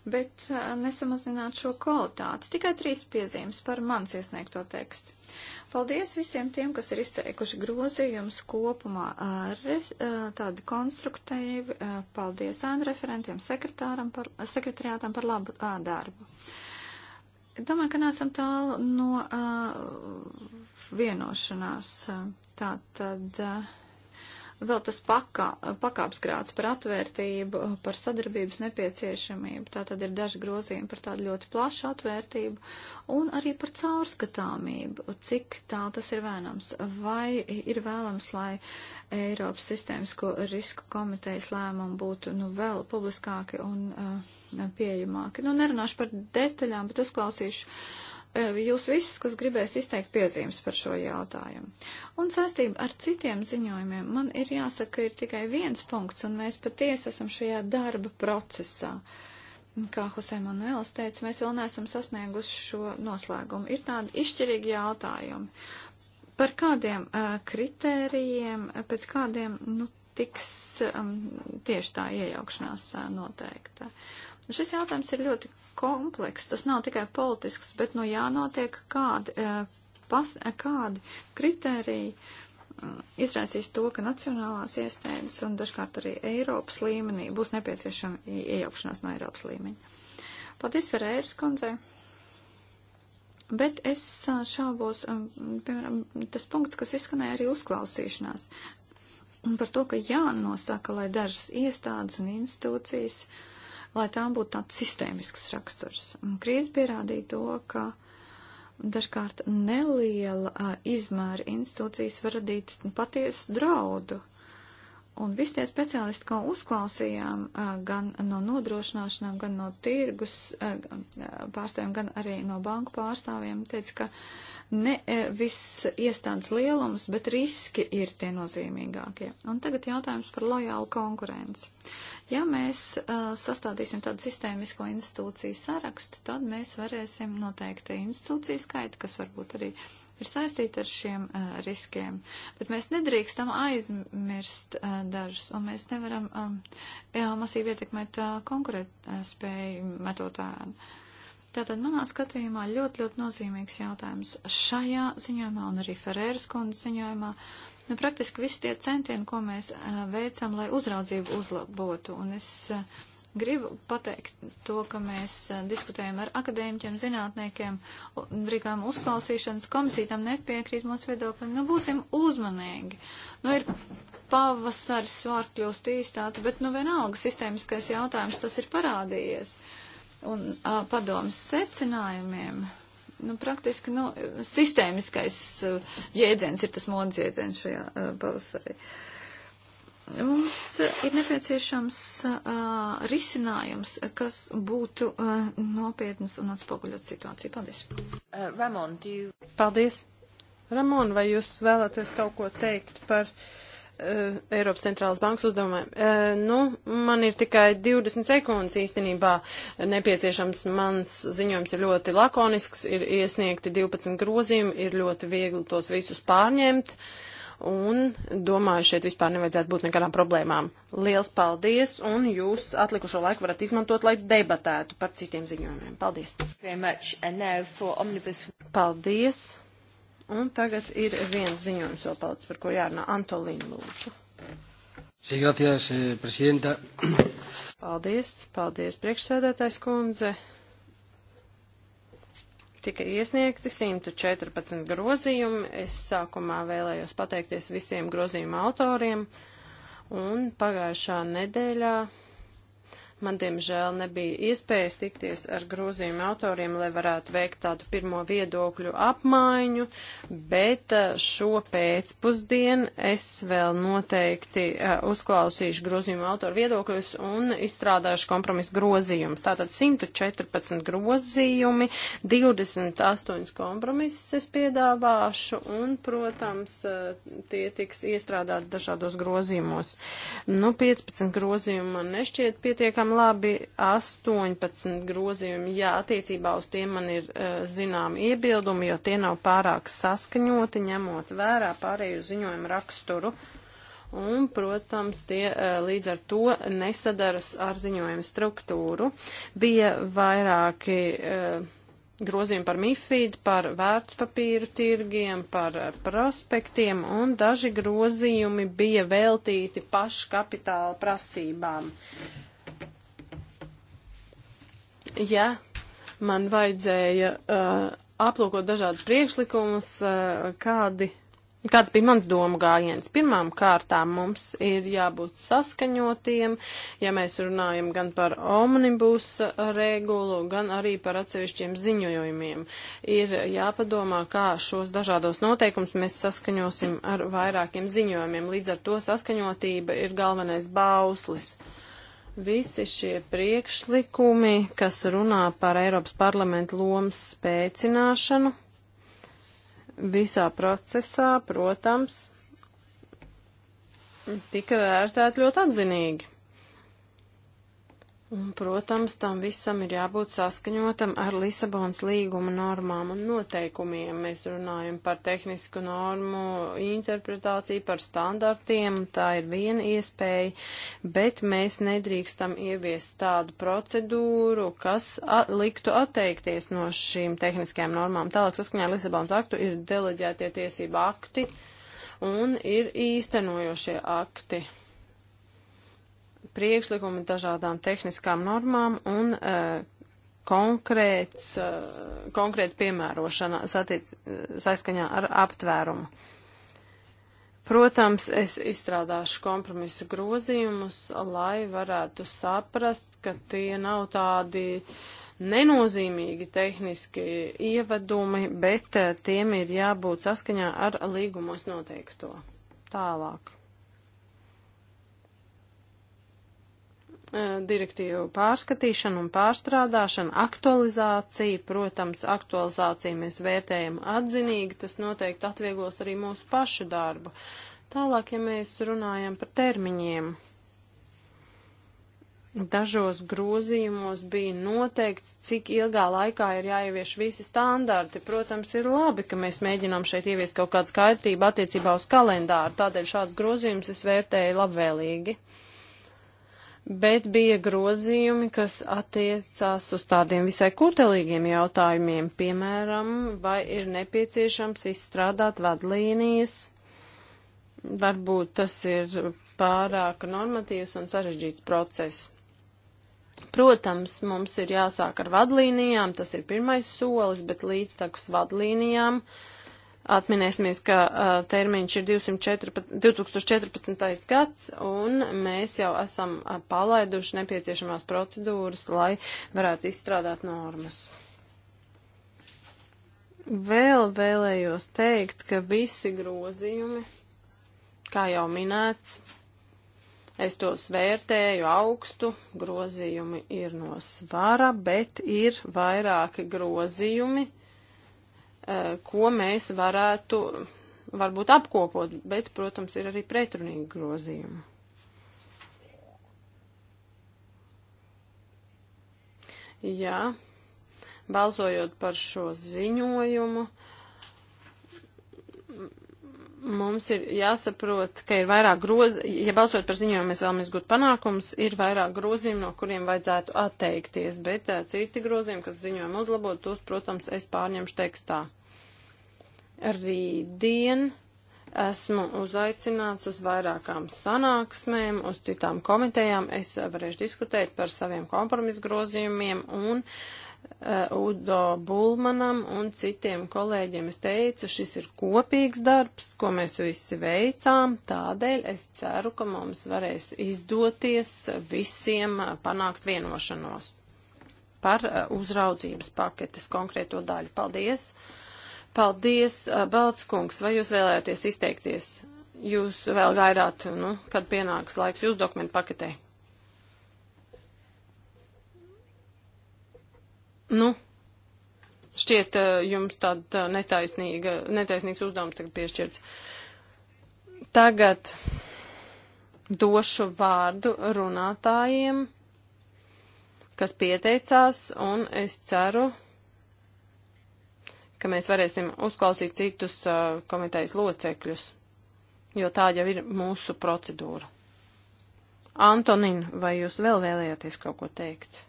bet uh, nesamazināt šo kvalitāti. Tikai trīs piezīmes par mans iesniegto tekstu. Paldies visiem tiem, kas ir izteikuši grozījumus kopumā. Tādi konstruktīvi. Paldies ēnu referentiem, sekretāram par, sekretariātam par labu darbu. Domāju, ka nesam tālu no vienošanās. Tātad. Uh, vēl tas pakā, pakāpsgrāds par atvērtību, par sadarbības nepieciešamību. Tā tad ir daži grozījumi par tādu ļoti plašu atvērtību un arī par caurskatāmību, cik tā tas ir vēlams. Vai ir vēlams, lai Eiropas sistēmisko risku komitejas lēmumi būtu nu, vēl publiskāki un uh, pieejamāki? Nu, nerunāšu par detaļām, bet uzklausīšu. Uh, E, jūs visus, kas gribēs izteikt piezīmes par šo jautājumu. Un saistība ar citiem ziņojumiem man ir jāsaka, ka ir tikai viens punkts, un mēs patiesi esam šajā darba procesā. Kā Husē Manuēls teica, mēs vēl neesam sasnieguši šo noslēgumu. Ir tādi izšķirīgi jautājumi. Par kādiem uh, kritērijiem, pēc kādiem, nu, tiks um, tieši tā iejaukšanās uh, noteikta. Uh, Šis jautājums ir ļoti komplekss. Tas nav tikai politisks, bet nu jānotiek kādi, e, pas, e, kādi kritēriji e, izraisīs to, ka nacionālās iestādes un dažkārt arī Eiropas līmenī būs nepieciešama iejaukšanās no Eiropas līmeņa. Paldies, Ferēras kundzei! Bet es šaubos, piemēram, tas punkts, kas izskanēja arī uzklausīšanās, par to, ka jānosaka, lai dažas iestādes un institūcijas uh, lai tām būtu tāds sistēmisks raksturs. Krīze pierādīja to, ka dažkārt neliela izmēra institūcijas var radīt patiesu draudu. Un visi tie speciālisti, ko uzklausījām, gan no nodrošināšanām, gan no tirgus pārstāvjiem, gan arī no banku pārstāvjiem, teica, ka ne e, viss iestādes lielums, bet riski ir tie nozīmīgākie. Un tagad jautājums par lojālu konkurenci. Ja mēs uh, sastādīsim tādu sistēmisko institūciju sarakstu, tad mēs varēsim noteikti institūciju skaitu, kas varbūt arī ir saistīta ar šiem uh, riskiem. Bet mēs nedrīkstam aizmirst uh, dažus, un mēs nevaram um, jā, masīvi ietekmēt uh, konkurētspēju uh, metotājiem. Tātad manā skatījumā ļoti, ļoti nozīmīgs jautājums šajā ziņojumā un arī Ferēras kundzes ziņojumā. Uh, Nu, praktiski visi tie centieni, ko mēs uh, veicam, lai uzraudzību uzlabotu. Un es uh, gribu pateikt to, ka mēs uh, diskutējam ar akadēmiķiem, zinātniekiem, rīkām uzklausīšanas, komisija tam nepiekrīt mūsu viedoklim. Nu, būsim uzmanīgi. Nu, ir pavasaris svārt kļūst īstāt, bet, nu, vienalga sistēmiskais jautājums tas ir parādījies. Un uh, padomas secinājumiem nu, praktiski nu, sistēmiskais uh, jēdziens ir tas modes jēdziens šajā uh, pavasarī. Mums uh, ir nepieciešams uh, risinājums, uh, kas būtu uh, nopietnas un atspoguļot situāciju. Paldies. Uh, Ramon, you... Paldies. Ramon, vai jūs vēlaties kaut ko teikt par uh, Eh, Eiropas centrālās bankas uzdevumiem. Eh, nu, man ir tikai 20 sekundes īstenībā nepieciešams. Mans ziņojums ir ļoti lakonisks, ir iesniegti 12 grozījumi, ir ļoti viegli tos visus pārņemt. Un domāju, šeit vispār nevajadzētu būt nekādām problēmām. Liels paldies, un jūs atlikušo laiku varat izmantot, lai debatētu par citiem ziņojumiem. Paldies! Paldies! Un tagad ir viens ziņojums vēl palicis, par ko jārunā Antolīna Lūču. Sí, gracias, eh, presidenta. Paldies, paldies, priekšsēdētājs kundze. Tika iesniegti 114 grozījumi. Es sākumā vēlējos pateikties visiem grozījumu autoriem. Un pagājušā nedēļā Man, diemžēl, nebija iespējas tikties ar grozījuma autoriem, lai varētu veikt tādu pirmo viedokļu apmaiņu, bet eh, šo pēcpusdienu es vēl noteikti eh, uzklausīšu grozījuma autoru viedokļus un izstrādāšu kompromisu grozījumus. Tātad 114 grozījumi, 28 kompromisus es piedāvāšu un, protams, eh, tie tiks iestrādāti dažādos grozījumos. Nu, 15 grozījumi man nešķiet pietiekami piemēram, labi 18 grozījumi, jā, attiecībā uz tiem man ir uh, zinām iebildumi, jo tie nav pārāk saskaņoti, ņemot vērā pārēju ziņojumu raksturu. Un, protams, tie uh, līdz ar to nesadaras ar ziņojumu struktūru. Bija vairāki uh, grozījumi par MIFID, par vērtspapīru tirgiem, par prospektiem, un daži grozījumi bija veltīti paškapitāla prasībām. Uh, ja man vajadzēja uh, aplūkot dažādus priekšlikumus, uh, kādi, kāds bija mans domu gājiens. Pirmām kārtām mums ir jābūt saskaņotiem, ja mēs runājam gan par omnibus regulu, gan arī par atsevišķiem ziņojumiem. Ir jāpadomā, kā šos dažādos noteikumus mēs saskaņosim ar vairākiem ziņojumiem. Līdz ar to saskaņotība ir galvenais bauslis. Uh, Visi šie priekšlikumi, kas runā par Eiropas parlamentu lomas spēcināšanu visā procesā, protams, tika vērtēti ļoti atzinīgi. Un, protams, tam visam ir jābūt saskaņotam ar Lisabonas līguma normām un noteikumiem. Mēs runājam par tehnisku normu interpretāciju, par standartiem, tā ir viena iespēja, bet mēs nedrīkstam ieviest tādu procedūru, kas liktu atteikties no šīm tehniskajām normām. Tālāk saskaņā ar Lisabonas aktu ir deleģētie tiesība akti un ir īstenojošie akti priekšlikumi dažādām tehniskām normām un uh, konkrēts, uh, konkrēta piemērošana satiec, eh, saskaņā ar aptvērumu. Protams, es izstrādāšu kompromisu grozījumus, lai varētu saprast, ka tie nav tādi nenozīmīgi tehniski ievedumi, bet tiem ir jābūt saskaņā ar līgumos noteikto. Tālāk. E, direktīvu pārskatīšanu un pārstrādāšanu, aktualizāciju, protams, aktualizāciju mēs vērtējam atzinīgi, tas noteikti atvieglos arī mūsu pašu darbu. Tālāk, ja mēs runājam par termiņiem, dažos grozījumos bija noteikts, cik ilgā laikā ir jāievieš visi standarti. Protams, ir labi, ka mēs mēģinām šeit ieviest kaut kādu skaidrību attiecībā uz kalendāru, tādēļ šāds grozījums es vērtēju labvēlīgi bet bija grozījumi, kas attiecās uz tādiem visai kutelīgiem jautājumiem, piemēram, vai ir nepieciešams izstrādāt vadlīnijas. Varbūt tas ir pārāk normatīvs un sarežģīts process. Protams, mums ir jāsāk ar vadlīnijām, tas ir pirmais solis, bet līdz takus vadlīnijām uh, Atminēsimies, ka uh, termiņš ir 214, 2014. gads, un mēs jau esam uh, palaiduši nepieciešamās procedūras, lai varētu izstrādāt normas. Vēl vēlējos teikt, ka visi grozījumi, kā jau minēts, Es tos vērtēju augstu, grozījumi ir no svara, bet ir vairāki grozījumi, Eh, ko mēs varētu varbūt apkopot, bet, protams, ir arī pretrunīgi grozījumi. Jā, balsojot par šo ziņojumu, mums ir jāsaprot, ka ir vairāk grozījumu, ja balsojot par ziņojumu mēs vēlamies gūt panākums, ir vairāk grozījumu, no kuriem vajadzētu atteikties, bet eh, citi grozījumi, kas ziņojumu uzlabot, tos, protams, es pārņemšu tekstā. Rītdien esmu uzaicināts uz vairākām sanāksmēm, uz citām komitejām. Es varēšu diskutēt par saviem kompromisu grozījumiem un uh, Udo Bulmanam un citiem kolēģiem. Es teicu, šis ir kopīgs darbs, ko mēs visi veicām. Tādēļ es ceru, ka mums varēs izdoties visiem eh, panākt vienošanos par eh, uzraudzības paketes konkrēto daļu. Paldies! Paldies, uh, Baltskungs, vai jūs vēlējāties izteikties? Jūs vēl gaidāt, nu, kad pienāks laiks jūsu dokumentu paketē. Nu, šķiet, uh, jums tāda uh, netaisnīga, netaisnīgs uzdevums tagad piešķirts. Tagad došu vārdu runātājiem, kas pieteicās, un es ceru, ka mēs varēsim uzklausīt citus uh, komitejas locekļus, jo tā jau ir mūsu procedūra. Antonin, vai jūs vēl vēlējāties kaut ko teikt?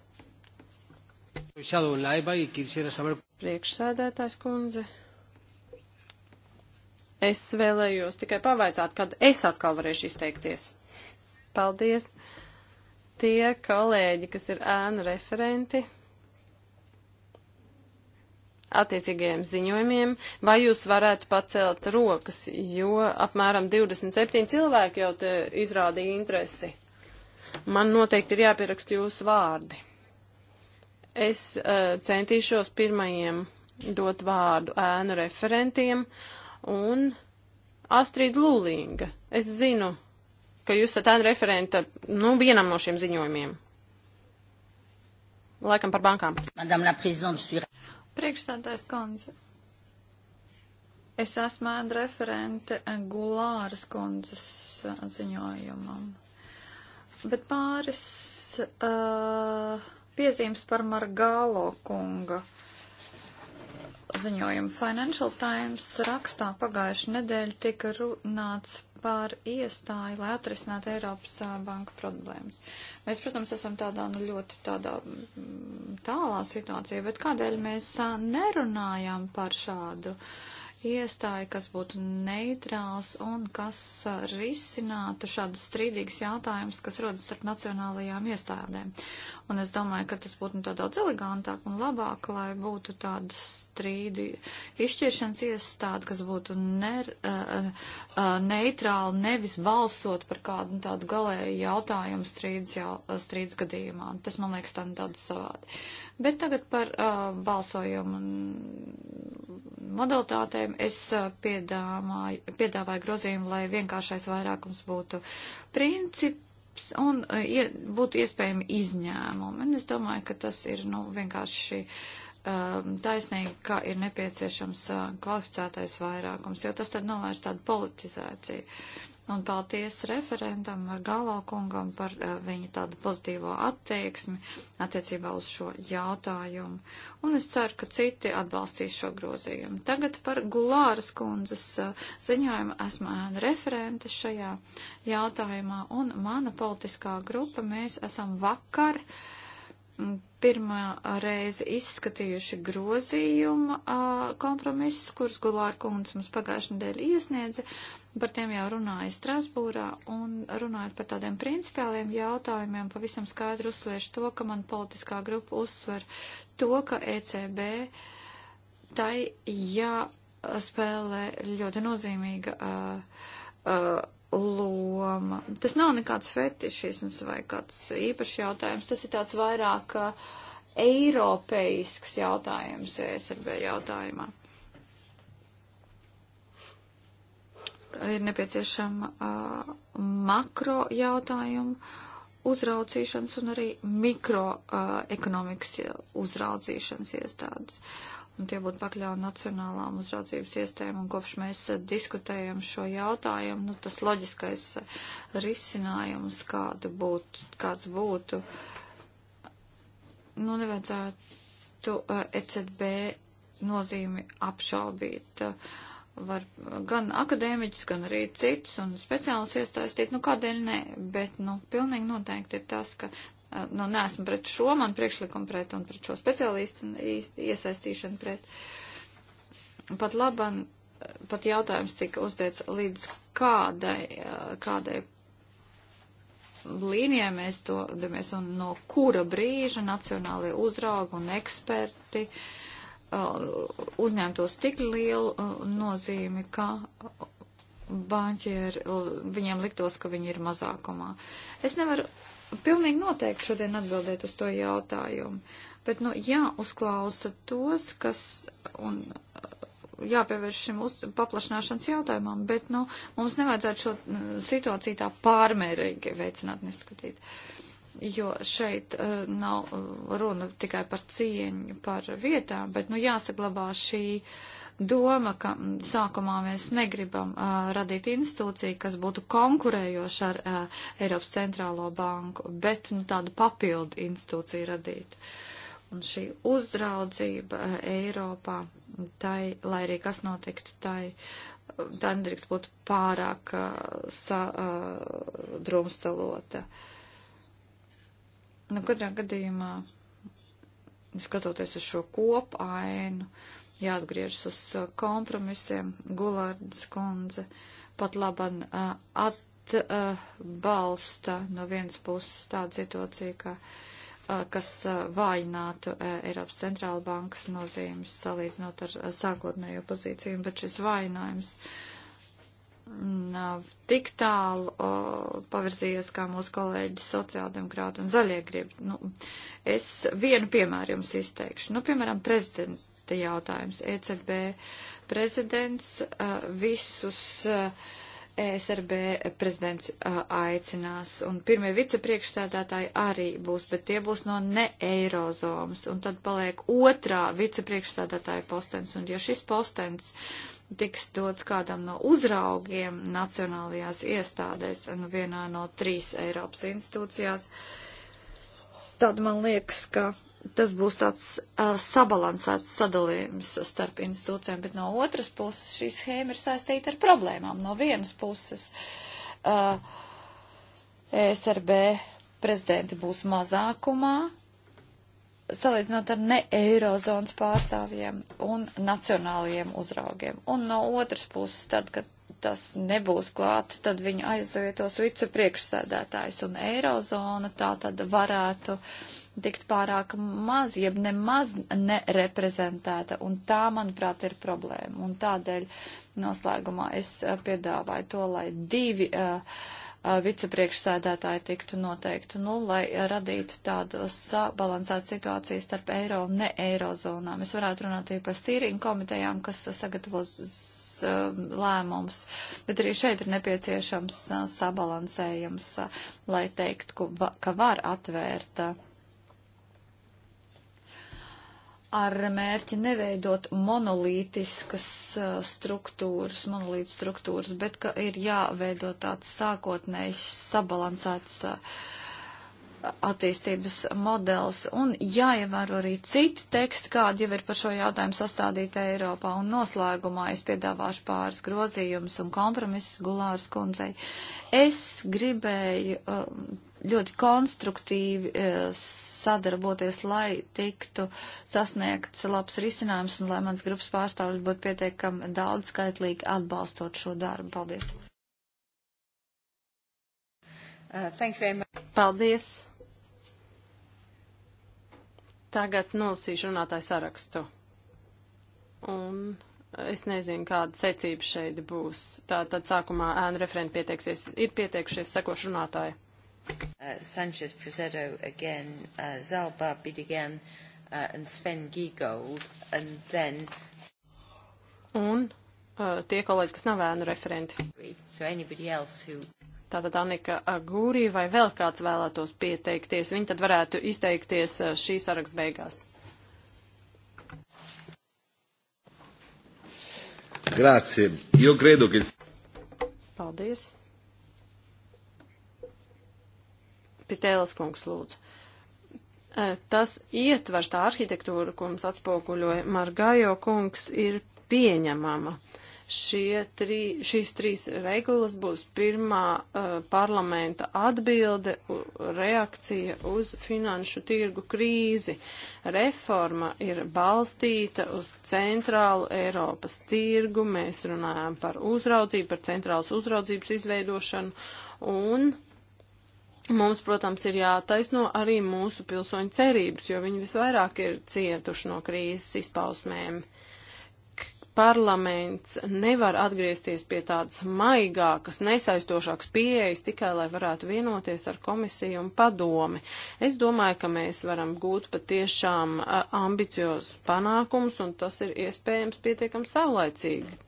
Priekšsēdētājs kundze. Es vēlējos tikai pavaicāt, kad es atkal varēšu izteikties. Paldies! Tie kolēģi, kas ir ēnu referenti attiecīgajiem ziņojumiem, vai jūs varētu pacelt rokas, jo apmēram 27 cilvēki jau te izrādīja interesi. Man noteikti ir jāpierakst jūsu vārdi. Es uh, centīšos pirmajiem dot vārdu ēnu referentiem un Astrid Lūlinga. Es zinu, ka jūs esat ēnu referenta, nu, vienam no šiem ziņojumiem. Laikam par bankām. Madame la Présidente, je suis... Priekšsēdājs kundze, es esmu ēna referente Gulāras kundzes ziņojumam, bet pāris uh, piezīmes par Margālo kunga ziņojumu. Financial Times rakstā pagājuši nedēļa tika runāts par iestāju, lai atrisinātu Eiropas a, banka problēmas. Mēs, protams, esam tādā nu, ļoti tādā mm, tālā situācijā, bet kādēļ mēs a, nerunājām par šādu uh, iestāja, kas būtu neitrāls un kas uh, risinātu šādus strīdīgus jautājumus, kas rodas starp nacionālajām iestādēm. Un es domāju, ka tas būtu nu, daudz elegantāk un labāk, lai būtu tāda strīdi izšķiršanas iestāde, kas būtu ner, uh, uh, uh neitrāla, nevis balsot par kādu nu, tādu galēju jautājumu strīdus, jau, uh, strīdus gadījumā. Tas, man liekas, tā nedaudz nu, savādi. Bet tagad par uh, balsojumu modalitātēm es piedāvāju, piedāvāju grozījumu, lai vienkāršais vairākums būtu princips un uh, ie, būtu iespējami izņēmumi. Un es domāju, ka tas ir nu, vienkārši uh, taisnīgi, ka ir nepieciešams uh, kvalificētais vairākums, jo tas tad novērš tādu politizāciju. Un paldies referendam ar Galo kungam par uh, viņa tādu pozitīvo attieksmi attiecībā uz šo jautājumu. Un es ceru, ka citi atbalstīs šo grozījumu. Tagad par Gulāras kundzes uh, ziņojumu esmu ēna referente šajā jautājumā. Un mana politiskā grupa, mēs esam vakar. Uh, pirmā reize izskatījuši grozījuma eh, kompromisus, kurus Gulāra kundze mums pagājušajā nedēļā iesniedza, Par tiem jau runāju Strasbūrā un runājot par tādiem principiāliem jautājumiem, pavisam skaidri uzsvēršu to, ka man politiskā grupa uzsver to, ka ECB tai jāspēlē ļoti nozīmīga uh, uh, loma. Tas nav nekāds fetišisms vai kāds īpašs jautājums, tas ir tāds vairāk uh, eiropeisks jautājums ESRB jautājumā. Uh, ir nepieciešama uh, makro jautājumu uzraucīšanas un arī mikroekonomikas uh, uzraudzīšanas iestādes. Un tie būtu pakļauti nacionālām uzraudzības iestādēm, un kopš mēs uh, diskutējam šo jautājumu, nu, tas loģiskais risinājums, kādu būtu, kāds būtu, nu, nevajadzētu ECB nozīmi apšaubīt. Uh, var gan akadēmiķis, gan arī cits un speciāls iestāstīt, nu kādēļ nē, bet, nu, pilnīgi noteikti ir tas, ka, nu, neesmu pret šo man priekšlikumu pret un pret šo speciālistu iesaistīšanu pret. Pat laban, pat jautājums tika uzdēts līdz kādai, kādai līnijai mēs dodamies un no kura brīža nacionālie uzraugi un eksperti uh, Uh, uzņemtos tik lielu uh, nozīmi, ka banķieri, uh, viņiem liktos, ka viņi ir mazākumā. Es nevaru pilnīgi noteikti šodien atbildēt uz to jautājumu, bet, nu, jāuzklausa tos, kas, un jāpievērš šim uz, paplašināšanas jautājumam, bet, nu, mums nevajadzētu šo situāciju tā pārmērīgi veicināt, neskatīt. Uh, jo šeit uh, nav eh, runa tikai par cieņu, par vietām, bet, nu, jāsaglabā šī doma, ka mm, sākumā mēs negribam uh, radīt institūciju, kas būtu konkurējoša ar uh, Eiropas centrālo banku, bet, nu, tādu papildu institūciju radīt. Un šī uzraudzība uh, Eiropā, tai, lai arī kas notiktu, tai tā nedrīkst būt pārāk uh, sa, uh, drumstalota. Uh, Nu, katrā gadījumā, skatoties uz šo kopu ainu, jāatgriežas uz uh, kompromisiem. Gulārdas kundze pat laban uh, atbalsta uh, no vienas puses tādu situāciju, ka, kas vājinātu Eiropas centrāla bankas nozīmes salīdzinot ar sākotnējo pozīciju, bet šis vājinājums. Uh, nav tik tālu o, pavirzījies, kā mūsu kolēģi sociāldemokrāti un zaļie grib. Nu, es vienu piemēru jums izteikšu. Nu, piemēram, prezidenta jautājums. ECB prezidents uh, visus. Uh, ESRB prezidents uh, aicinās, un pirmie vicepriekšsēdētāji arī būs, bet tie būs no ne eirozonas, un tad paliek otrā vicepriekšsēdētāja postens, un ja šis postens uh, tiks dots kādam no uzraugiem nacionālajās iestādēs un nu, vienā no trīs Eiropas institūcijās, tad man liekas, ka tas būs tāds uh, sabalansēts sadalījums starp institūcijām, bet no otras puses šī schēma ir saistīta ar problēmām. No vienas puses uh, ESRB prezidenti būs mazākumā, salīdzinot ar ne eirozonas pārstāvjiem un nacionālajiem uzraugiem. Un no otras puses, tad, kad tas nebūs klāt, tad viņu aizvietos vicu priekšsēdētājs un eirozona tā tad varētu tikt pārāk maz, jeb nemaz nereprezentēta. Un tā, manuprāt, ir problēma. Un tādēļ noslēgumā es eh, piedāvāju to, lai divi. Uh, vicepriekšsēdētāji tiktu noteikti, nu, lai radītu tādu sabalansētu situāciju starp eiro un ne eirozonām. Es varētu runāt arī par stīringu komitejām, kas sagatavos lēmums, bet arī šeit ir nepieciešams sabalansējums, lai teikt, ka var atvērt ar mērķi neveidot monolītiskas uh, struktūras, monolītas struktūras, bet ka ir jāveido tāds sākotnējs sabalansēts uh, attīstības modelis un jāievēro arī citi teksti, kādi jau ir par šo jautājumu sastādīti Eiropā. Un noslēgumā es piedāvāšu pāris grozījumus un kompromisus Gulāras kundzei. Es gribēju uh, ļoti konstruktīvi eh, sadarboties, lai tiktu sasniegts labs risinājums un lai mans grupas pārstāvļi būtu pietiekami daudz skaitlīgi atbalstot šo darbu. Paldies! Uh, Paldies! Tagad nolasīšu runātāju sarakstu. Un es nezinu, kāda secība šeit būs. Tā tad sākumā ēnu referenti pieteiksies. Ir pieteikušies sekoši runātāji. Uh, Sanchez Presedo again, uh, Zalba Bidigan uh, and Sven Giegold, and then. Un uh, tie kolēģi, kas nav ēnu referenti. So anybody else who Tātad Anika Gūrī vai vēl kāds vēlētos pieteikties, viņi tad varētu izteikties uh, šīs saraksts beigās. Grācie. Jo credo, ka. Paldies. Pitēlas kungs lūdzu. Tas ietvars, tā arhitektūra, ko mums atspoguļoja Margajo kungs, ir pieņemama. Šie trī, šīs trīs regulas būs pirmā uh, parlamenta atbilde, reakcija uz finanšu tirgu krīzi. Reforma ir balstīta uz centrālu Eiropas tirgu, mēs runājam par uzraudzību, par centrālas uzraudzības izveidošanu un uh, Mums, protams, ir jātaisno arī mūsu pilsoņu cerības, jo viņi visvairāk ir cietuši no krīzes izpausmēm. Parlaments nevar atgriezties pie tādas maigākas, nesaistošākas pieejas tikai, lai varētu vienoties ar komisiju un padomi. Es domāju, ka mēs varam gūt patiešām ambiciozus panākums, un tas ir iespējams pietiekam savlaicīgi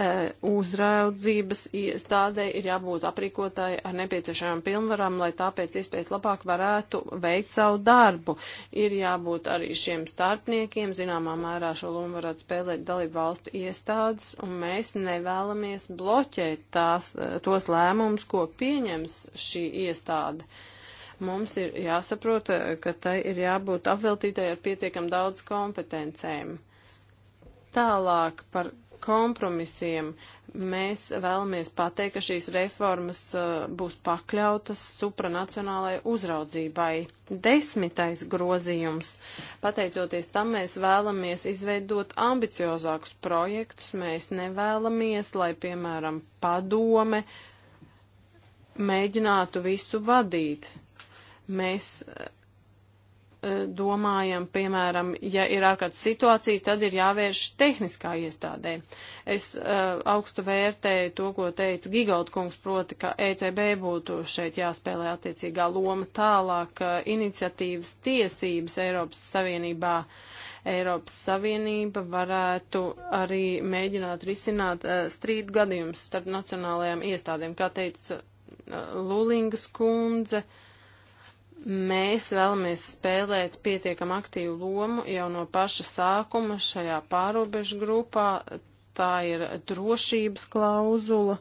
E, uzraudzības iestādē ir jābūt aprīkotāji ar nepieciešamām pilnvarām, lai tāpēc iespējas labāk varētu veikt savu darbu. Ir jābūt arī šiem starpniekiem, zināmā mērā šo lomu varētu spēlēt dalību valstu iestādes, un mēs nevēlamies bloķēt tās, e, tos lēmumus, ko pieņems šī iestāde. Mums ir jāsaprot, e, ka tai ir jābūt apveltītai ar pietiekam daudz kompetencēm. Tālāk par kompromisiem. Mēs vēlamies pateikt, ka šīs reformas uh, būs pakļautas supranacionālajai uzraudzībai. Desmitais grozījums. Pateicoties tam, mēs vēlamies izveidot ambiciozākus projektus. Mēs nevēlamies, lai, piemēram, padome mēģinātu visu vadīt. Mēs uh, E, domājam, piemēram, ja ir ārkārtas situācija, tad ir jāvērš tehniskā iestādē. Es uh, augstu vērtēju to, ko teica Gigautkungs, proti, ka ECB būtu šeit jāspēlē attiecīgā loma tālāk uh, iniciatīvas tiesības Eiropas Savienībā. Eiropas Savienība varētu arī mēģināt risināt uh, strīdu gadījumus starp nacionālajām iestādēm, kā teica Lulingas kundze. Uh, Mēs vēlamies spēlēt pietiekam aktīvu lomu jau no paša sākuma šajā pārobežu grupā. Tā ir drošības klauzula,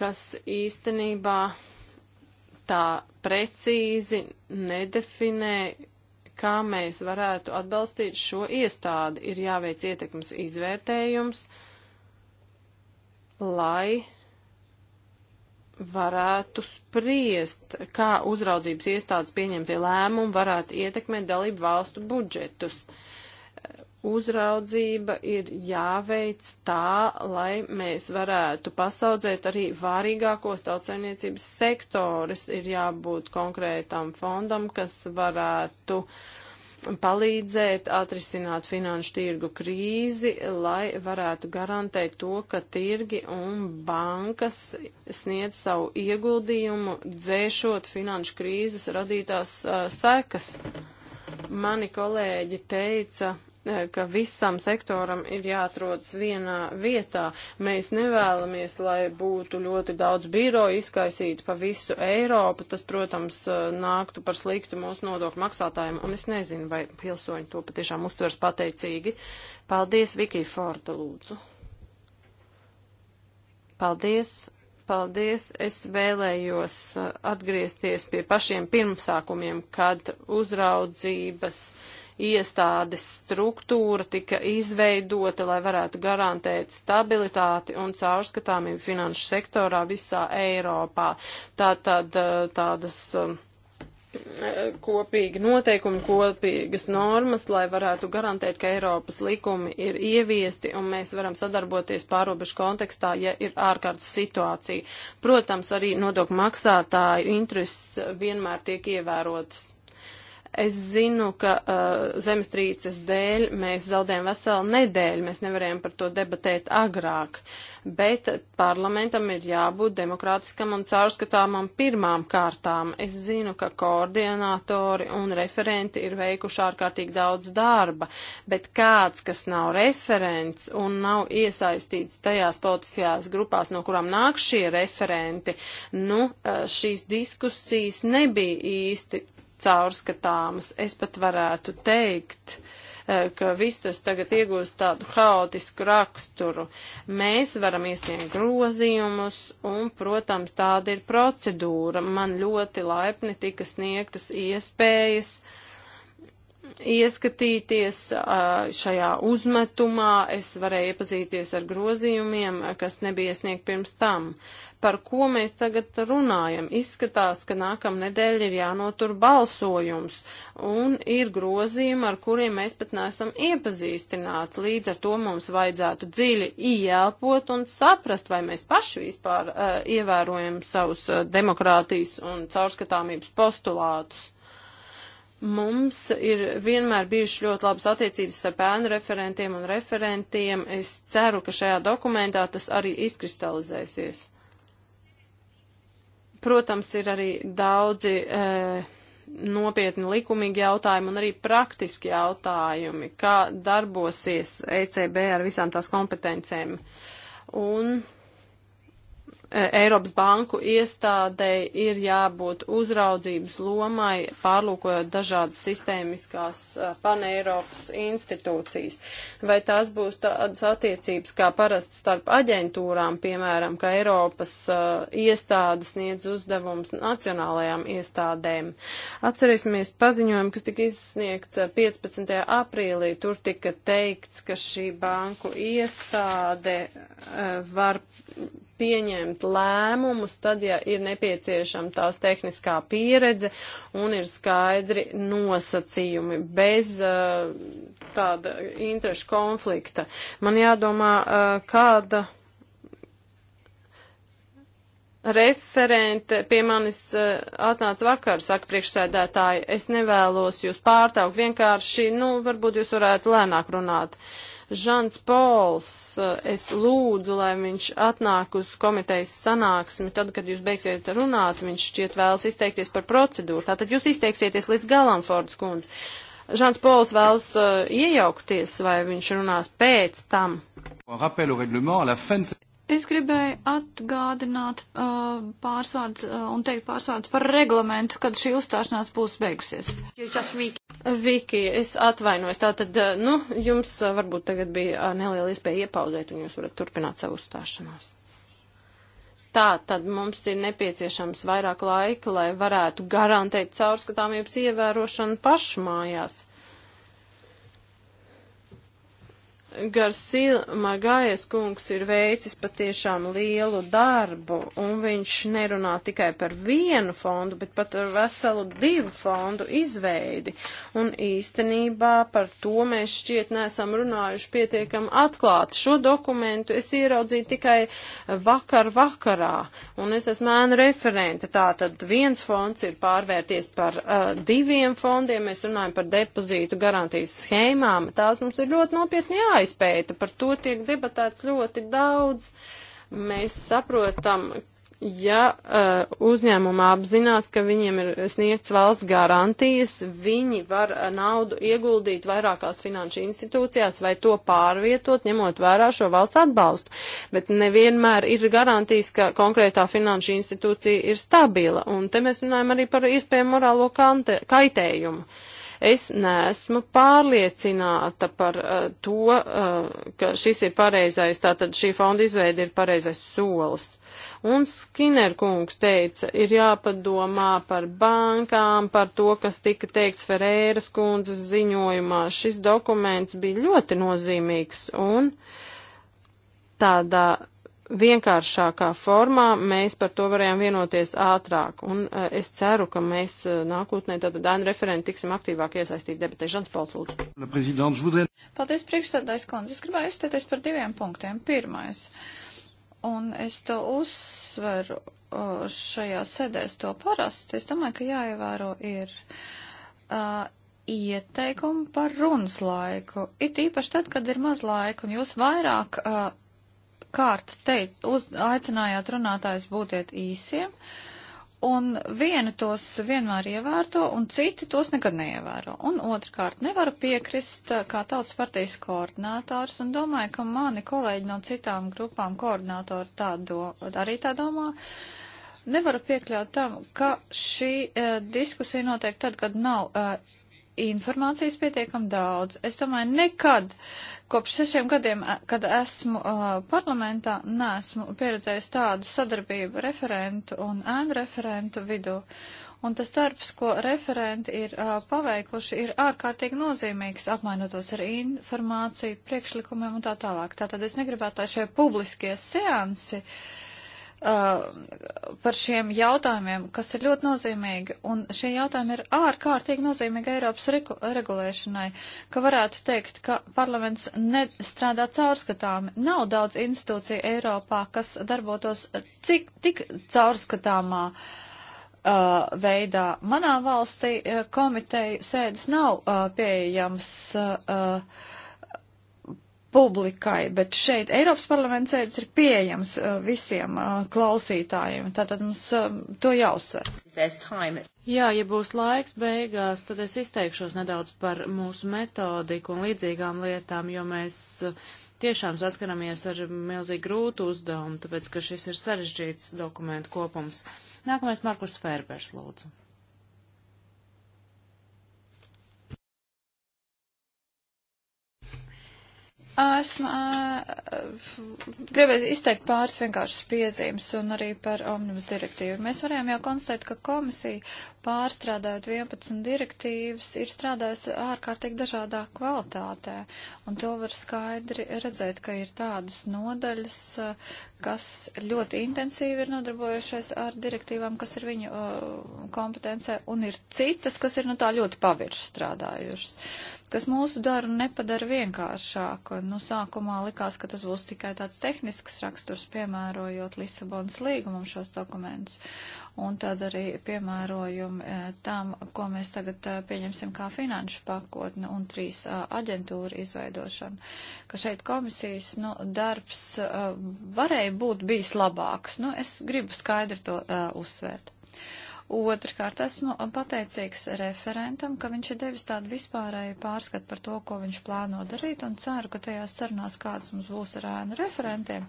kas īstenībā tā precīzi nedefinē, kā mēs varētu atbalstīt šo iestādi. Ir jāveic ietekmes izvērtējums, lai varētu spriest, kā uzraudzības iestādes pieņemtie lēmumi varētu ietekmēt dalību valstu budžetus. Uzraudzība ir jāveic tā, lai mēs varētu pasaudzēt arī vārīgākos tautsaimniecības sektorus. Ir jābūt konkrētam fondam, kas varētu uh, palīdzēt atrisināt finanšu tirgu krīzi, lai varētu garantēt to, ka tirgi un bankas sniedz savu ieguldījumu dzēšot finanšu krīzes radītās uh, sekas. Mani kolēģi teica, ka visam sektoram ir jāatrodas vienā vietā. Mēs nevēlamies, lai būtu ļoti daudz biroju izkaisīti pa visu Eiropu. Tas, protams, nāktu par sliktu mūsu nodokļu maksātājiem, un es nezinu, vai pilsoņi to patiešām uztvers pateicīgi. Paldies, Viki Forda, lūdzu. Paldies. Paldies! Es vēlējos uh, atgriezties pie pašiem pirmsākumiem, kad uzraudzības uh, iestādes struktūra tika izveidota, lai varētu garantēt stabilitāti un caurskatāmību finanšu sektorā visā Eiropā. Tātad eh, tādas um, eh, kopīgi noteikumi, kopīgas normas, lai varētu garantēt, ka Eiropas likumi ir ieviesti un mēs varam sadarboties pārobežu kontekstā, ja ir ārkārtas situācija. Protams, arī nodokļu maksātāju intereses vienmēr tiek ievērotas. Es zinu, ka uh, zemestrīces dēļ mēs zaudējam veselu nedēļu, mēs nevarējam par to debatēt agrāk, bet parlamentam ir jābūt demokrātiskam un caurskatāmam pirmām kārtām. Es zinu, ka koordinātori un referenti ir veikuši ārkārtīgi daudz darba, bet kāds, kas nav referents un nav iesaistīts tajās politiskajās grupās, no kurām nāk šie referenti, nu, uh, šīs diskusijas nebija īsti caurskatāmas. Es pat varētu teikt, e, ka viss tas tagad iegūst tādu haotisku raksturu. Mēs varam iesniegt grozījumus, un, protams, tāda ir procedūra. Man ļoti laipni tika sniegtas iespējas ieskatīties šajā uzmetumā, es varēju iepazīties ar grozījumiem, kas nebija iesniegt pirms tam par ko mēs tagad runājam. Izskatās, ka nākamā nedēļa ir jānotur balsojums, un ir grozījumi, ar kuriem mēs pat neesam iepazīstināti. Līdz ar to mums vajadzētu dziļi ieelpot un saprast, vai mēs paši vispār uh, ievērojam savus uh, demokrātijas un caurskatāmības postulātus. Mums ir vienmēr bijušas ļoti labas attiecības ar pēnu referentiem un referentiem. Es ceru, ka šajā dokumentā tas arī izkristalizēsies. Protams, ir arī daudzi e, nopietni likumīgi jautājumi un arī praktiski jautājumi, kā darbosies ECB ar visām tās kompetencēm. Un E, Eiropas banku iestādei ir jābūt uzraudzības lomai, pārlūkojot dažādas sistēmiskās e, paneiropas institūcijas. Vai tās būs tādas attiecības kā parasti starp aģentūrām, piemēram, ka Eiropas uh, iestādes sniedz uzdevums nacionālajām iestādēm. Atcerēsimies paziņojumu, kas tika izsniegts 15. aprīlī. Tur tika teikts, ka šī banku iestāde uh, var pieņemt lēmumus, tad, ja ir nepieciešama tās tehniskā pieredze un ir skaidri nosacījumi bez uh, tāda interešu konflikta. Man jādomā, uh, kāda referente pie manis uh, atnāca vakar, saka priekšsēdētāji, es nevēlos jūs pārtraukt, vienkārši, nu, varbūt jūs varētu lēnāk runāt. Uh, Žants Pols, eh, es lūdzu, lai viņš atnāk uz komitejas sanāksmi, tad, kad jūs beigsiet runāt, viņš šķiet vēlas izteikties par procedūru. Tātad jūs izteiksieties līdz galam, Fords kundze. Žants Pols vēlas uh, iejaukties, vai viņš runās pēc tam. Es gribēju atgādināt uh, pārsvārds uh, un teikt pārsvārds par reglamentu, kad šī uzstāšanās būs beigusies. Viki, es atvainojos. Tātad, uh, nu, jums uh, varbūt tagad bija uh, neliela iespēja iepauzēt un jūs varat turpināt savu uzstāšanos. Tā, tad mums ir nepieciešams vairāk laika, lai varētu garantēt caurskatāmības ievērošanu pašmājās. Garsil Margājas kungs ir veicis patiešām lielu darbu, un viņš nerunā tikai par vienu fondu, bet pat par veselu divu fondu izveidi. Un īstenībā par to mēs šķiet nesam runājuši pietiekam atklāti. Šo dokumentu es ieraudzīju tikai vakar vakarā, un es esmu ēnu referente. Tātad viens fonds ir pārvērties par uh, diviem fondiem, mēs runājam par depozītu garantijas schēmām. Tās mums ir ļoti nopietni jāizsaka jāizpēta, par to tiek debatēts ļoti daudz. Mēs saprotam, ja uh, uzņēmuma apzinās, ka viņiem ir sniegts valsts garantijas, viņi var uh, naudu ieguldīt vairākās finanšu institūcijās vai to pārvietot, ņemot vērā šo valsts atbalstu. Bet nevienmēr ir garantijas, ka konkrētā finanšu institūcija ir stabila. Un te mēs runājam arī par iespējamu morālo kante, kaitējumu. Uh, Es neesmu pārliecināta par uh, to, uh, ka šis ir pareizais, tātad šī fonda izveida ir pareizais solis. Un Skinner kungs teica, ir jāpadomā par bankām, par to, kas tika teikts Ferēras kundzes ziņojumā. Šis dokuments bija ļoti nozīmīgs un tādā vienkāršākā formā mēs par to varējām vienoties ātrāk. Un uh, es ceru, ka mēs uh, nākotnē tātad Dāna referenti tiksim aktīvāk iesaistīt debatē. Žants Pauls, lūdzu. Paldies, priekšsēdājs Konz. Es gribēju izteikties par diviem punktiem. Pirmais. Un es to uzsveru uh, šajā sēdēs to parasti. Es domāju, ka jāievēro ir. Uh, ieteikumu par runas laiku. It īpaši tad, kad ir maz laika un jūs vairāk uh, kārt teikt, uz, aicinājāt runātājs būtiet īsiem, un vieni tos vienmēr ievērto, un citi tos nekad neievēro. Un otrkārt, nevaru piekrist eh, kā tautas partijas koordinātors, un domāju, ka mani kolēģi no citām grupām koordinātori tā do, arī tā domā. Nevaru piekļaut tam, ka šī e, diskusija notiek tad, kad nav e, informācijas pietiekam daudz. Es domāju, nekad kopš sešiem gadiem, e, kad esmu uh, parlamentā, neesmu pieredzējis tādu sadarbību referentu un ēnu referentu vidū. Un tas darbs, ko referenti ir uh, paveikuši, ir ārkārtīgi nozīmīgs, apmainotos ar informāciju, priekšlikumiem un tā tālāk. Tātad es negribētu, lai šie publiskie seansi uh, Uh, par šiem jautājumiem, kas ir ļoti nozīmīgi, un šie jautājumi ir ārkārtīgi nozīmīgi Eiropas regulēšanai, ka varētu teikt, ka parlaments nestrādā caurskatāmi. Nav daudz institūciju Eiropā, kas darbotos cik, tik caurskatāmā uh, veidā. Manā valstī uh, komiteju sēdes nav uh, pieejams. Uh, uh, publikai, bet šeit Eiropas parlaments sēdes ir pieejams uh, visiem uh, klausītājiem, tātad mums uh, to jāuzsver. Jā, ja būs laiks beigās, tad es izteikšos nedaudz par mūsu metodiku un līdzīgām lietām, jo mēs uh, tiešām saskaramies ar milzīgi grūtu uzdevumu, tāpēc, ka šis ir sarežģīts dokumentu kopums. Nākamais Markus Ferbers, lūdzu. Esmu gribēju izteikt pāris vienkāršas piezīmes un arī par omnibus direktīvu. Mēs varējām jau konstatēt, ka komisija pārstrādājot 11 direktīvas ir strādājusi ārkārtīgi dažādā kvalitātē, un to var skaidri redzēt, ka ir tādas nodaļas, kas ļoti intensīvi ir nodarbojušies ar direktīvām, kas ir viņu uh, kompetencē, un ir citas, kas ir nu tā ļoti pavirši strādājušas, kas mūsu darbu nepadara vienkāršāku. Nu, sākumā likās, ka tas būs tikai tāds tehnisks raksturs, piemērojot Lisabonas līgumam šos dokumentus un tad arī piemērojumi eh, tam, ko mēs tagad eh, pieņemsim kā finanšu pakotni un trīs eh, aģentūru izveidošanu. Ka šeit komisijas nu, darbs varēja būt bijis labāks. Nu, es gribu skaidri to uzsvērt. Uh, Otrkārt, esmu pateicīgs referentam, ka viņš ir devis tādu vispārēju pārskatu par to, ko viņš plāno darīt, un ceru, ka tajās sarunās, kādas mums būs ar ēnu referentiem,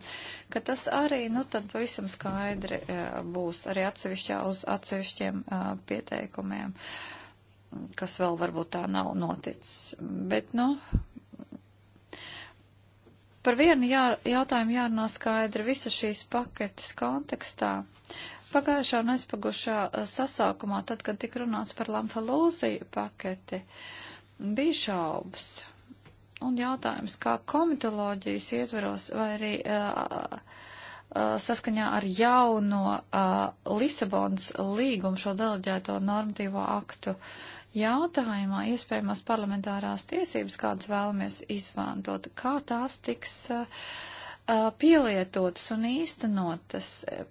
ka tas arī, nu, tad pavisam skaidri e, būs arī atsevišķā uz atsevišķiem uh, pieteikumiem, kas vēl varbūt tā nav noticis. Bet, nu, par vienu jā, jautājumu jārunā skaidri visas šīs paketes kontekstā. Uh, Pagājušā un aizpagušā eh, sasākumā, tad, kad tika runāts par Lamfalūziju paketi, bija šaubas. Un jautājums, kā komitoloģijas ietveros vai arī uh, uh, saskaņā ar jauno uh, Lisabonas līgumu šo deleģēto normatīvo aktu jautājumā iespējamās parlamentārās tiesības, kādas vēlamies izmantot, kā tās tiks uh, pielietotas un īstenotas.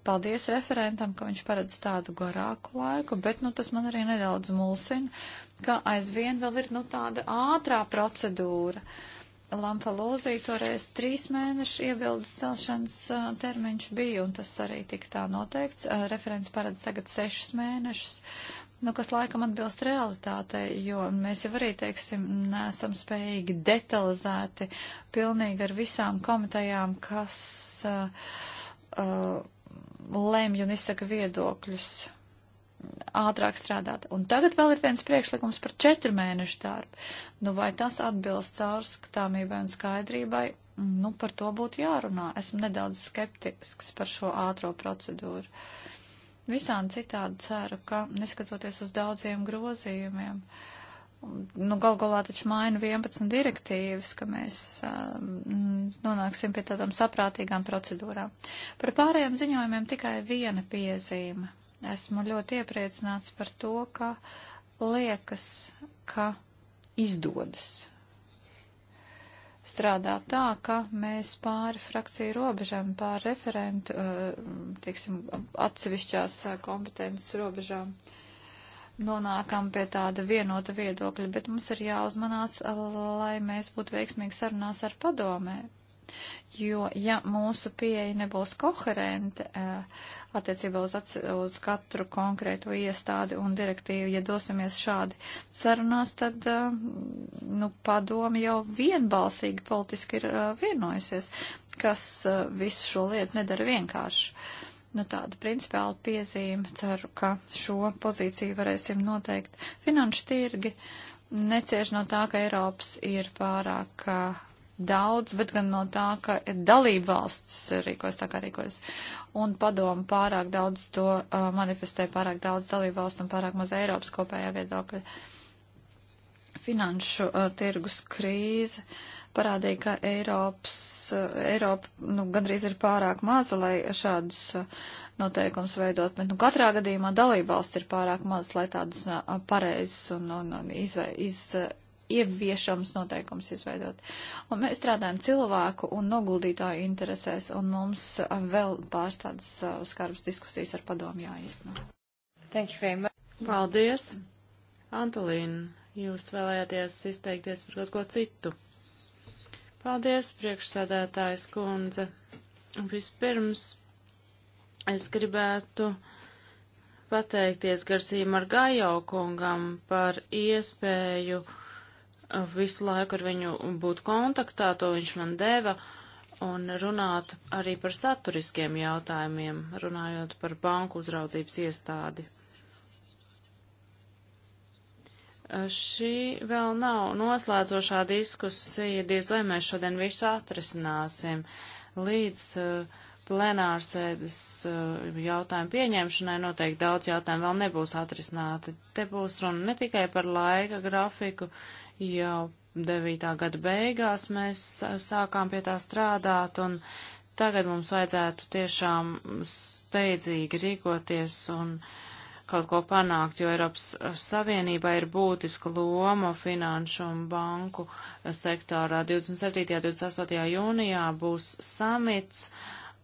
Paldies referentam, ka viņš paredz tādu garāku laiku, bet nu, tas man arī nedaudz mulsina, ka aizvien vēl ir nu, tāda ātrā procedūra. Lamfalūzija toreiz trīs mēnešu iebildes celšanas uh, termiņš bija, un tas arī tika tā noteikts. Uh, referents paredz tagad sešus mēnešus. Uh, nu, kas laikam atbilst realitātei, jo mēs jau arī, teiksim, nesam spējīgi detalizēti pilnīgi ar visām komitejām, kas uh, uh, lemj un izsaka viedokļus ātrāk strādāt. Un tagad vēl ir viens priekšlikums par četru mēnešu darbu. Nu, vai tas atbilst caurskatāmībai un skaidrībai? Nu, par to būtu jārunā. Esmu nedaudz skeptisks par šo ātro procedūru. Uh, Visādi citādi ceru, ka neskatoties uz daudziem grozījumiem, nu gal galā taču maina 11 direktīvas, ka mēs uh, nonāksim pie tādām saprātīgām procedūrām. Par pārējiem ziņojumiem tikai viena piezīme. Esmu ļoti iepriecināts par to, ka liekas, ka izdodas strādā tā, ka mēs pāri frakciju robežām, pāri referentu, eh, teiksim, atsevišķās eh, kompetences robežām nonākam pie tāda vienota viedokļa, bet mums ir jāuzmanās, eh, lai mēs būtu veiksmīgi sarunās ar padomē Jo, ja mūsu pieeja nebūs koherenta eh, attiecībā uz, uz katru konkrēto iestādi un direktīvu, ja dosimies šādi sarunās, tad eh, nu, padomi jau vienbalsīgi politiski ir eh, vienojusies, kas visu šo lietu nedara vienkārši. Nu, tāda principāla piezīme. Ceru, ka šo pozīciju varēsim noteikt. Finanšu tirgi necieš no tā, ka Eiropas ir pārāk uh, daudz, bet gan no tā, ka dalība valsts rīkojas tā, kā rīkojas. Un padomu pārāk daudz to uh, manifestē, pārāk daudz dalību valstu un pārāk maz Eiropas kopējā viedokļa. Finanšu uh, tirgus krīze parādīja, ka Eiropas, uh, Eiropa nu, gandrīz ir pārāk maza, lai šādus uh, noteikumus veidot, bet nu, katrā gadījumā dalība valsts ir pārāk maz, lai tādas uh, pareizas un, un, un izvē, iz, uh, ieviešams noteikums izveidot. Un mēs strādājam cilvēku un noguldītāju interesēs, un mums vēl pāris tādas uh, skarbas diskusijas ar padomu jāizno. Thank you very much. Paldies. Antolīna, jūs vēlējāties izteikties par kaut ko citu. Paldies, priekšsēdētājs kundze. Vispirms es gribētu pateikties Garsīm ar Gajo kungam par iespēju visu laiku ar viņu būt kontaktā, to viņš man deva, un runāt arī par saturiskiem jautājumiem, runājot par banku uzraudzības iestādi. Šī vēl nav noslēdzošā diskusija, diez vai mēs šodien visu atrisināsim. Līdz uh, plenārsēdes uh, jautājumu pieņemšanai noteikti daudz jautājumu vēl nebūs atrisināti. Te būs runa ne tikai par laika grafiku, jau 9. gada beigās mēs sākām pie tā strādāt, un tagad mums vajadzētu tiešām steidzīgi rīkoties un kaut ko panākt, jo Eiropas Savienībā ir būtiska loma finanšu un banku sektorā. 27. un 28. jūnijā būs samits,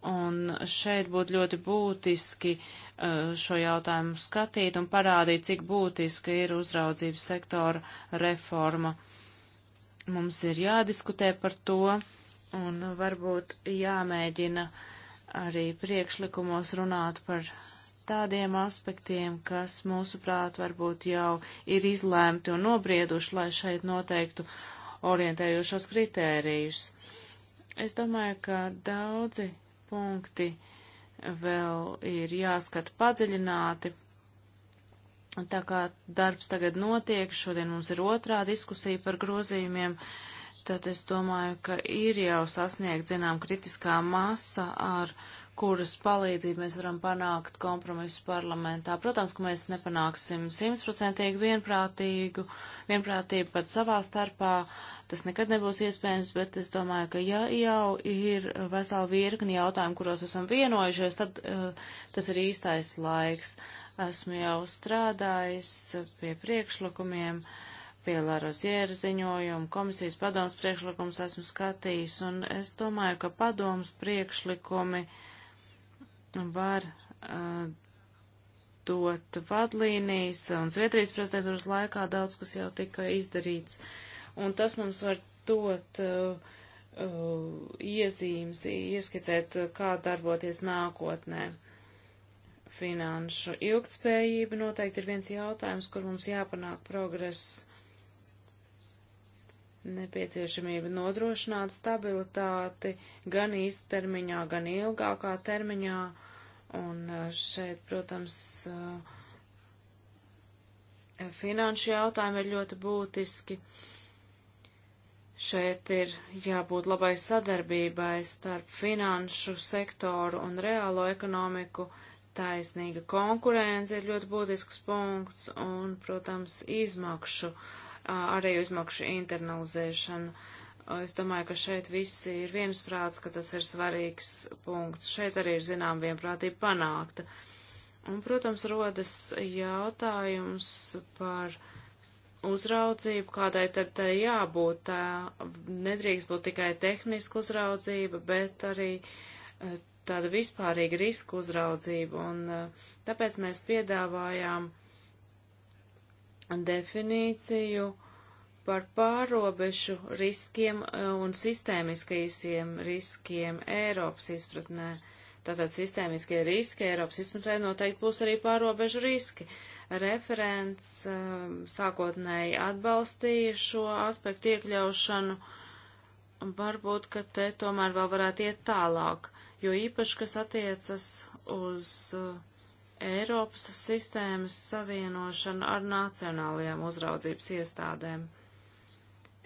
un šeit būtu ļoti būtiski uh, Eh, šo jautājumu skatīt un parādīt, cik būtiska ir uzraudzības sektora reforma. Mums ir jādiskutē par to un varbūt jāmēģina arī priekšlikumos runāt par tādiem aspektiem, kas, mūsuprāt, varbūt jau ir izlēmti un nobrieduši, lai šeit noteiktu orientējošos kritērijus. Es domāju, ka daudzi punkti uh, vēl ir jāskata padziļināti. Tā kā darbs tagad notiek, šodien mums ir otrā diskusija par grozījumiem, tad es domāju, ka ir jau sasniegt, zinām, kritiskā masa, ar kuras palīdzību mēs varam panākt kompromisu parlamentā. Protams, ka mēs nepanāksim simtprocentīgi vienprātīgu, vienprātību pat savā starpā, uh, tas nekad nebūs iespējams, bet es domāju, ka ja jau ir vesela virkni jautājumu, kuros esam vienojušies, tad uh, tas ir īstais laiks. Esmu jau strādājis pie priekšlikumiem, pie Larozieru ziņojumu, komisijas padomas priekšlikums esmu skatījis, un es domāju, ka padomas priekšlikumi var uh, dot vadlīnijas, un Zviedrijas prezidentūras laikā daudz kas jau tika izdarīts. Uh, un tas mums var dot uh, uh, iezīmes, ieskicēt, uh, kā darboties nākotnē. Finanšu ilgtspējība noteikti ir viens jautājums, kur mums jāpanāk progress. Nepieciešamība nodrošināt stabilitāti gan īstermiņā, gan ilgākā termiņā. Un uh, šeit, protams, uh, finanšu jautājumi ir ļoti būtiski. Uh, Šeit ir jābūt labai sadarbībai starp finanšu sektoru un reālo ekonomiku. Taisnīga konkurence ir ļoti būtisks punkts un, protams, izmakšu, arī izmakšu internalizēšana. Es domāju, ka šeit visi ir viensprāts, ka tas ir svarīgs punkts. Šeit arī ir zinām vienprātība panākta. Un, protams, rodas jautājums par uh, uzraudzību, kādai tad tā eh, jābūt. Tā eh, nedrīkst būt tikai tehniska uzraudzība, bet arī eh, tāda vispārīga riska uzraudzība. Un tāpēc mēs piedāvājām definīciju par pārobežu riskiem un sistēmiskajiem riskiem Eiropas izpratnē. Tātad sistēmiskie riski Eiropas izpratē noteikti būs arī pārobežu riski. Referents um, sākotnēji atbalstīja šo aspektu iekļaušanu. Varbūt, ka te tomēr vēl varētu iet tālāk, jo īpaši, kas attiecas uz uh, Eiropas sistēmas savienošanu ar nacionālajām uzraudzības iestādēm.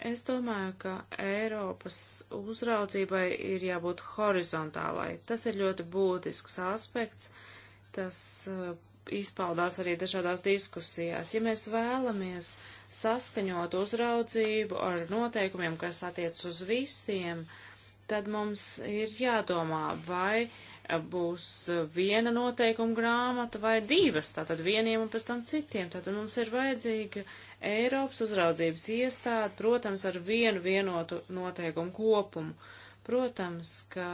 Es domāju, ka Eiropas uzraudzībai ir jābūt horizontālai. Tas ir ļoti būtisks aspekts, tas uh, izpaudās arī dažādās diskusijās. Ja mēs vēlamies saskaņot uzraudzību ar noteikumiem, kas attiec uz visiem, tad mums ir jādomā, vai būs viena noteikuma grāmata vai divas, tātad vieniem un pēc tam citiem. Tātad mums ir vajadzīga Eiropas uzraudzības iestāde, protams, ar vienu vienotu noteikumu kopumu. Protams, ka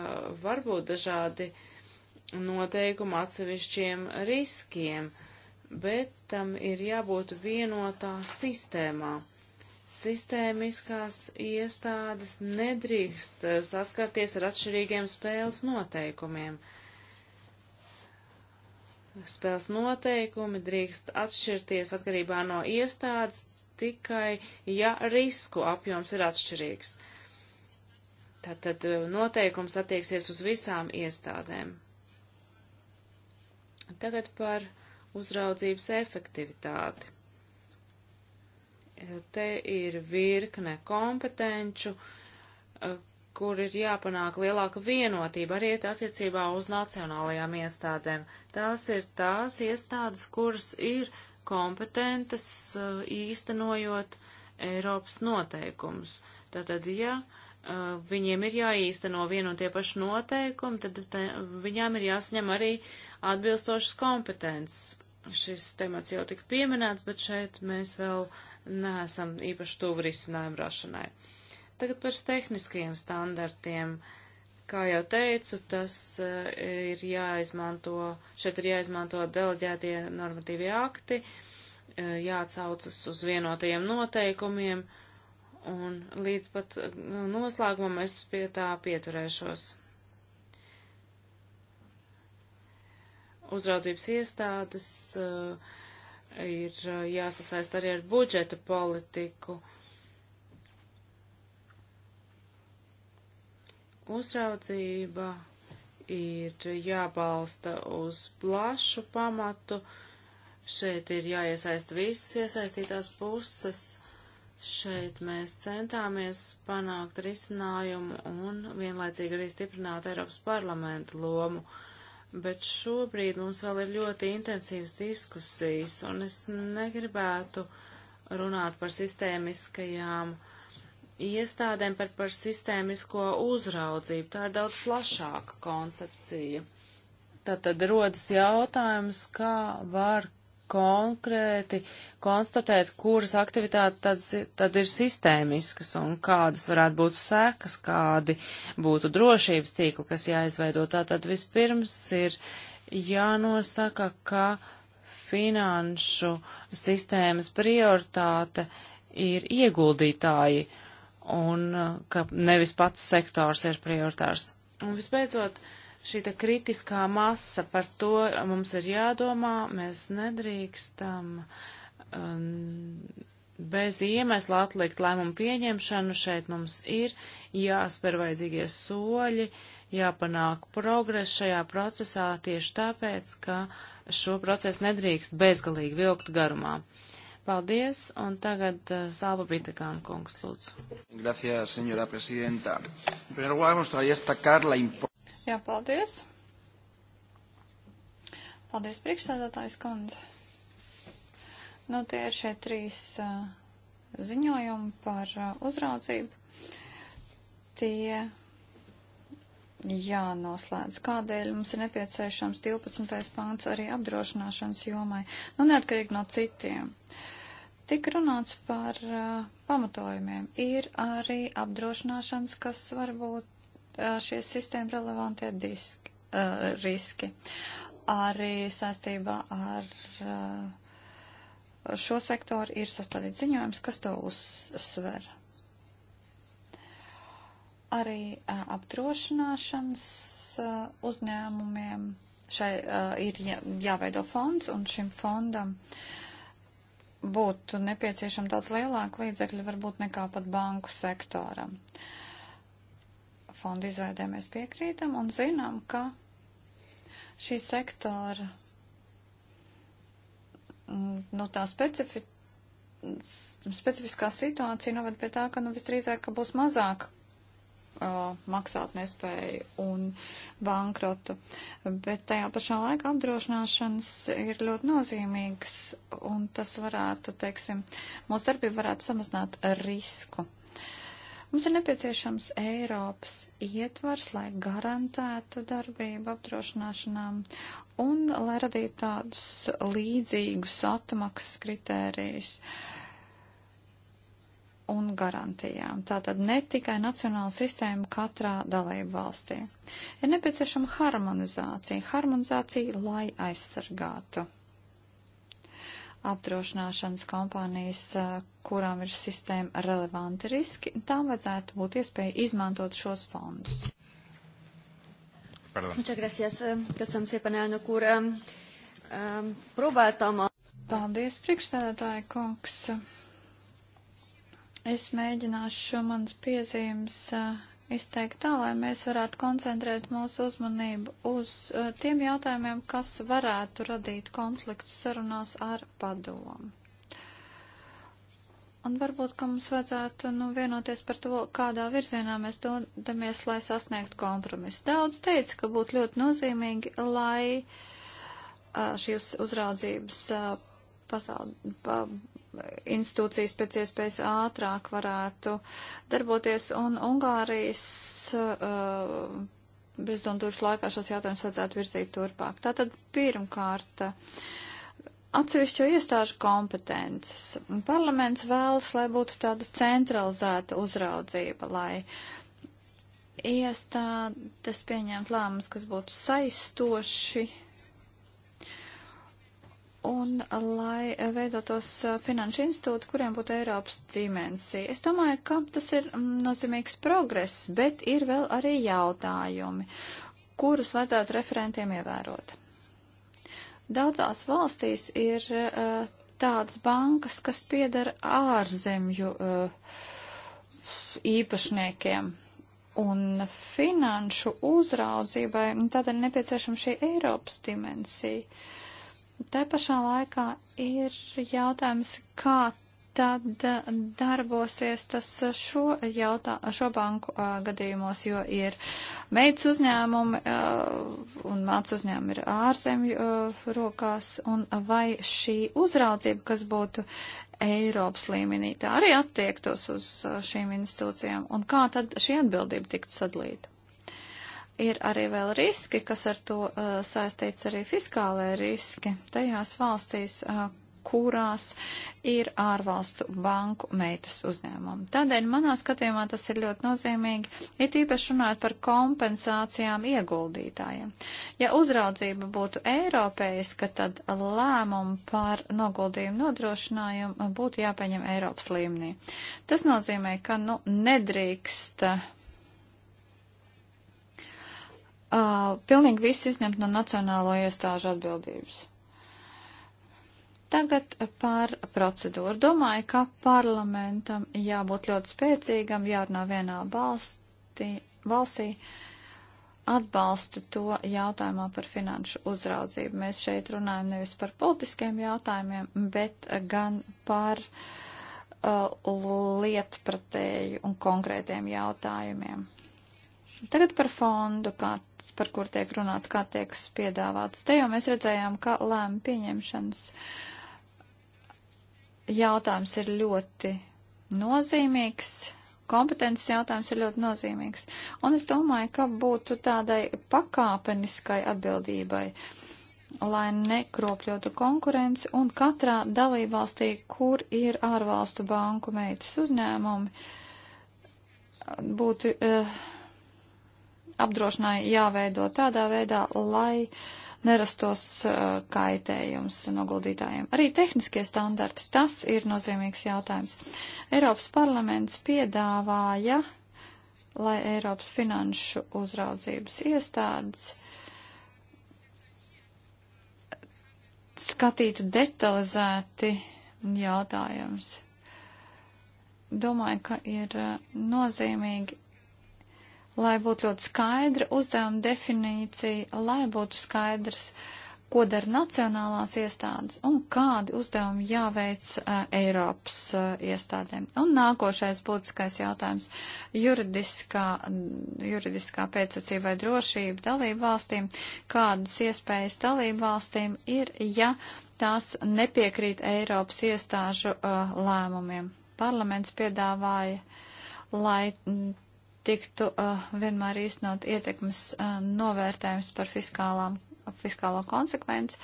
var būt dažādi noteikumi atsevišķiem riskiem, bet tam ir jābūt vienotā sistēmā. Sistēmiskās iestādes nedrīkst eh, saskarties ar atšķirīgiem spēles noteikumiem. Uh, spēles noteikumi drīkst atšķirties atkarībā no iestādes tikai, ja risku apjoms ir atšķirīgs. Tātad eh, noteikums attieksies uz visām iestādēm. Tagad par uzraudzības efektivitāti. Eh, te ir virkne kompetenču, eh, kur ir jāpanāk lielāka vienotība arī attiecībā uz nacionālajām iestādēm. Tās ir tās iestādes, kuras ir kompetentas uh, īstenojot Eiropas noteikumus. Tātad, ja uh, viņiem ir jāīsteno vienu un tie paši noteikumi, tad te, viņām ir jāsaņem arī atbilstošas kompetences. Šis temats jau tika pieminēts, bet šeit mēs vēl neesam īpaši tuvu risinājumu rašanai. Uh, Tagad par tehniskajiem standartiem. Kā jau teicu, tas eh, ir jāizmanto, šeit ir jāizmanto deleģētie normatīvi akti, eh, jāatsaucas uz vienotajiem noteikumiem, un līdz pat eh, noslēgumam es pie tā pieturēšos. Uzraudzības iestādes uh, ir jāsasaist arī ar budžeta politiku. Uh, uzraudzība ir jābalsta uz plašu pamatu. Šeit ir jāiesaist visas iesaistītās puses. Šeit mēs centāmies panākt risinājumu un vienlaicīgi arī stiprināt Eiropas parlamenta lomu. Bet šobrīd mums vēl ir ļoti intensīvas diskusijas, un es negribētu runāt par sistēmiskajām uh, iestādēm, bet par sistēmisko uzraudzību. Tā ir daudz plašāka koncepcija. Tātad rodas jautājums, kā var konkrēti konstatēt, kuras aktivitātes tad ir sistēmiskas un kādas varētu būt sekas, kādi būtu drošības tīkli, kas jāizveido. Tātad vispirms ir jānosaka, ka finanšu sistēmas prioritāte ir ieguldītāji. Uh, un uh, ka nevis pats sektors ir prioritārs. Un visbeidzot, šī kritiskā masa, par to mums ir jādomā, mēs nedrīkstam um, bez iemesla atlikt lēmumu pieņemšanu, šeit mums ir jāspēr vajadzīgie soļi, jāpanāk progres šajā procesā tieši tāpēc, ka šo procesu nedrīkst bezgalīgi vilkt garumā. Uh, Paldies, un tagad uh, eh, Salva Bitakāna kungs, lūdzu. Gracias, senora presidenta. Pero vamos a destacar la Jā, paldies. Paldies, priekšsēdētājs kundze. Nu, tie ir šie trīs uh, ziņojumi par uh, uzraudzību. Tie jānoslēdz. Kādēļ mums ir nepieciešams 12. pants arī apdrošināšanas jomai, nu neatkarīgi no citiem. Uh, Tik runāts par uh, pamatojumiem. Ir arī apdrošināšanas, kas var būt uh, šīs sistēma relevantie diski, uh, riski. Arī saistībā ar uh, šo sektoru ir sastādīts ziņojums, kas to uzsver. Arī uh, apdrošināšanas uh, uzņēmumiem šai uh, ir jā, jāveido fonds un šim fondam. Uh, būtu nepieciešama tāds lielāka līdzekļa varbūt nekā pat banku sektoram. Fonda izveidē mēs piekrītam un zinām, ka šī sektora mm, nu, tā specifi, specifiskā situācija noved pie tā, ka nu, visdrīzāk ka būs mazāk Uh, maksāt nespēju un bankrotu. Bet tajā pašā laikā apdrošināšanas ir ļoti nozīmīgs un tas varētu, teiksim, mūsu darbība varētu samazināt risku. Mums ir nepieciešams Eiropas ietvars, lai garantētu darbību apdrošināšanām un lai radītu tādus līdzīgus atmaksas kritērijus. Uh, un garantijām. Tātad ne tikai nacionāla sistēma katrā dalību valstī. Ir nepieciešama harmonizācija, harmonizācija, lai aizsargātu apdrošināšanas kompānijas, eh, kurām ir sistēma relevanti riski, tām vajadzētu būt iespēja izmantot šos fondus. Eh, eh, Paldies, priekšsēdētāja kungs. Es mēģināšu manas piezīmes eh, izteikt tā, lai mēs varētu koncentrēt mūsu uzmanību uz eh, tiem jautājumiem, kas varētu radīt konflikts sarunās ar padomu. Un varbūt, ka mums vajadzētu nu, vienoties par to, kādā virzienā mēs dodamies, lai sasniegtu kompromisu. Daudz teica, ka būtu ļoti nozīmīgi, lai eh, šīs uzraudzības pasaud, pa, institūcijas pēc iespējas ātrāk varētu darboties, un Ungārijas uh, prezidentūras laikā šos jautājumus vajadzētu virzīt turpāk. Tātad pirmkārt. Atsevišķo iestāžu kompetences. Parlaments vēlas, lai būtu tāda centralizēta uzraudzība, lai iestādes pieņemtu lēmumus, kas būtu saistoši, uh, un lai veidotos uh, finanšu institūti, kuriem būtu Eiropas dimensija. Es domāju, ka tas ir nozīmīgs progress, bet ir vēl arī jautājumi, kurus vajadzētu referentiem ievērot. Daudzās valstīs ir uh, tādas bankas, kas piedara ārzemju uh, īpašniekiem un finanšu uzraudzībai, tādēļ nepieciešama šī Eiropas dimensija. Uh, Te pašā laikā ir jautājums, kā tad darbosies tas šo, jautā, šo banku uh, gadījumos, jo ir meitas uzņēmumi uh, un māc uzņēmumi ir ārzemju uh, rokās, un vai šī uzraudzība, kas būtu Eiropas līmenī, tā arī attiektos uz uh, šīm institūcijām, un kā tad šī atbildība tiktu sadalīta? ir arī vēl riski, kas ar to uh, saistīts arī fiskālai riski tajās valstīs, uh, kurās ir ārvalstu banku meitas uzņēmumi. Tādēļ manā skatījumā tas ir ļoti nozīmīgi, it īpaši runājot par kompensācijām ieguldītājiem. Ja uzraudzība būtu eiropeiska, tad lēmumu par noguldījumu nodrošinājumu būtu jāpieņem Eiropas līmenī. Tas nozīmē, ka nu, nedrīkst uh, uh, pilnīgi viss izņemt no nacionālo iestāžu atbildības. Tagad par procedūru. Domāju, ka parlamentam jābūt ļoti spēcīgam, jārunā vienā balstī, balsī. Atbalstu to jautājumā par finanšu uzraudzību. Mēs šeit runājam nevis par politiskiem jautājumiem, bet gan par uh, lietpratēju un konkrētiem jautājumiem. Tagad par fondu, kāds, par kur tiek runāts, kā tiek piedāvāts. Te jau mēs redzējām, ka lēma pieņemšanas jautājums ir ļoti nozīmīgs, kompetences jautājums ir ļoti nozīmīgs. Un es domāju, ka būtu tādai pakāpeniskai atbildībai, lai nekropļotu konkurenci un katrā dalībvalstī, kur ir ārvalstu banku meitas uzņēmumi, būtu. Uh, apdrošinai jāveido tādā veidā, lai nerastos uh, kaitējums noguldītājiem. Arī tehniskie standarti, tas ir nozīmīgs jautājums. Eiropas parlaments piedāvāja, lai Eiropas finanšu uzraudzības iestādes skatītu detalizēti jautājumus. Domāju, ka ir uh, nozīmīgi lai būtu ļoti skaidra uzdevuma definīcija, lai būtu skaidrs, ko dara nacionālās iestādes un kādi uzdevumi jāveic uh, Eiropas uh, iestādēm. Un nākošais būtiskais jautājums - juridiskā, juridiskā pēcacība vai drošība dalību valstīm, kādas iespējas dalību valstīm ir, ja tās nepiekrīt Eiropas iestāžu uh, lēmumiem. Parlaments piedāvāja, lai. M, tiktu uh, vienmēr īstenot ietekmes uh, novērtējums par fiskālām, fiskālo konsekvenci.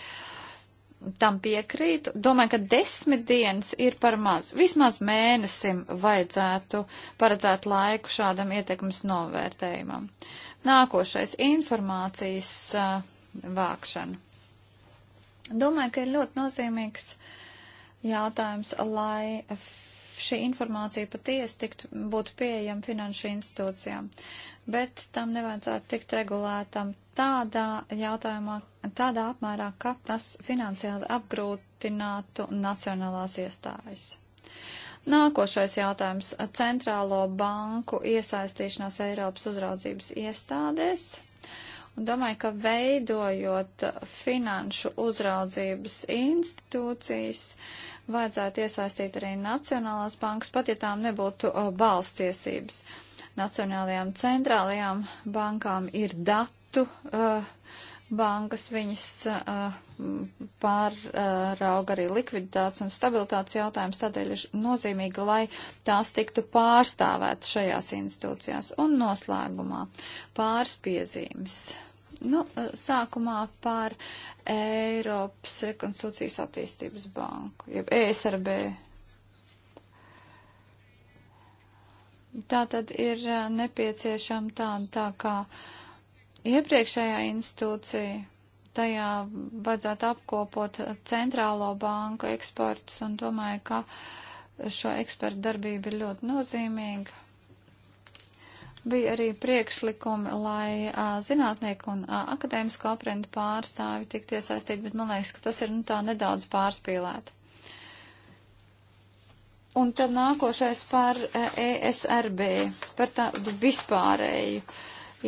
Tam piekrītu. Domāju, ka desmit dienas ir par maz. Vismaz mēnesim vajadzētu paredzēt laiku šādam ietekmes novērtējumam. Nākošais - informācijas uh, vākšana. Domāju, ka ir ļoti nozīmīgs jautājums, lai šī informācija patiesi tikt, būtu pieejama finanšu institūcijām. Bet tam nevajadzētu tikt regulētam tādā jautājumā, tādā apmērā, ka tas finansiāli apgrūtinātu nacionālās iestājas. Nākošais jautājums - centrālo banku iesaistīšanās Eiropas uzraudzības iestādēs. Un domāju, ka veidojot finanšu uzraudzības institūcijas, vajadzētu iesaistīt arī Nacionālās bankas, pat ja tām nebūtu uh, balstiesības. Nacionālajām centrālajām bankām ir datu uh, bankas viņas uh, pārrauga uh, arī likviditātes un stabilitātes jautājums, tādēļ ir nozīmīgi, lai tās tiktu pārstāvētas šajās institūcijās. Un noslēgumā pāris piezīmes. Nu, eh, sākumā par Eiropas rekonstrukcijas attīstības banku, jeb ESRB. Tā tad ir eh, nepieciešama tāda tā kā iepriekšējā institūcija. Tajā vajadzētu apkopot centrālo banku ekspertus un domāju, ka šo ekspertu darbība ir ļoti nozīmīga Bija arī priekšlikumi, lai a, zinātnieki un a, akadēmisko aprindu pārstāvi tiktu iesaistīti, bet man liekas, ka tas ir nu, tā nedaudz pārspīlēti. Un tad nākošais par ESRB, par tādu vispārēju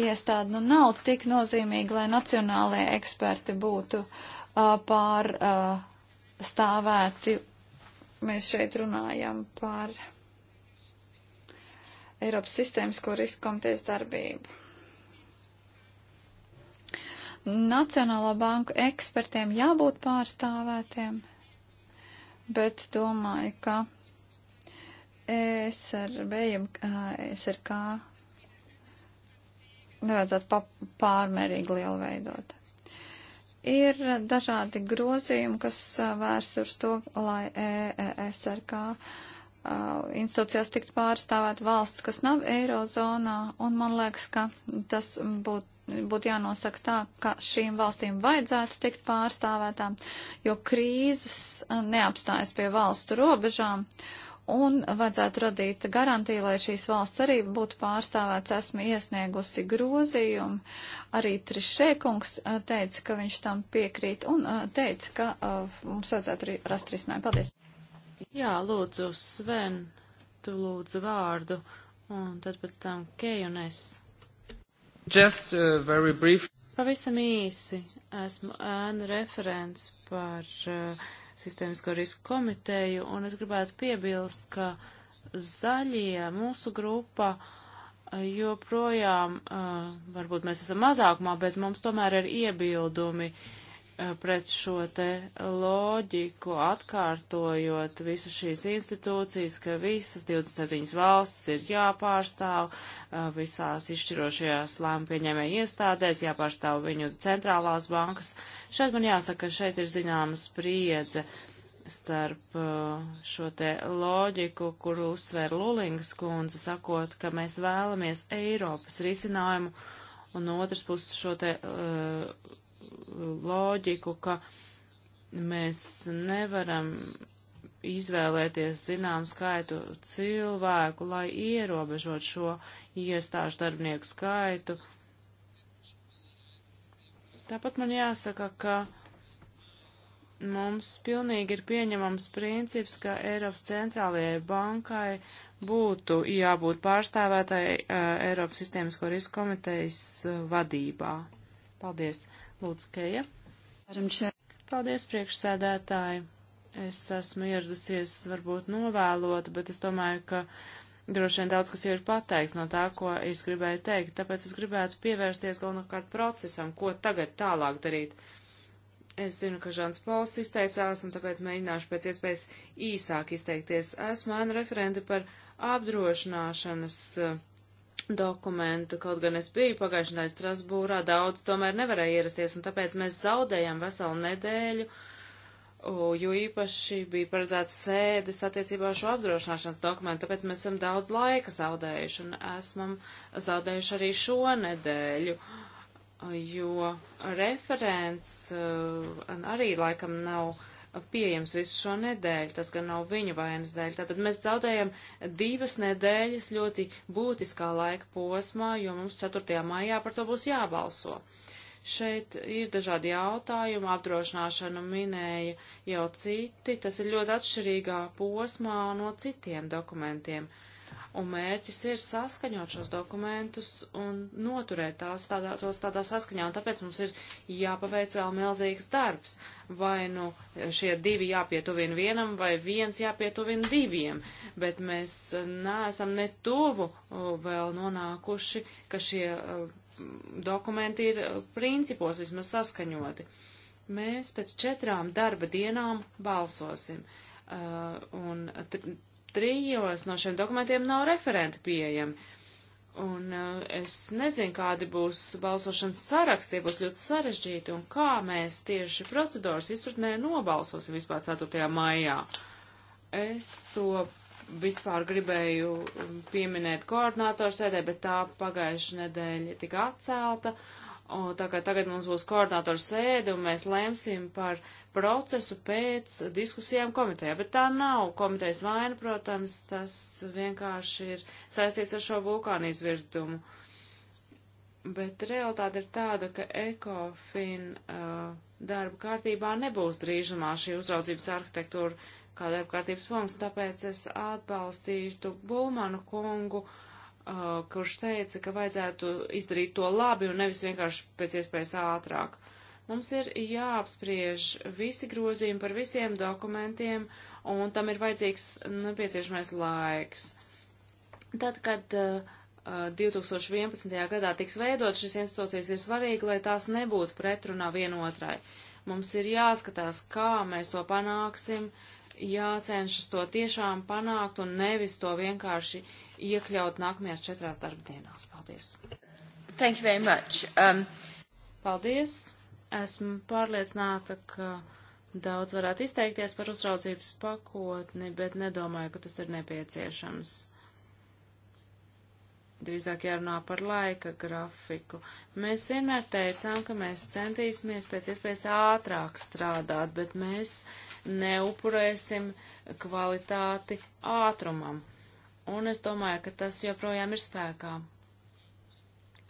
iestādi. Nu, nav tik nozīmīgi, lai nacionālajie eksperti būtu uh, pārstāvēti. Uh, stāvēti. Mēs šeit runājam par Eiropas sistēmas, ko risku komitejas darbību. Nacionālo banku ekspertiem jābūt pārstāvētiem, bet domāju, ka e SRB, e SRK nevajadzētu pārmērīgi lielu veidot. Ir dažādi grozījumi, kas vērst uz to, lai SRK. E, e, Uh, institūcijās tikt pārstāvēt valsts, kas nav eirozonā, un man liekas, ka tas būtu būtu jānosaka tā, ka šīm valstīm vajadzētu tikt pārstāvētām, jo krīzes uh, neapstājas pie valstu robežām. Un vajadzētu radīt garantiju, lai šīs valsts arī būtu pārstāvēts. Esmu iesniegusi grozījumu. Arī Trišēkungs uh, teica, ka viņš tam piekrīt un teica, ka mums vajadzētu arī rast risinājumu. Paldies! Jā, lūdzu, Sven, tu lūdzu vārdu, un tad pēc tam Kei un es. Just uh, very brief. Pavisam īsi. Esmu ēnu referents par uh, sistēmisko risku komiteju, un es gribētu piebilst, ka zaļie mūsu grupa uh, joprojām, uh, varbūt mēs esam mazākumā, bet mums tomēr ir iebildumi uh, Eh, pret šo te loģiku atkārtojot visas šīs institūcijas, ka visas 27 valstis ir jāpārstāv eh, visās izšķirošajās lēmu pieņēmēju iestādēs, jāpārstāv viņu centrālās bankas. Šeit man jāsaka, ka šeit ir zināma spriedze starp eh, šo te loģiku, kuru uzsver Lulingas kundze, sakot, ka mēs vēlamies Eiropas risinājumu, un no otras puses šo te uh, loģiku, ka mēs nevaram izvēlēties zinām skaitu cilvēku, lai ierobežot šo iestāžu darbinieku skaitu. Tāpat man jāsaka, ka mums pilnīgi ir pieņemams princips, ka Eiropas centrālajai bankai būtu jābūt pārstāvētai uh, Eiropas sistēmisko risku komitejas uh, vadībā. Paldies! Lūdzu, Keja. Paldies, priekšsēdētāji. Es esmu ieradusies varbūt novēlot, bet es domāju, ka droši vien daudz kas jau ir pateikts no tā, ko es gribēju teikt. Tāpēc es gribētu pievērsties galvenokārt procesam, ko tagad tālāk darīt. Es zinu, ka Žans Pols izteicās, un tāpēc mēģināšu pēc iespējas īsāk izteikties. Esmu Anna referente par apdrošināšanas uh, dokumentu, kaut gan es biju pagājušajā nedēļā Strasbūrā, daudz tomēr nevarēja ierasties, un tāpēc mēs zaudējām veselu nedēļu, jo īpaši bija paredzēts sēdes attiecībā ar šo apdrošināšanas dokumentu, tāpēc mēs esam daudz laika zaudējuši, un esam zaudējuši arī šo nedēļu, jo referents arī laikam nav pieejams visu šo nedēļu, tas gan nav viņu vainas dēļ. Tātad mēs zaudējam divas nedēļas ļoti būtiskā laika posmā, jo mums 4. maijā par to būs jābalso. Šeit ir dažādi jautājumi, apdrošināšanu minēja jau citi, tas ir ļoti atšķirīgā posmā no citiem dokumentiem. Uh, Un mērķis ir saskaņot šos dokumentus un noturēt tās tādā, tos tādā saskaņā. Un tāpēc mums ir jāpaveic vēl milzīgs darbs. Vai nu šie divi jāpietuvina vienam, vai viens jāpietuvina diviem. Bet mēs eh, neesam ne tuvu vēl nonākuši, ka šie eh, dokumenti ir eh, principos vismaz saskaņoti. Mēs pēc četrām darba dienām balsosim. Uh, un trijos no šiem dokumentiem nav referenti pieejami. Un uh, es nezinu, kādi būs balsošanas saraksti, būs ļoti sarežģīti, un kā mēs tieši procedūras izpratnē nobalsosim vispār 4. maijā. Es to vispār gribēju um, pieminēt koordinātoru sēdē, bet tā pagājuša nedēļa tika atcelta. Uh, Un tā kā tagad mums būs koordinātora sēde un mēs lemsim par procesu pēc diskusijām komitejā, bet tā nav komitejas vaina, protams, tas vienkārši ir saistīts ar šo vulkānu izvirdumu. Bet realitāte ir tāda, ka ECOFIN uh, darba kārtībā nebūs drīzumā šī uzraudzības arhitektūra kā darba kārtības punkts, tāpēc es atbalstītu Bulmanu kungu. Uh, uh, kurš teica, ka vajadzētu izdarīt to labi un nevis vienkārši pēc iespējas ātrāk. Mums ir jāapspriež visi grozījumi par visiem dokumentiem, un tam ir vajadzīgs nepieciešamais laiks. Tad, kad uh, 2011. Uh, gadā tiks veidot šis institūcijas, ir svarīgi, lai tās nebūtu pretrunā vienotrai. Mums ir jāskatās, kā mēs to panāksim, jācenšas to tiešām panākt un nevis to vienkārši iekļaut nākamajās četrās darba dienās. Paldies! Thank you very much. Um... Paldies! Esmu pārliecināta, ka daudz varētu izteikties par uzraudzības pakotni, bet nedomāju, ka tas ir nepieciešams. Drīzāk jārunā par laika grafiku. Mēs vienmēr teicām, ka mēs centīsimies pēc iespējas ātrāk strādāt, bet mēs neupurēsim kvalitāti ātrumam un es domāju, ka tas joprojām ir spēkā.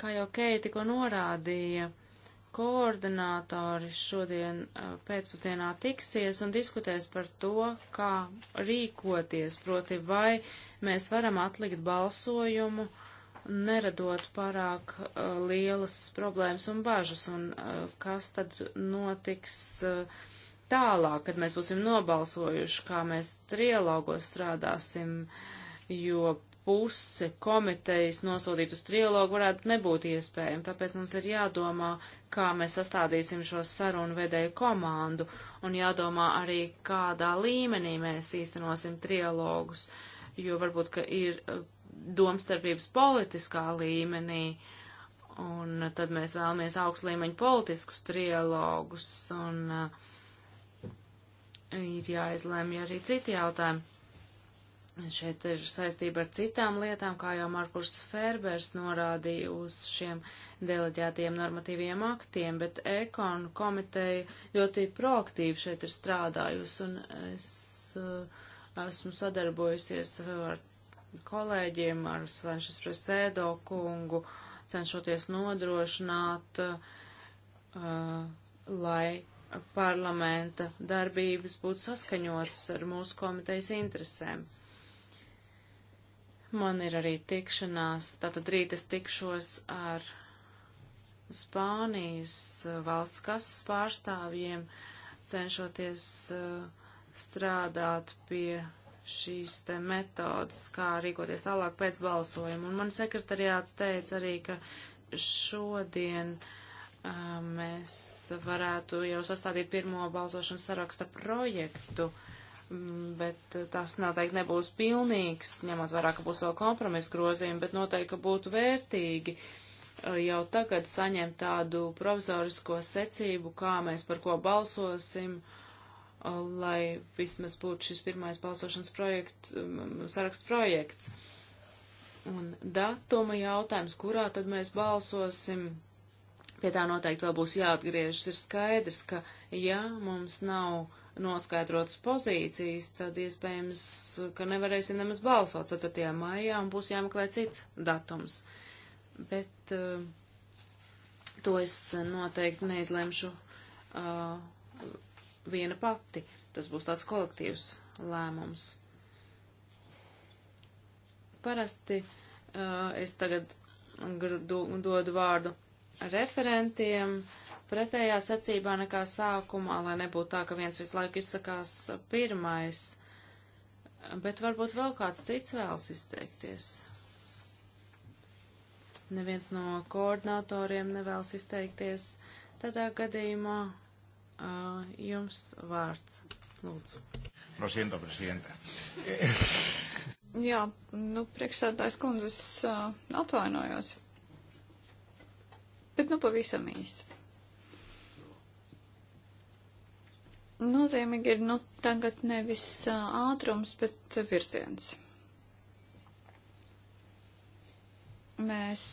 Kā jau Keita tikko norādīja, koordinātori šodien pēcpusdienā tiksies un diskutēs par to, kā rīkoties, proti vai mēs varam atlikt balsojumu, neradot pārāk uh, lielas problēmas un bažas, un uh, kas tad notiks uh, tālāk, kad mēs būsim nobalsojuši, kā mēs trialogos strādāsim. Uh, jo puse komitejas nosūtīt uz trilogu varētu nebūt iespējama, tāpēc mums ir jādomā, kā mēs sastādīsim šo sarunu vedēju komandu un jādomā arī, kādā līmenī mēs īstenosim trilogus, jo varbūt, ka ir uh, domstarpības politiskā līmenī, un tad mēs vēlamies augstu līmeņu politiskus trilogus, un uh, ir jāizlēmja arī citi jautājumi. Šeit ir saistība ar citām lietām, kā jau Markus Ferbers norādīja uz šiem deleģētiem normatīviem aktiem, bet ekonu komiteja ļoti proaktīvi šeit ir strādājusi, un es uh, esmu sadarbojusies ar kolēģiem, ar Svenšas Presēdo kungu, cenšoties nodrošināt, uh, lai parlamenta darbības būtu saskaņotas ar mūsu komitejas interesēm. Man ir arī tikšanās, tātad rīt es tikšos ar Spānijas eh, valsts kases pārstāvjiem, cenšoties eh, strādāt pie šīs te metodas, kā rīkoties tālāk pēc balsojuma. Un man sekretariāts teica arī, ka šodien eh, mēs varētu jau sastādīt pirmo balsošanas saraksta projektu. Uh, bet eh, tas noteikti nebūs pilnīgs, ņemot vērā, ka būs vēl kompromisa grozījumi, bet noteikti, ka būtu vērtīgi eh, jau tagad saņemt tādu provizorisko secību, kā mēs par ko balsosim, eh, lai vismaz būtu šis pirmais balsošanas projekt, mm, saraksts projekts. Un datuma jautājums, kurā tad mēs balsosim, pie tā noteikti vēl būs jāatgriežas, ir skaidrs, ka ja mums nav uh, noskaidrotas pozīcijas, tad iespējams, ka nevarēsim nemaz balsot 4. maijā un būs jāmeklē cits datums. Bet uh, to es noteikti neizlemšu uh, viena pati. Tas būs tāds kolektīvs lēmums. Parasti uh, es tagad dodu vārdu referentiem. Uh, pretējā secībā nekā sākumā, lai nebūtu tā, ka viens visu laiku izsakās pirmais, bet varbūt vēl kāds cits vēlas izteikties. Neviens no koordinatoriem nevēlas izteikties. Tādā gadījumā uh, jums vārds. Lūdzu. Lo siento, presidente. Jā, nu, priekšsēdājas kundzes uh, atvainojos. Bet nu pavisam īsi. Nozīmīgi ir nu tagad nevis ātrums, bet virziens. Mēs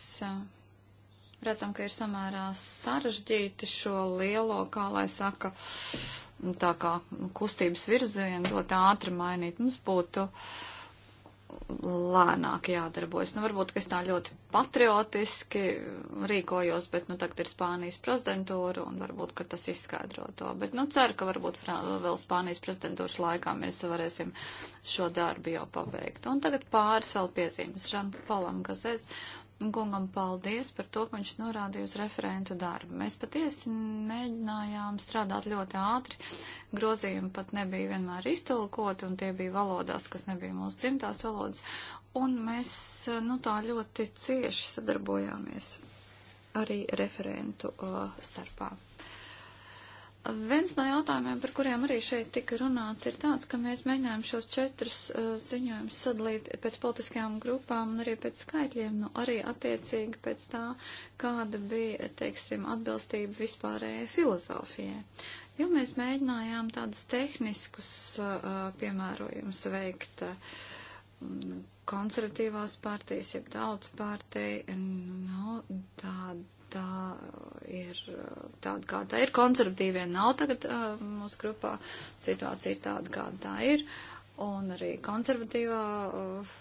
redzam, ka ir samērā sarežģīti šo lielo, kā lai saka, tā kā kustības virzienu ļoti ātri mainīt. Mums būtu uh, lēnāk jādarbojas. Nu, varbūt, ka es tā ļoti patriotiski rīkojos, bet, nu, tagad ir Spānijas prezidentūra un varbūt, ka tas izskaidro to. Bet, nu, ceru, ka varbūt vēl Spānijas prezidentūras laikā mēs varēsim šo darbu jau pabeigt. Un tagad pāris vēl piezīmes. Žan Palam Gazēs Gungam paldies par to, ka viņš norādīja uz referentu darbu. Mēs patiesi mēģinājām strādāt ļoti ātri, grozījumi pat nebija vienmēr iztulkoti, un tie bija valodās, kas nebija mūsu dzimtās valodas, un mēs, nu, tā ļoti cieši sadarbojāmies arī referentu uh, starpā. Viens no jautājumiem, par kuriem arī šeit tika runāts, ir tāds, ka mēs mēģinājām šos četrus uh, ziņojumus sadalīt pēc politiskajām grupām un arī pēc skaitļiem, nu arī attiecīgi pēc tā, kāda bija, teiksim, atbilstība vispārējai filozofijai. Jo mēs mēģinājām tādus tehniskus uh, piemērojumus veikt uh, konservatīvās partijas, jeb daudz partiju, nu, tādu tā ir tāda, kā tā ir. Konservatīvie nav tagad uh, mūsu grupā. Situācija ir tāda, kā tā ir. Un arī konservatīvā uh,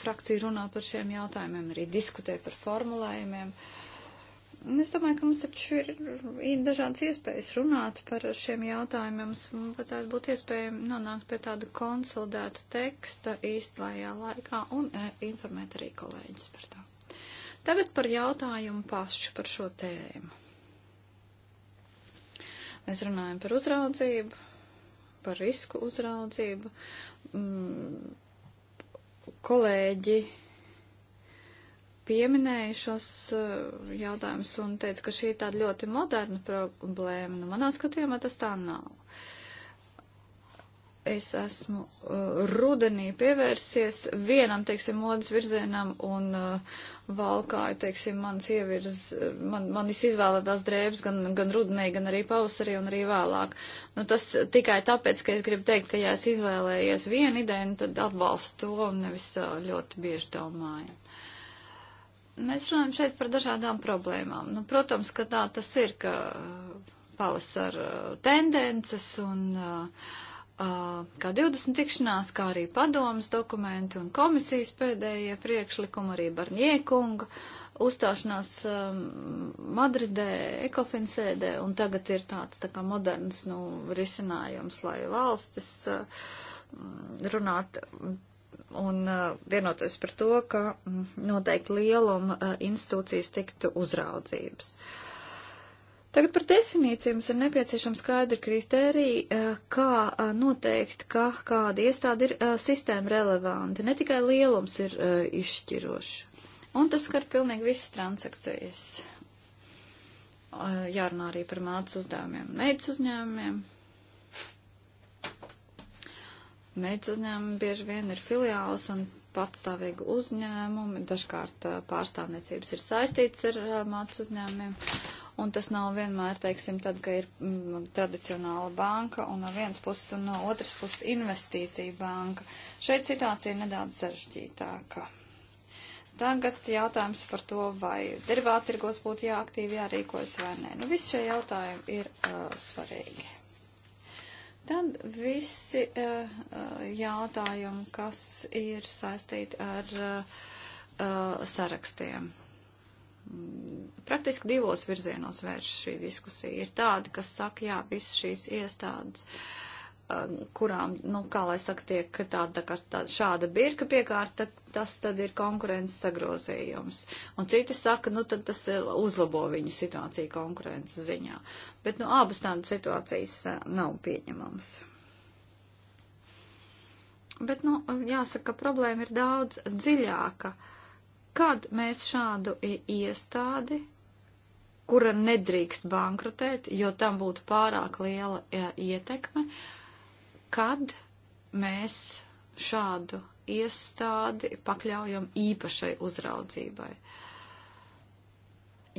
frakcija runā par šiem jautājumiem, arī diskutē par formulējumiem. Un es domāju, ka mums taču ir, ir dažādas iespējas runāt par šiem jautājumiem. Mums vajadzētu būt iespējami nonākt pie tāda konsolidēta teksta īstajā laikā un e, informēt arī kolēģis par to. Tagad par jautājumu pašu par šo tēmu. Mēs runājam par uzraudzību, par risku uzraudzību. Mm, kolēģi pieminēja šos uh, jautājumus un teica, ka šī ir tāda ļoti moderna problēma. Nu, manā skatījumā tas tā nav es esmu uh, rudenī pievērsies vienam, teiksim, modas virzienam un uh, valkāju, teiksim, manas ievirz, man, manis izvēlētās drēbes gan, gan rudenī, gan arī pavasarī un arī vēlāk. Nu, tas tikai tāpēc, ka es gribu teikt, ka ja es izvēlējies vienu ideju, nu, tad atbalstu to un nevis uh, ļoti bieži domāju. Mēs runājam šeit par dažādām problēmām. Nu, protams, ka tā tas ir, ka uh, pavasara uh, tendences un uh, kā 20 tikšanās, kā arī padomas dokumenti un komisijas pēdējie priekšlikumi, arī Barņiekunga uzstāšanās um, Madridē, Ekofinsēdē, un tagad ir tāds tā kā moderns, nu, risinājums, lai valstis uh, runāt un uh, vienoties par to, ka um, noteikti lieluma uh, institūcijas tiktu uzraudzības. Uh, Tagad par definīciju mums ir nepieciešama skaidra kritērija, eh, kā eh, noteikt, ka kāda iestāde ir eh, sistēma relevanti. Ne tikai lielums ir izšķirošs. Un tas skar pilnīgi visas transakcijas. Jārunā arī par mācas uzdevumiem, meitas uzņēmumiem. Meitas uzņēmumi bieži vien ir filiāls un patstāvīgi uzņēmumi. Dažkārt pārstāvniecības ir saistītas ar mācas uzņēmumiem un tas nav vienmēr, teiksim, tad, ka ir mm, tradicionāla banka un no vienas puses un no otras puses investīcija banka. Šeit situācija ir nedaudz sarežģītāka. Tagad jautājums par to, vai derivāta tirgos būtu jāaktīvi jārīkojas vai nē. Nu, visi šie jautājumi ir uh, svarīgi. Tad visi uh, uh jautājumi, kas ir saistīti ar uh, uh sarakstiem praktiski divos virzienos vērš šī diskusija. Ir tāda, kas saka, jā, visas šīs iestādes, um, kurām, nu, kā lai saka, tiek tāda, kā tāda, šāda birka piekārta, tas tad ir konkurences sagrozījums. Un citi saka, nu, tad tas eh, uzlabo viņu situāciju konkurences ziņā. Bet, nu, abas tādas situācijas eh, nav pieņemamas. Bet, nu, jāsaka, problēma ir daudz dziļāka. Uh, Kad mēs šādu iestādi, kura nedrīkst bankrotēt, jo tam būtu pārāk liela jā, ietekme, kad mēs šādu iestādi pakļaujam īpašai uzraudzībai.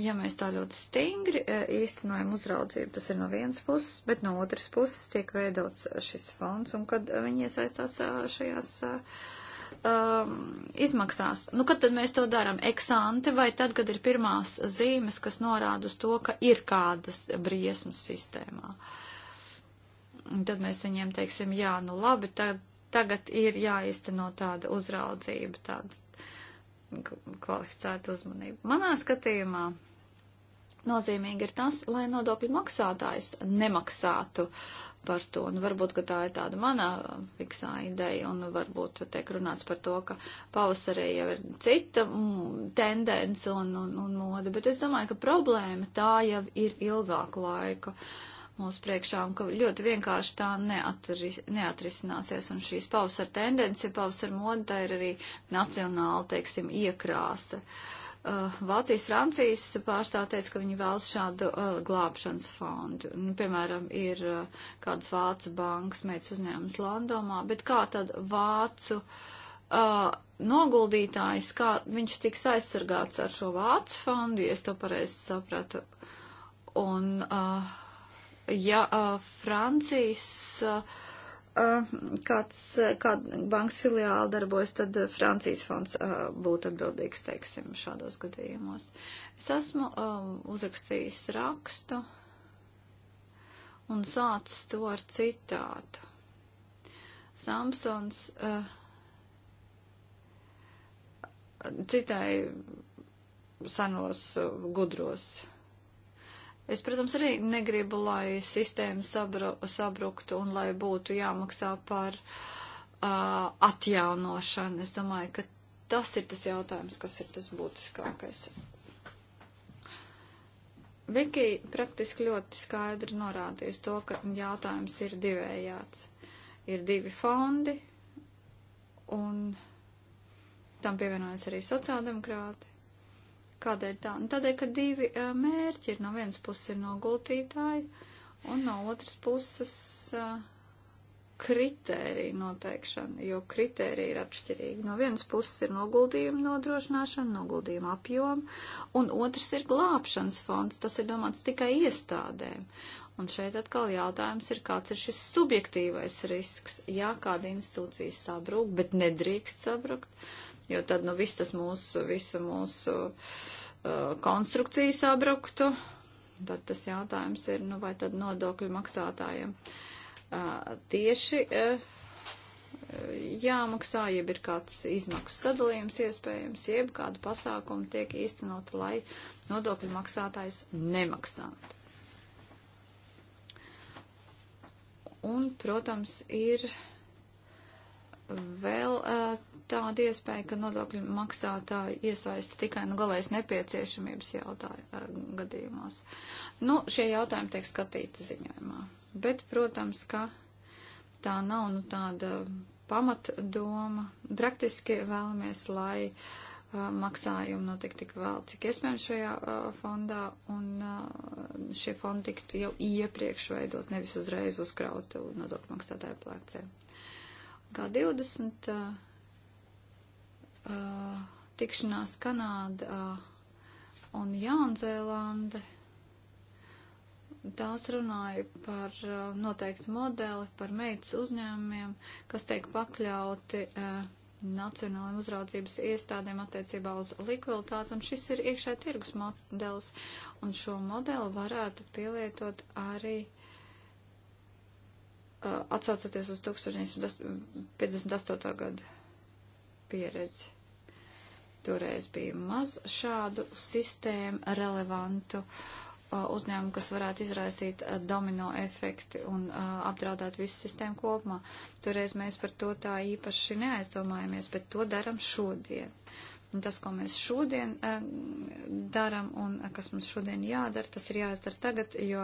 Ja mēs tā ļoti stingri e, īstenojam uzraudzību, tas ir no vienas puses, bet no otras puses tiek veidots šis fonds, un kad viņi iesaistās e, šajās uh, um, izmaksās. Nu, kad tad mēs to darām? Eksante vai tad, kad ir pirmās zīmes, kas norāda uz to, ka ir kādas briesmas sistēmā? Un tad mēs viņiem teiksim, jā, nu labi, tad, tagad ir jāizteno tāda uzraudzība, tāda kvalificēta uzmanība. Manā skatījumā nozīmīgi ir tas, lai nodokļu maksātājs nemaksātu par to. Nu, varbūt, ka tā ir tāda mana fiksā ideja, un varbūt tiek runāts par to, ka pavasarī jau ir cita mm, tendence un, un, un moda, bet es domāju, ka problēma tā jau ir ilgāku laiku mūsu priekšā, un ka ļoti vienkārši tā neatris, neatrisināsies, un šīs pavasara tendence, pavasara moda, tā ir arī nacionāla, teiksim, iekrāsa. Uh, uh, Vācijas, Francijas pārstāv teica, ka viņi vēlas šādu uh, glābšanas fondu. Nu, piemēram, ir uh, kādas Vācu bankas meitas uzņēmums Londomā, bet kā tad Vācu uh, noguldītājs, kā viņš tiks aizsargāts ar šo Vācu fondu, ja es to pareizi sapratu. Un, uh, ja uh, Francijas. Uh, kāds, kāda bankas filiāla darbojas, tad Francijas fonds būtu atbildīgs, teiksim, šādos gadījumos. Es esmu uzrakstījis rakstu un sācis to ar citātu. Samsons citai senos gudros Es, protams, arī negribu, lai sistēma sabru, sabruktu un lai būtu jāmaksā par uh, atjaunošanu. Es domāju, ka tas ir tas jautājums, kas ir tas būtiskākais. Viki praktiski ļoti skaidri norādījusi to, ka jautājums ir divējāds. Ir divi fondi, un tam pievienojas arī sociāldemokrāti. Kādēļ tā? Un nu, tādēļ, ka divi uh, mērķi ir no vienas puses ir nogultītāji un no otras puses uh, kritērija noteikšana, jo kritērija ir atšķirīga. No vienas puses ir noguldījuma nodrošināšana, noguldījuma apjoma, un otrs ir glābšanas fonds. Tas ir domāts tikai iestādēm. Un šeit atkal jautājums ir, kāds ir šis subjektīvais risks. Jā, kāda institūcija sabrūk, bet nedrīkst sabrukt. Uh, jo tad, nu, viss tas mūsu, visa mūsu uh, konstrukcija sabruktu, tad tas jautājums ir, nu, vai tad nodokļu maksātājiem uh, tieši uh, jāmaksā, jeb ir kāds izmaksu sadalījums iespējams, jeb kādu pasākumu tiek īstenot, lai nodokļu maksātājs nemaksātu. Un, protams, ir vēl uh, tāda iespēja, ka nodokļu maksātāji iesaista tikai nu galējas nepieciešamības jautājumu eh, gadījumos. Nu, šie jautājumi tiek skatīti ziņojumā. Bet, protams, ka tā nav nu tāda pamatdoma. Praktiski vēlamies, lai uh, maksājumi notiek tik vēl, cik iespējams šajā uh, fondā, un uh, šie fondi tiktu jau iepriekš veidot, nevis uzreiz uzkraut nodokļu maksātāju plēcē. Kā 20 uh, tikšanās Kanāda uh, un Jaunzēlande. Tās runāja par uh, noteiktu modeli, par meitas uzņēmumiem, kas tiek pakļauti uh, nacionālajiem uzraudzības iestādēm attiecībā uz likviditāti, un šis ir iekšē tirgus modelis, un šo modeli varētu pielietot arī uh, atsaucoties uz 1958. gadu pieredzi. Toreiz bija maz šādu sistēmu relevantu uh, uzņēmumu, kas varētu izraisīt uh, domino efekti un uh, apdraudēt visu sistēmu kopumā. Toreiz mēs par to tā īpaši neaizdomājamies, bet to daram šodien. Un tas, ko mēs šodien daram un kas mums šodien jādara, tas ir jāizdara tagad, jo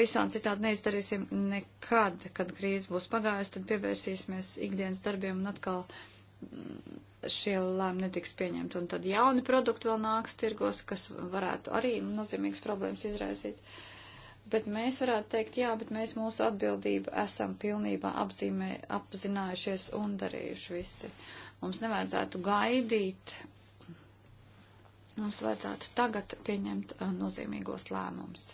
visādi citādi neizdarīsim nekad, kad krīze būs pagājusi, tad pievērsīsimies ikdienas darbiem un atkal uh, šie lēmumi netiks pieņemti, un tad jauni produkti vēl nāks tirgos, kas varētu arī nozīmīgas problēmas izraisīt. Bet mēs varētu teikt, jā, bet mēs mūsu atbildību esam pilnībā apzīmē, apzinājušies un darījuši visi. Mums nevajadzētu gaidīt, mums vajadzētu tagad pieņemt uh, nozīmīgos lēmumus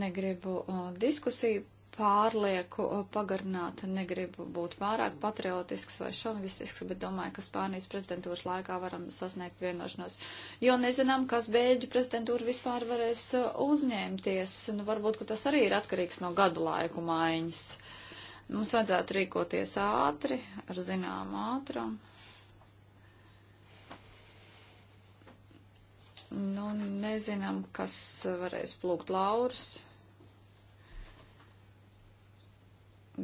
negribu o, uh, diskusiju pārlieku uh, pagarināta, negribu būt pārāk patriotisks vai šovinistisks, bet domāju, ka Spānijas prezidentūras laikā varam sasniegt vienošanos. Jo nezinām, kas Bēļģu prezidentūra vispār varēs uh, uzņemties. Nu, varbūt, ka tas arī ir atkarīgs no gadu laiku maiņas. Mums vajadzētu rīkoties ātri, ar zināmu ātrumu. Nu, nezinām, kas varēs plūkt laurus.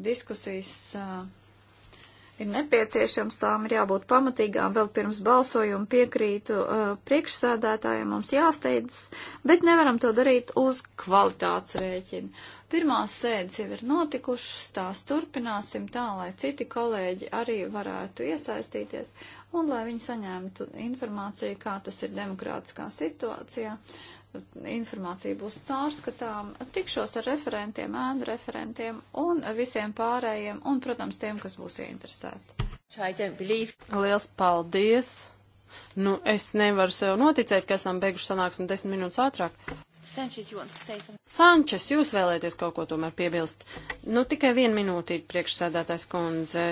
diskusijas uh, ir nepieciešams, tām ir jābūt pamatīgām. Vēl pirms balsojuma piekrītu uh, priekšsēdētājiem mums jāsteidzas, bet nevaram to darīt uz kvalitātes rēķina. Pirmās sēdes jau ir notikušas, tās turpināsim tā, lai citi kolēģi arī varētu iesaistīties un lai viņi saņemtu informāciju, kā tas ir demokrātiskā situācijā. Uh, informācija būs caurskatām. Tikšos ar referentiem, ēnu referentiem un visiem pārējiem un, protams, tiem, kas būs ieinteresēti. Liels paldies! Nu, es nevaru sev noticēt, ka esam beiguši sanāksmi desmit minūtes ātrāk. Sančes, jūs vēlēties kaut ko tomēr piebilst? Nu, tikai vienu minūtīti priekšsēdētājs kundze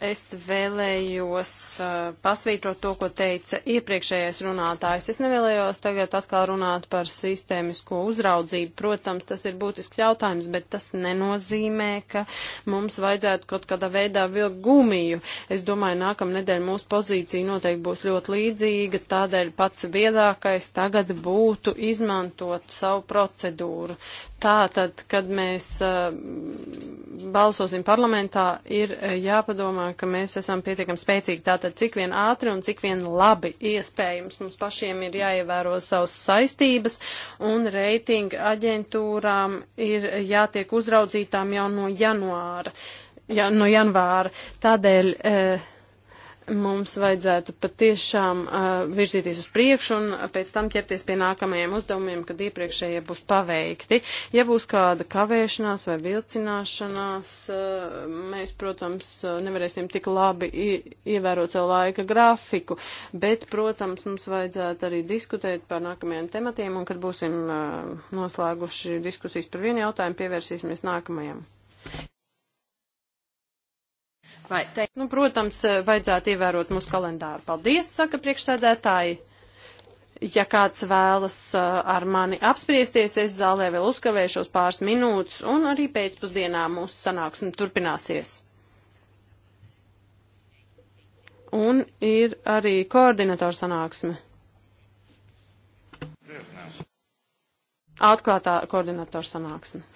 es vēlējos uh, pasvītrot to, ko teica iepriekšējais runātājs. Es nevēlējos tagad atkal runāt par sistēmisko uzraudzību. Protams, tas ir būtisks jautājums, bet tas nenozīmē, ka mums vajadzētu kaut kādā veidā vilkt gumiju. Es domāju, nākamnedēļ mūsu pozīcija noteikti būs ļoti līdzīga, tādēļ pats viedākais tagad būtu izmantot savu procedūru. Tātad, kad mēs uh, balsosim parlamentā, ir uh, jāpadomā, ka mēs esam pietiekami spēcīgi. Tātad, cik vien ātri un cik vien labi iespējams mums pašiem ir jāievēro savas saistības, un reitinga aģentūrām ir jātiek uzraudzītām jau no janvāra. Ja, no janvāra. Tādēļ. Uh, mums vajadzētu patiešām uh, virzīties uz priekšu un pēc tam ķerties pie nākamajiem uzdevumiem, kad iepriekšējie būs paveikti. Ja būs kāda kavēšanās vai vilcināšanās, uh, mēs, protams, uh, nevarēsim tik labi ievērot savu laika grafiku, bet, protams, mums vajadzētu arī diskutēt par nākamajiem tematiem un, kad būsim uh, noslēguši diskusijas par vienu jautājumu, pievērsīsimies nākamajam. Vai te... Nu, protams, eh, vajadzētu ievērot mūsu kalendāru. Paldies, saka priekšsēdētāji. Ja kāds vēlas eh, ar mani apspriesties, es zālē vēl uzkavēšos pāris minūtes, un arī pēcpusdienā mūsu sanāksme turpināsies. Un ir arī koordinatora sanāksme. Atklātā koordinatora sanāksme.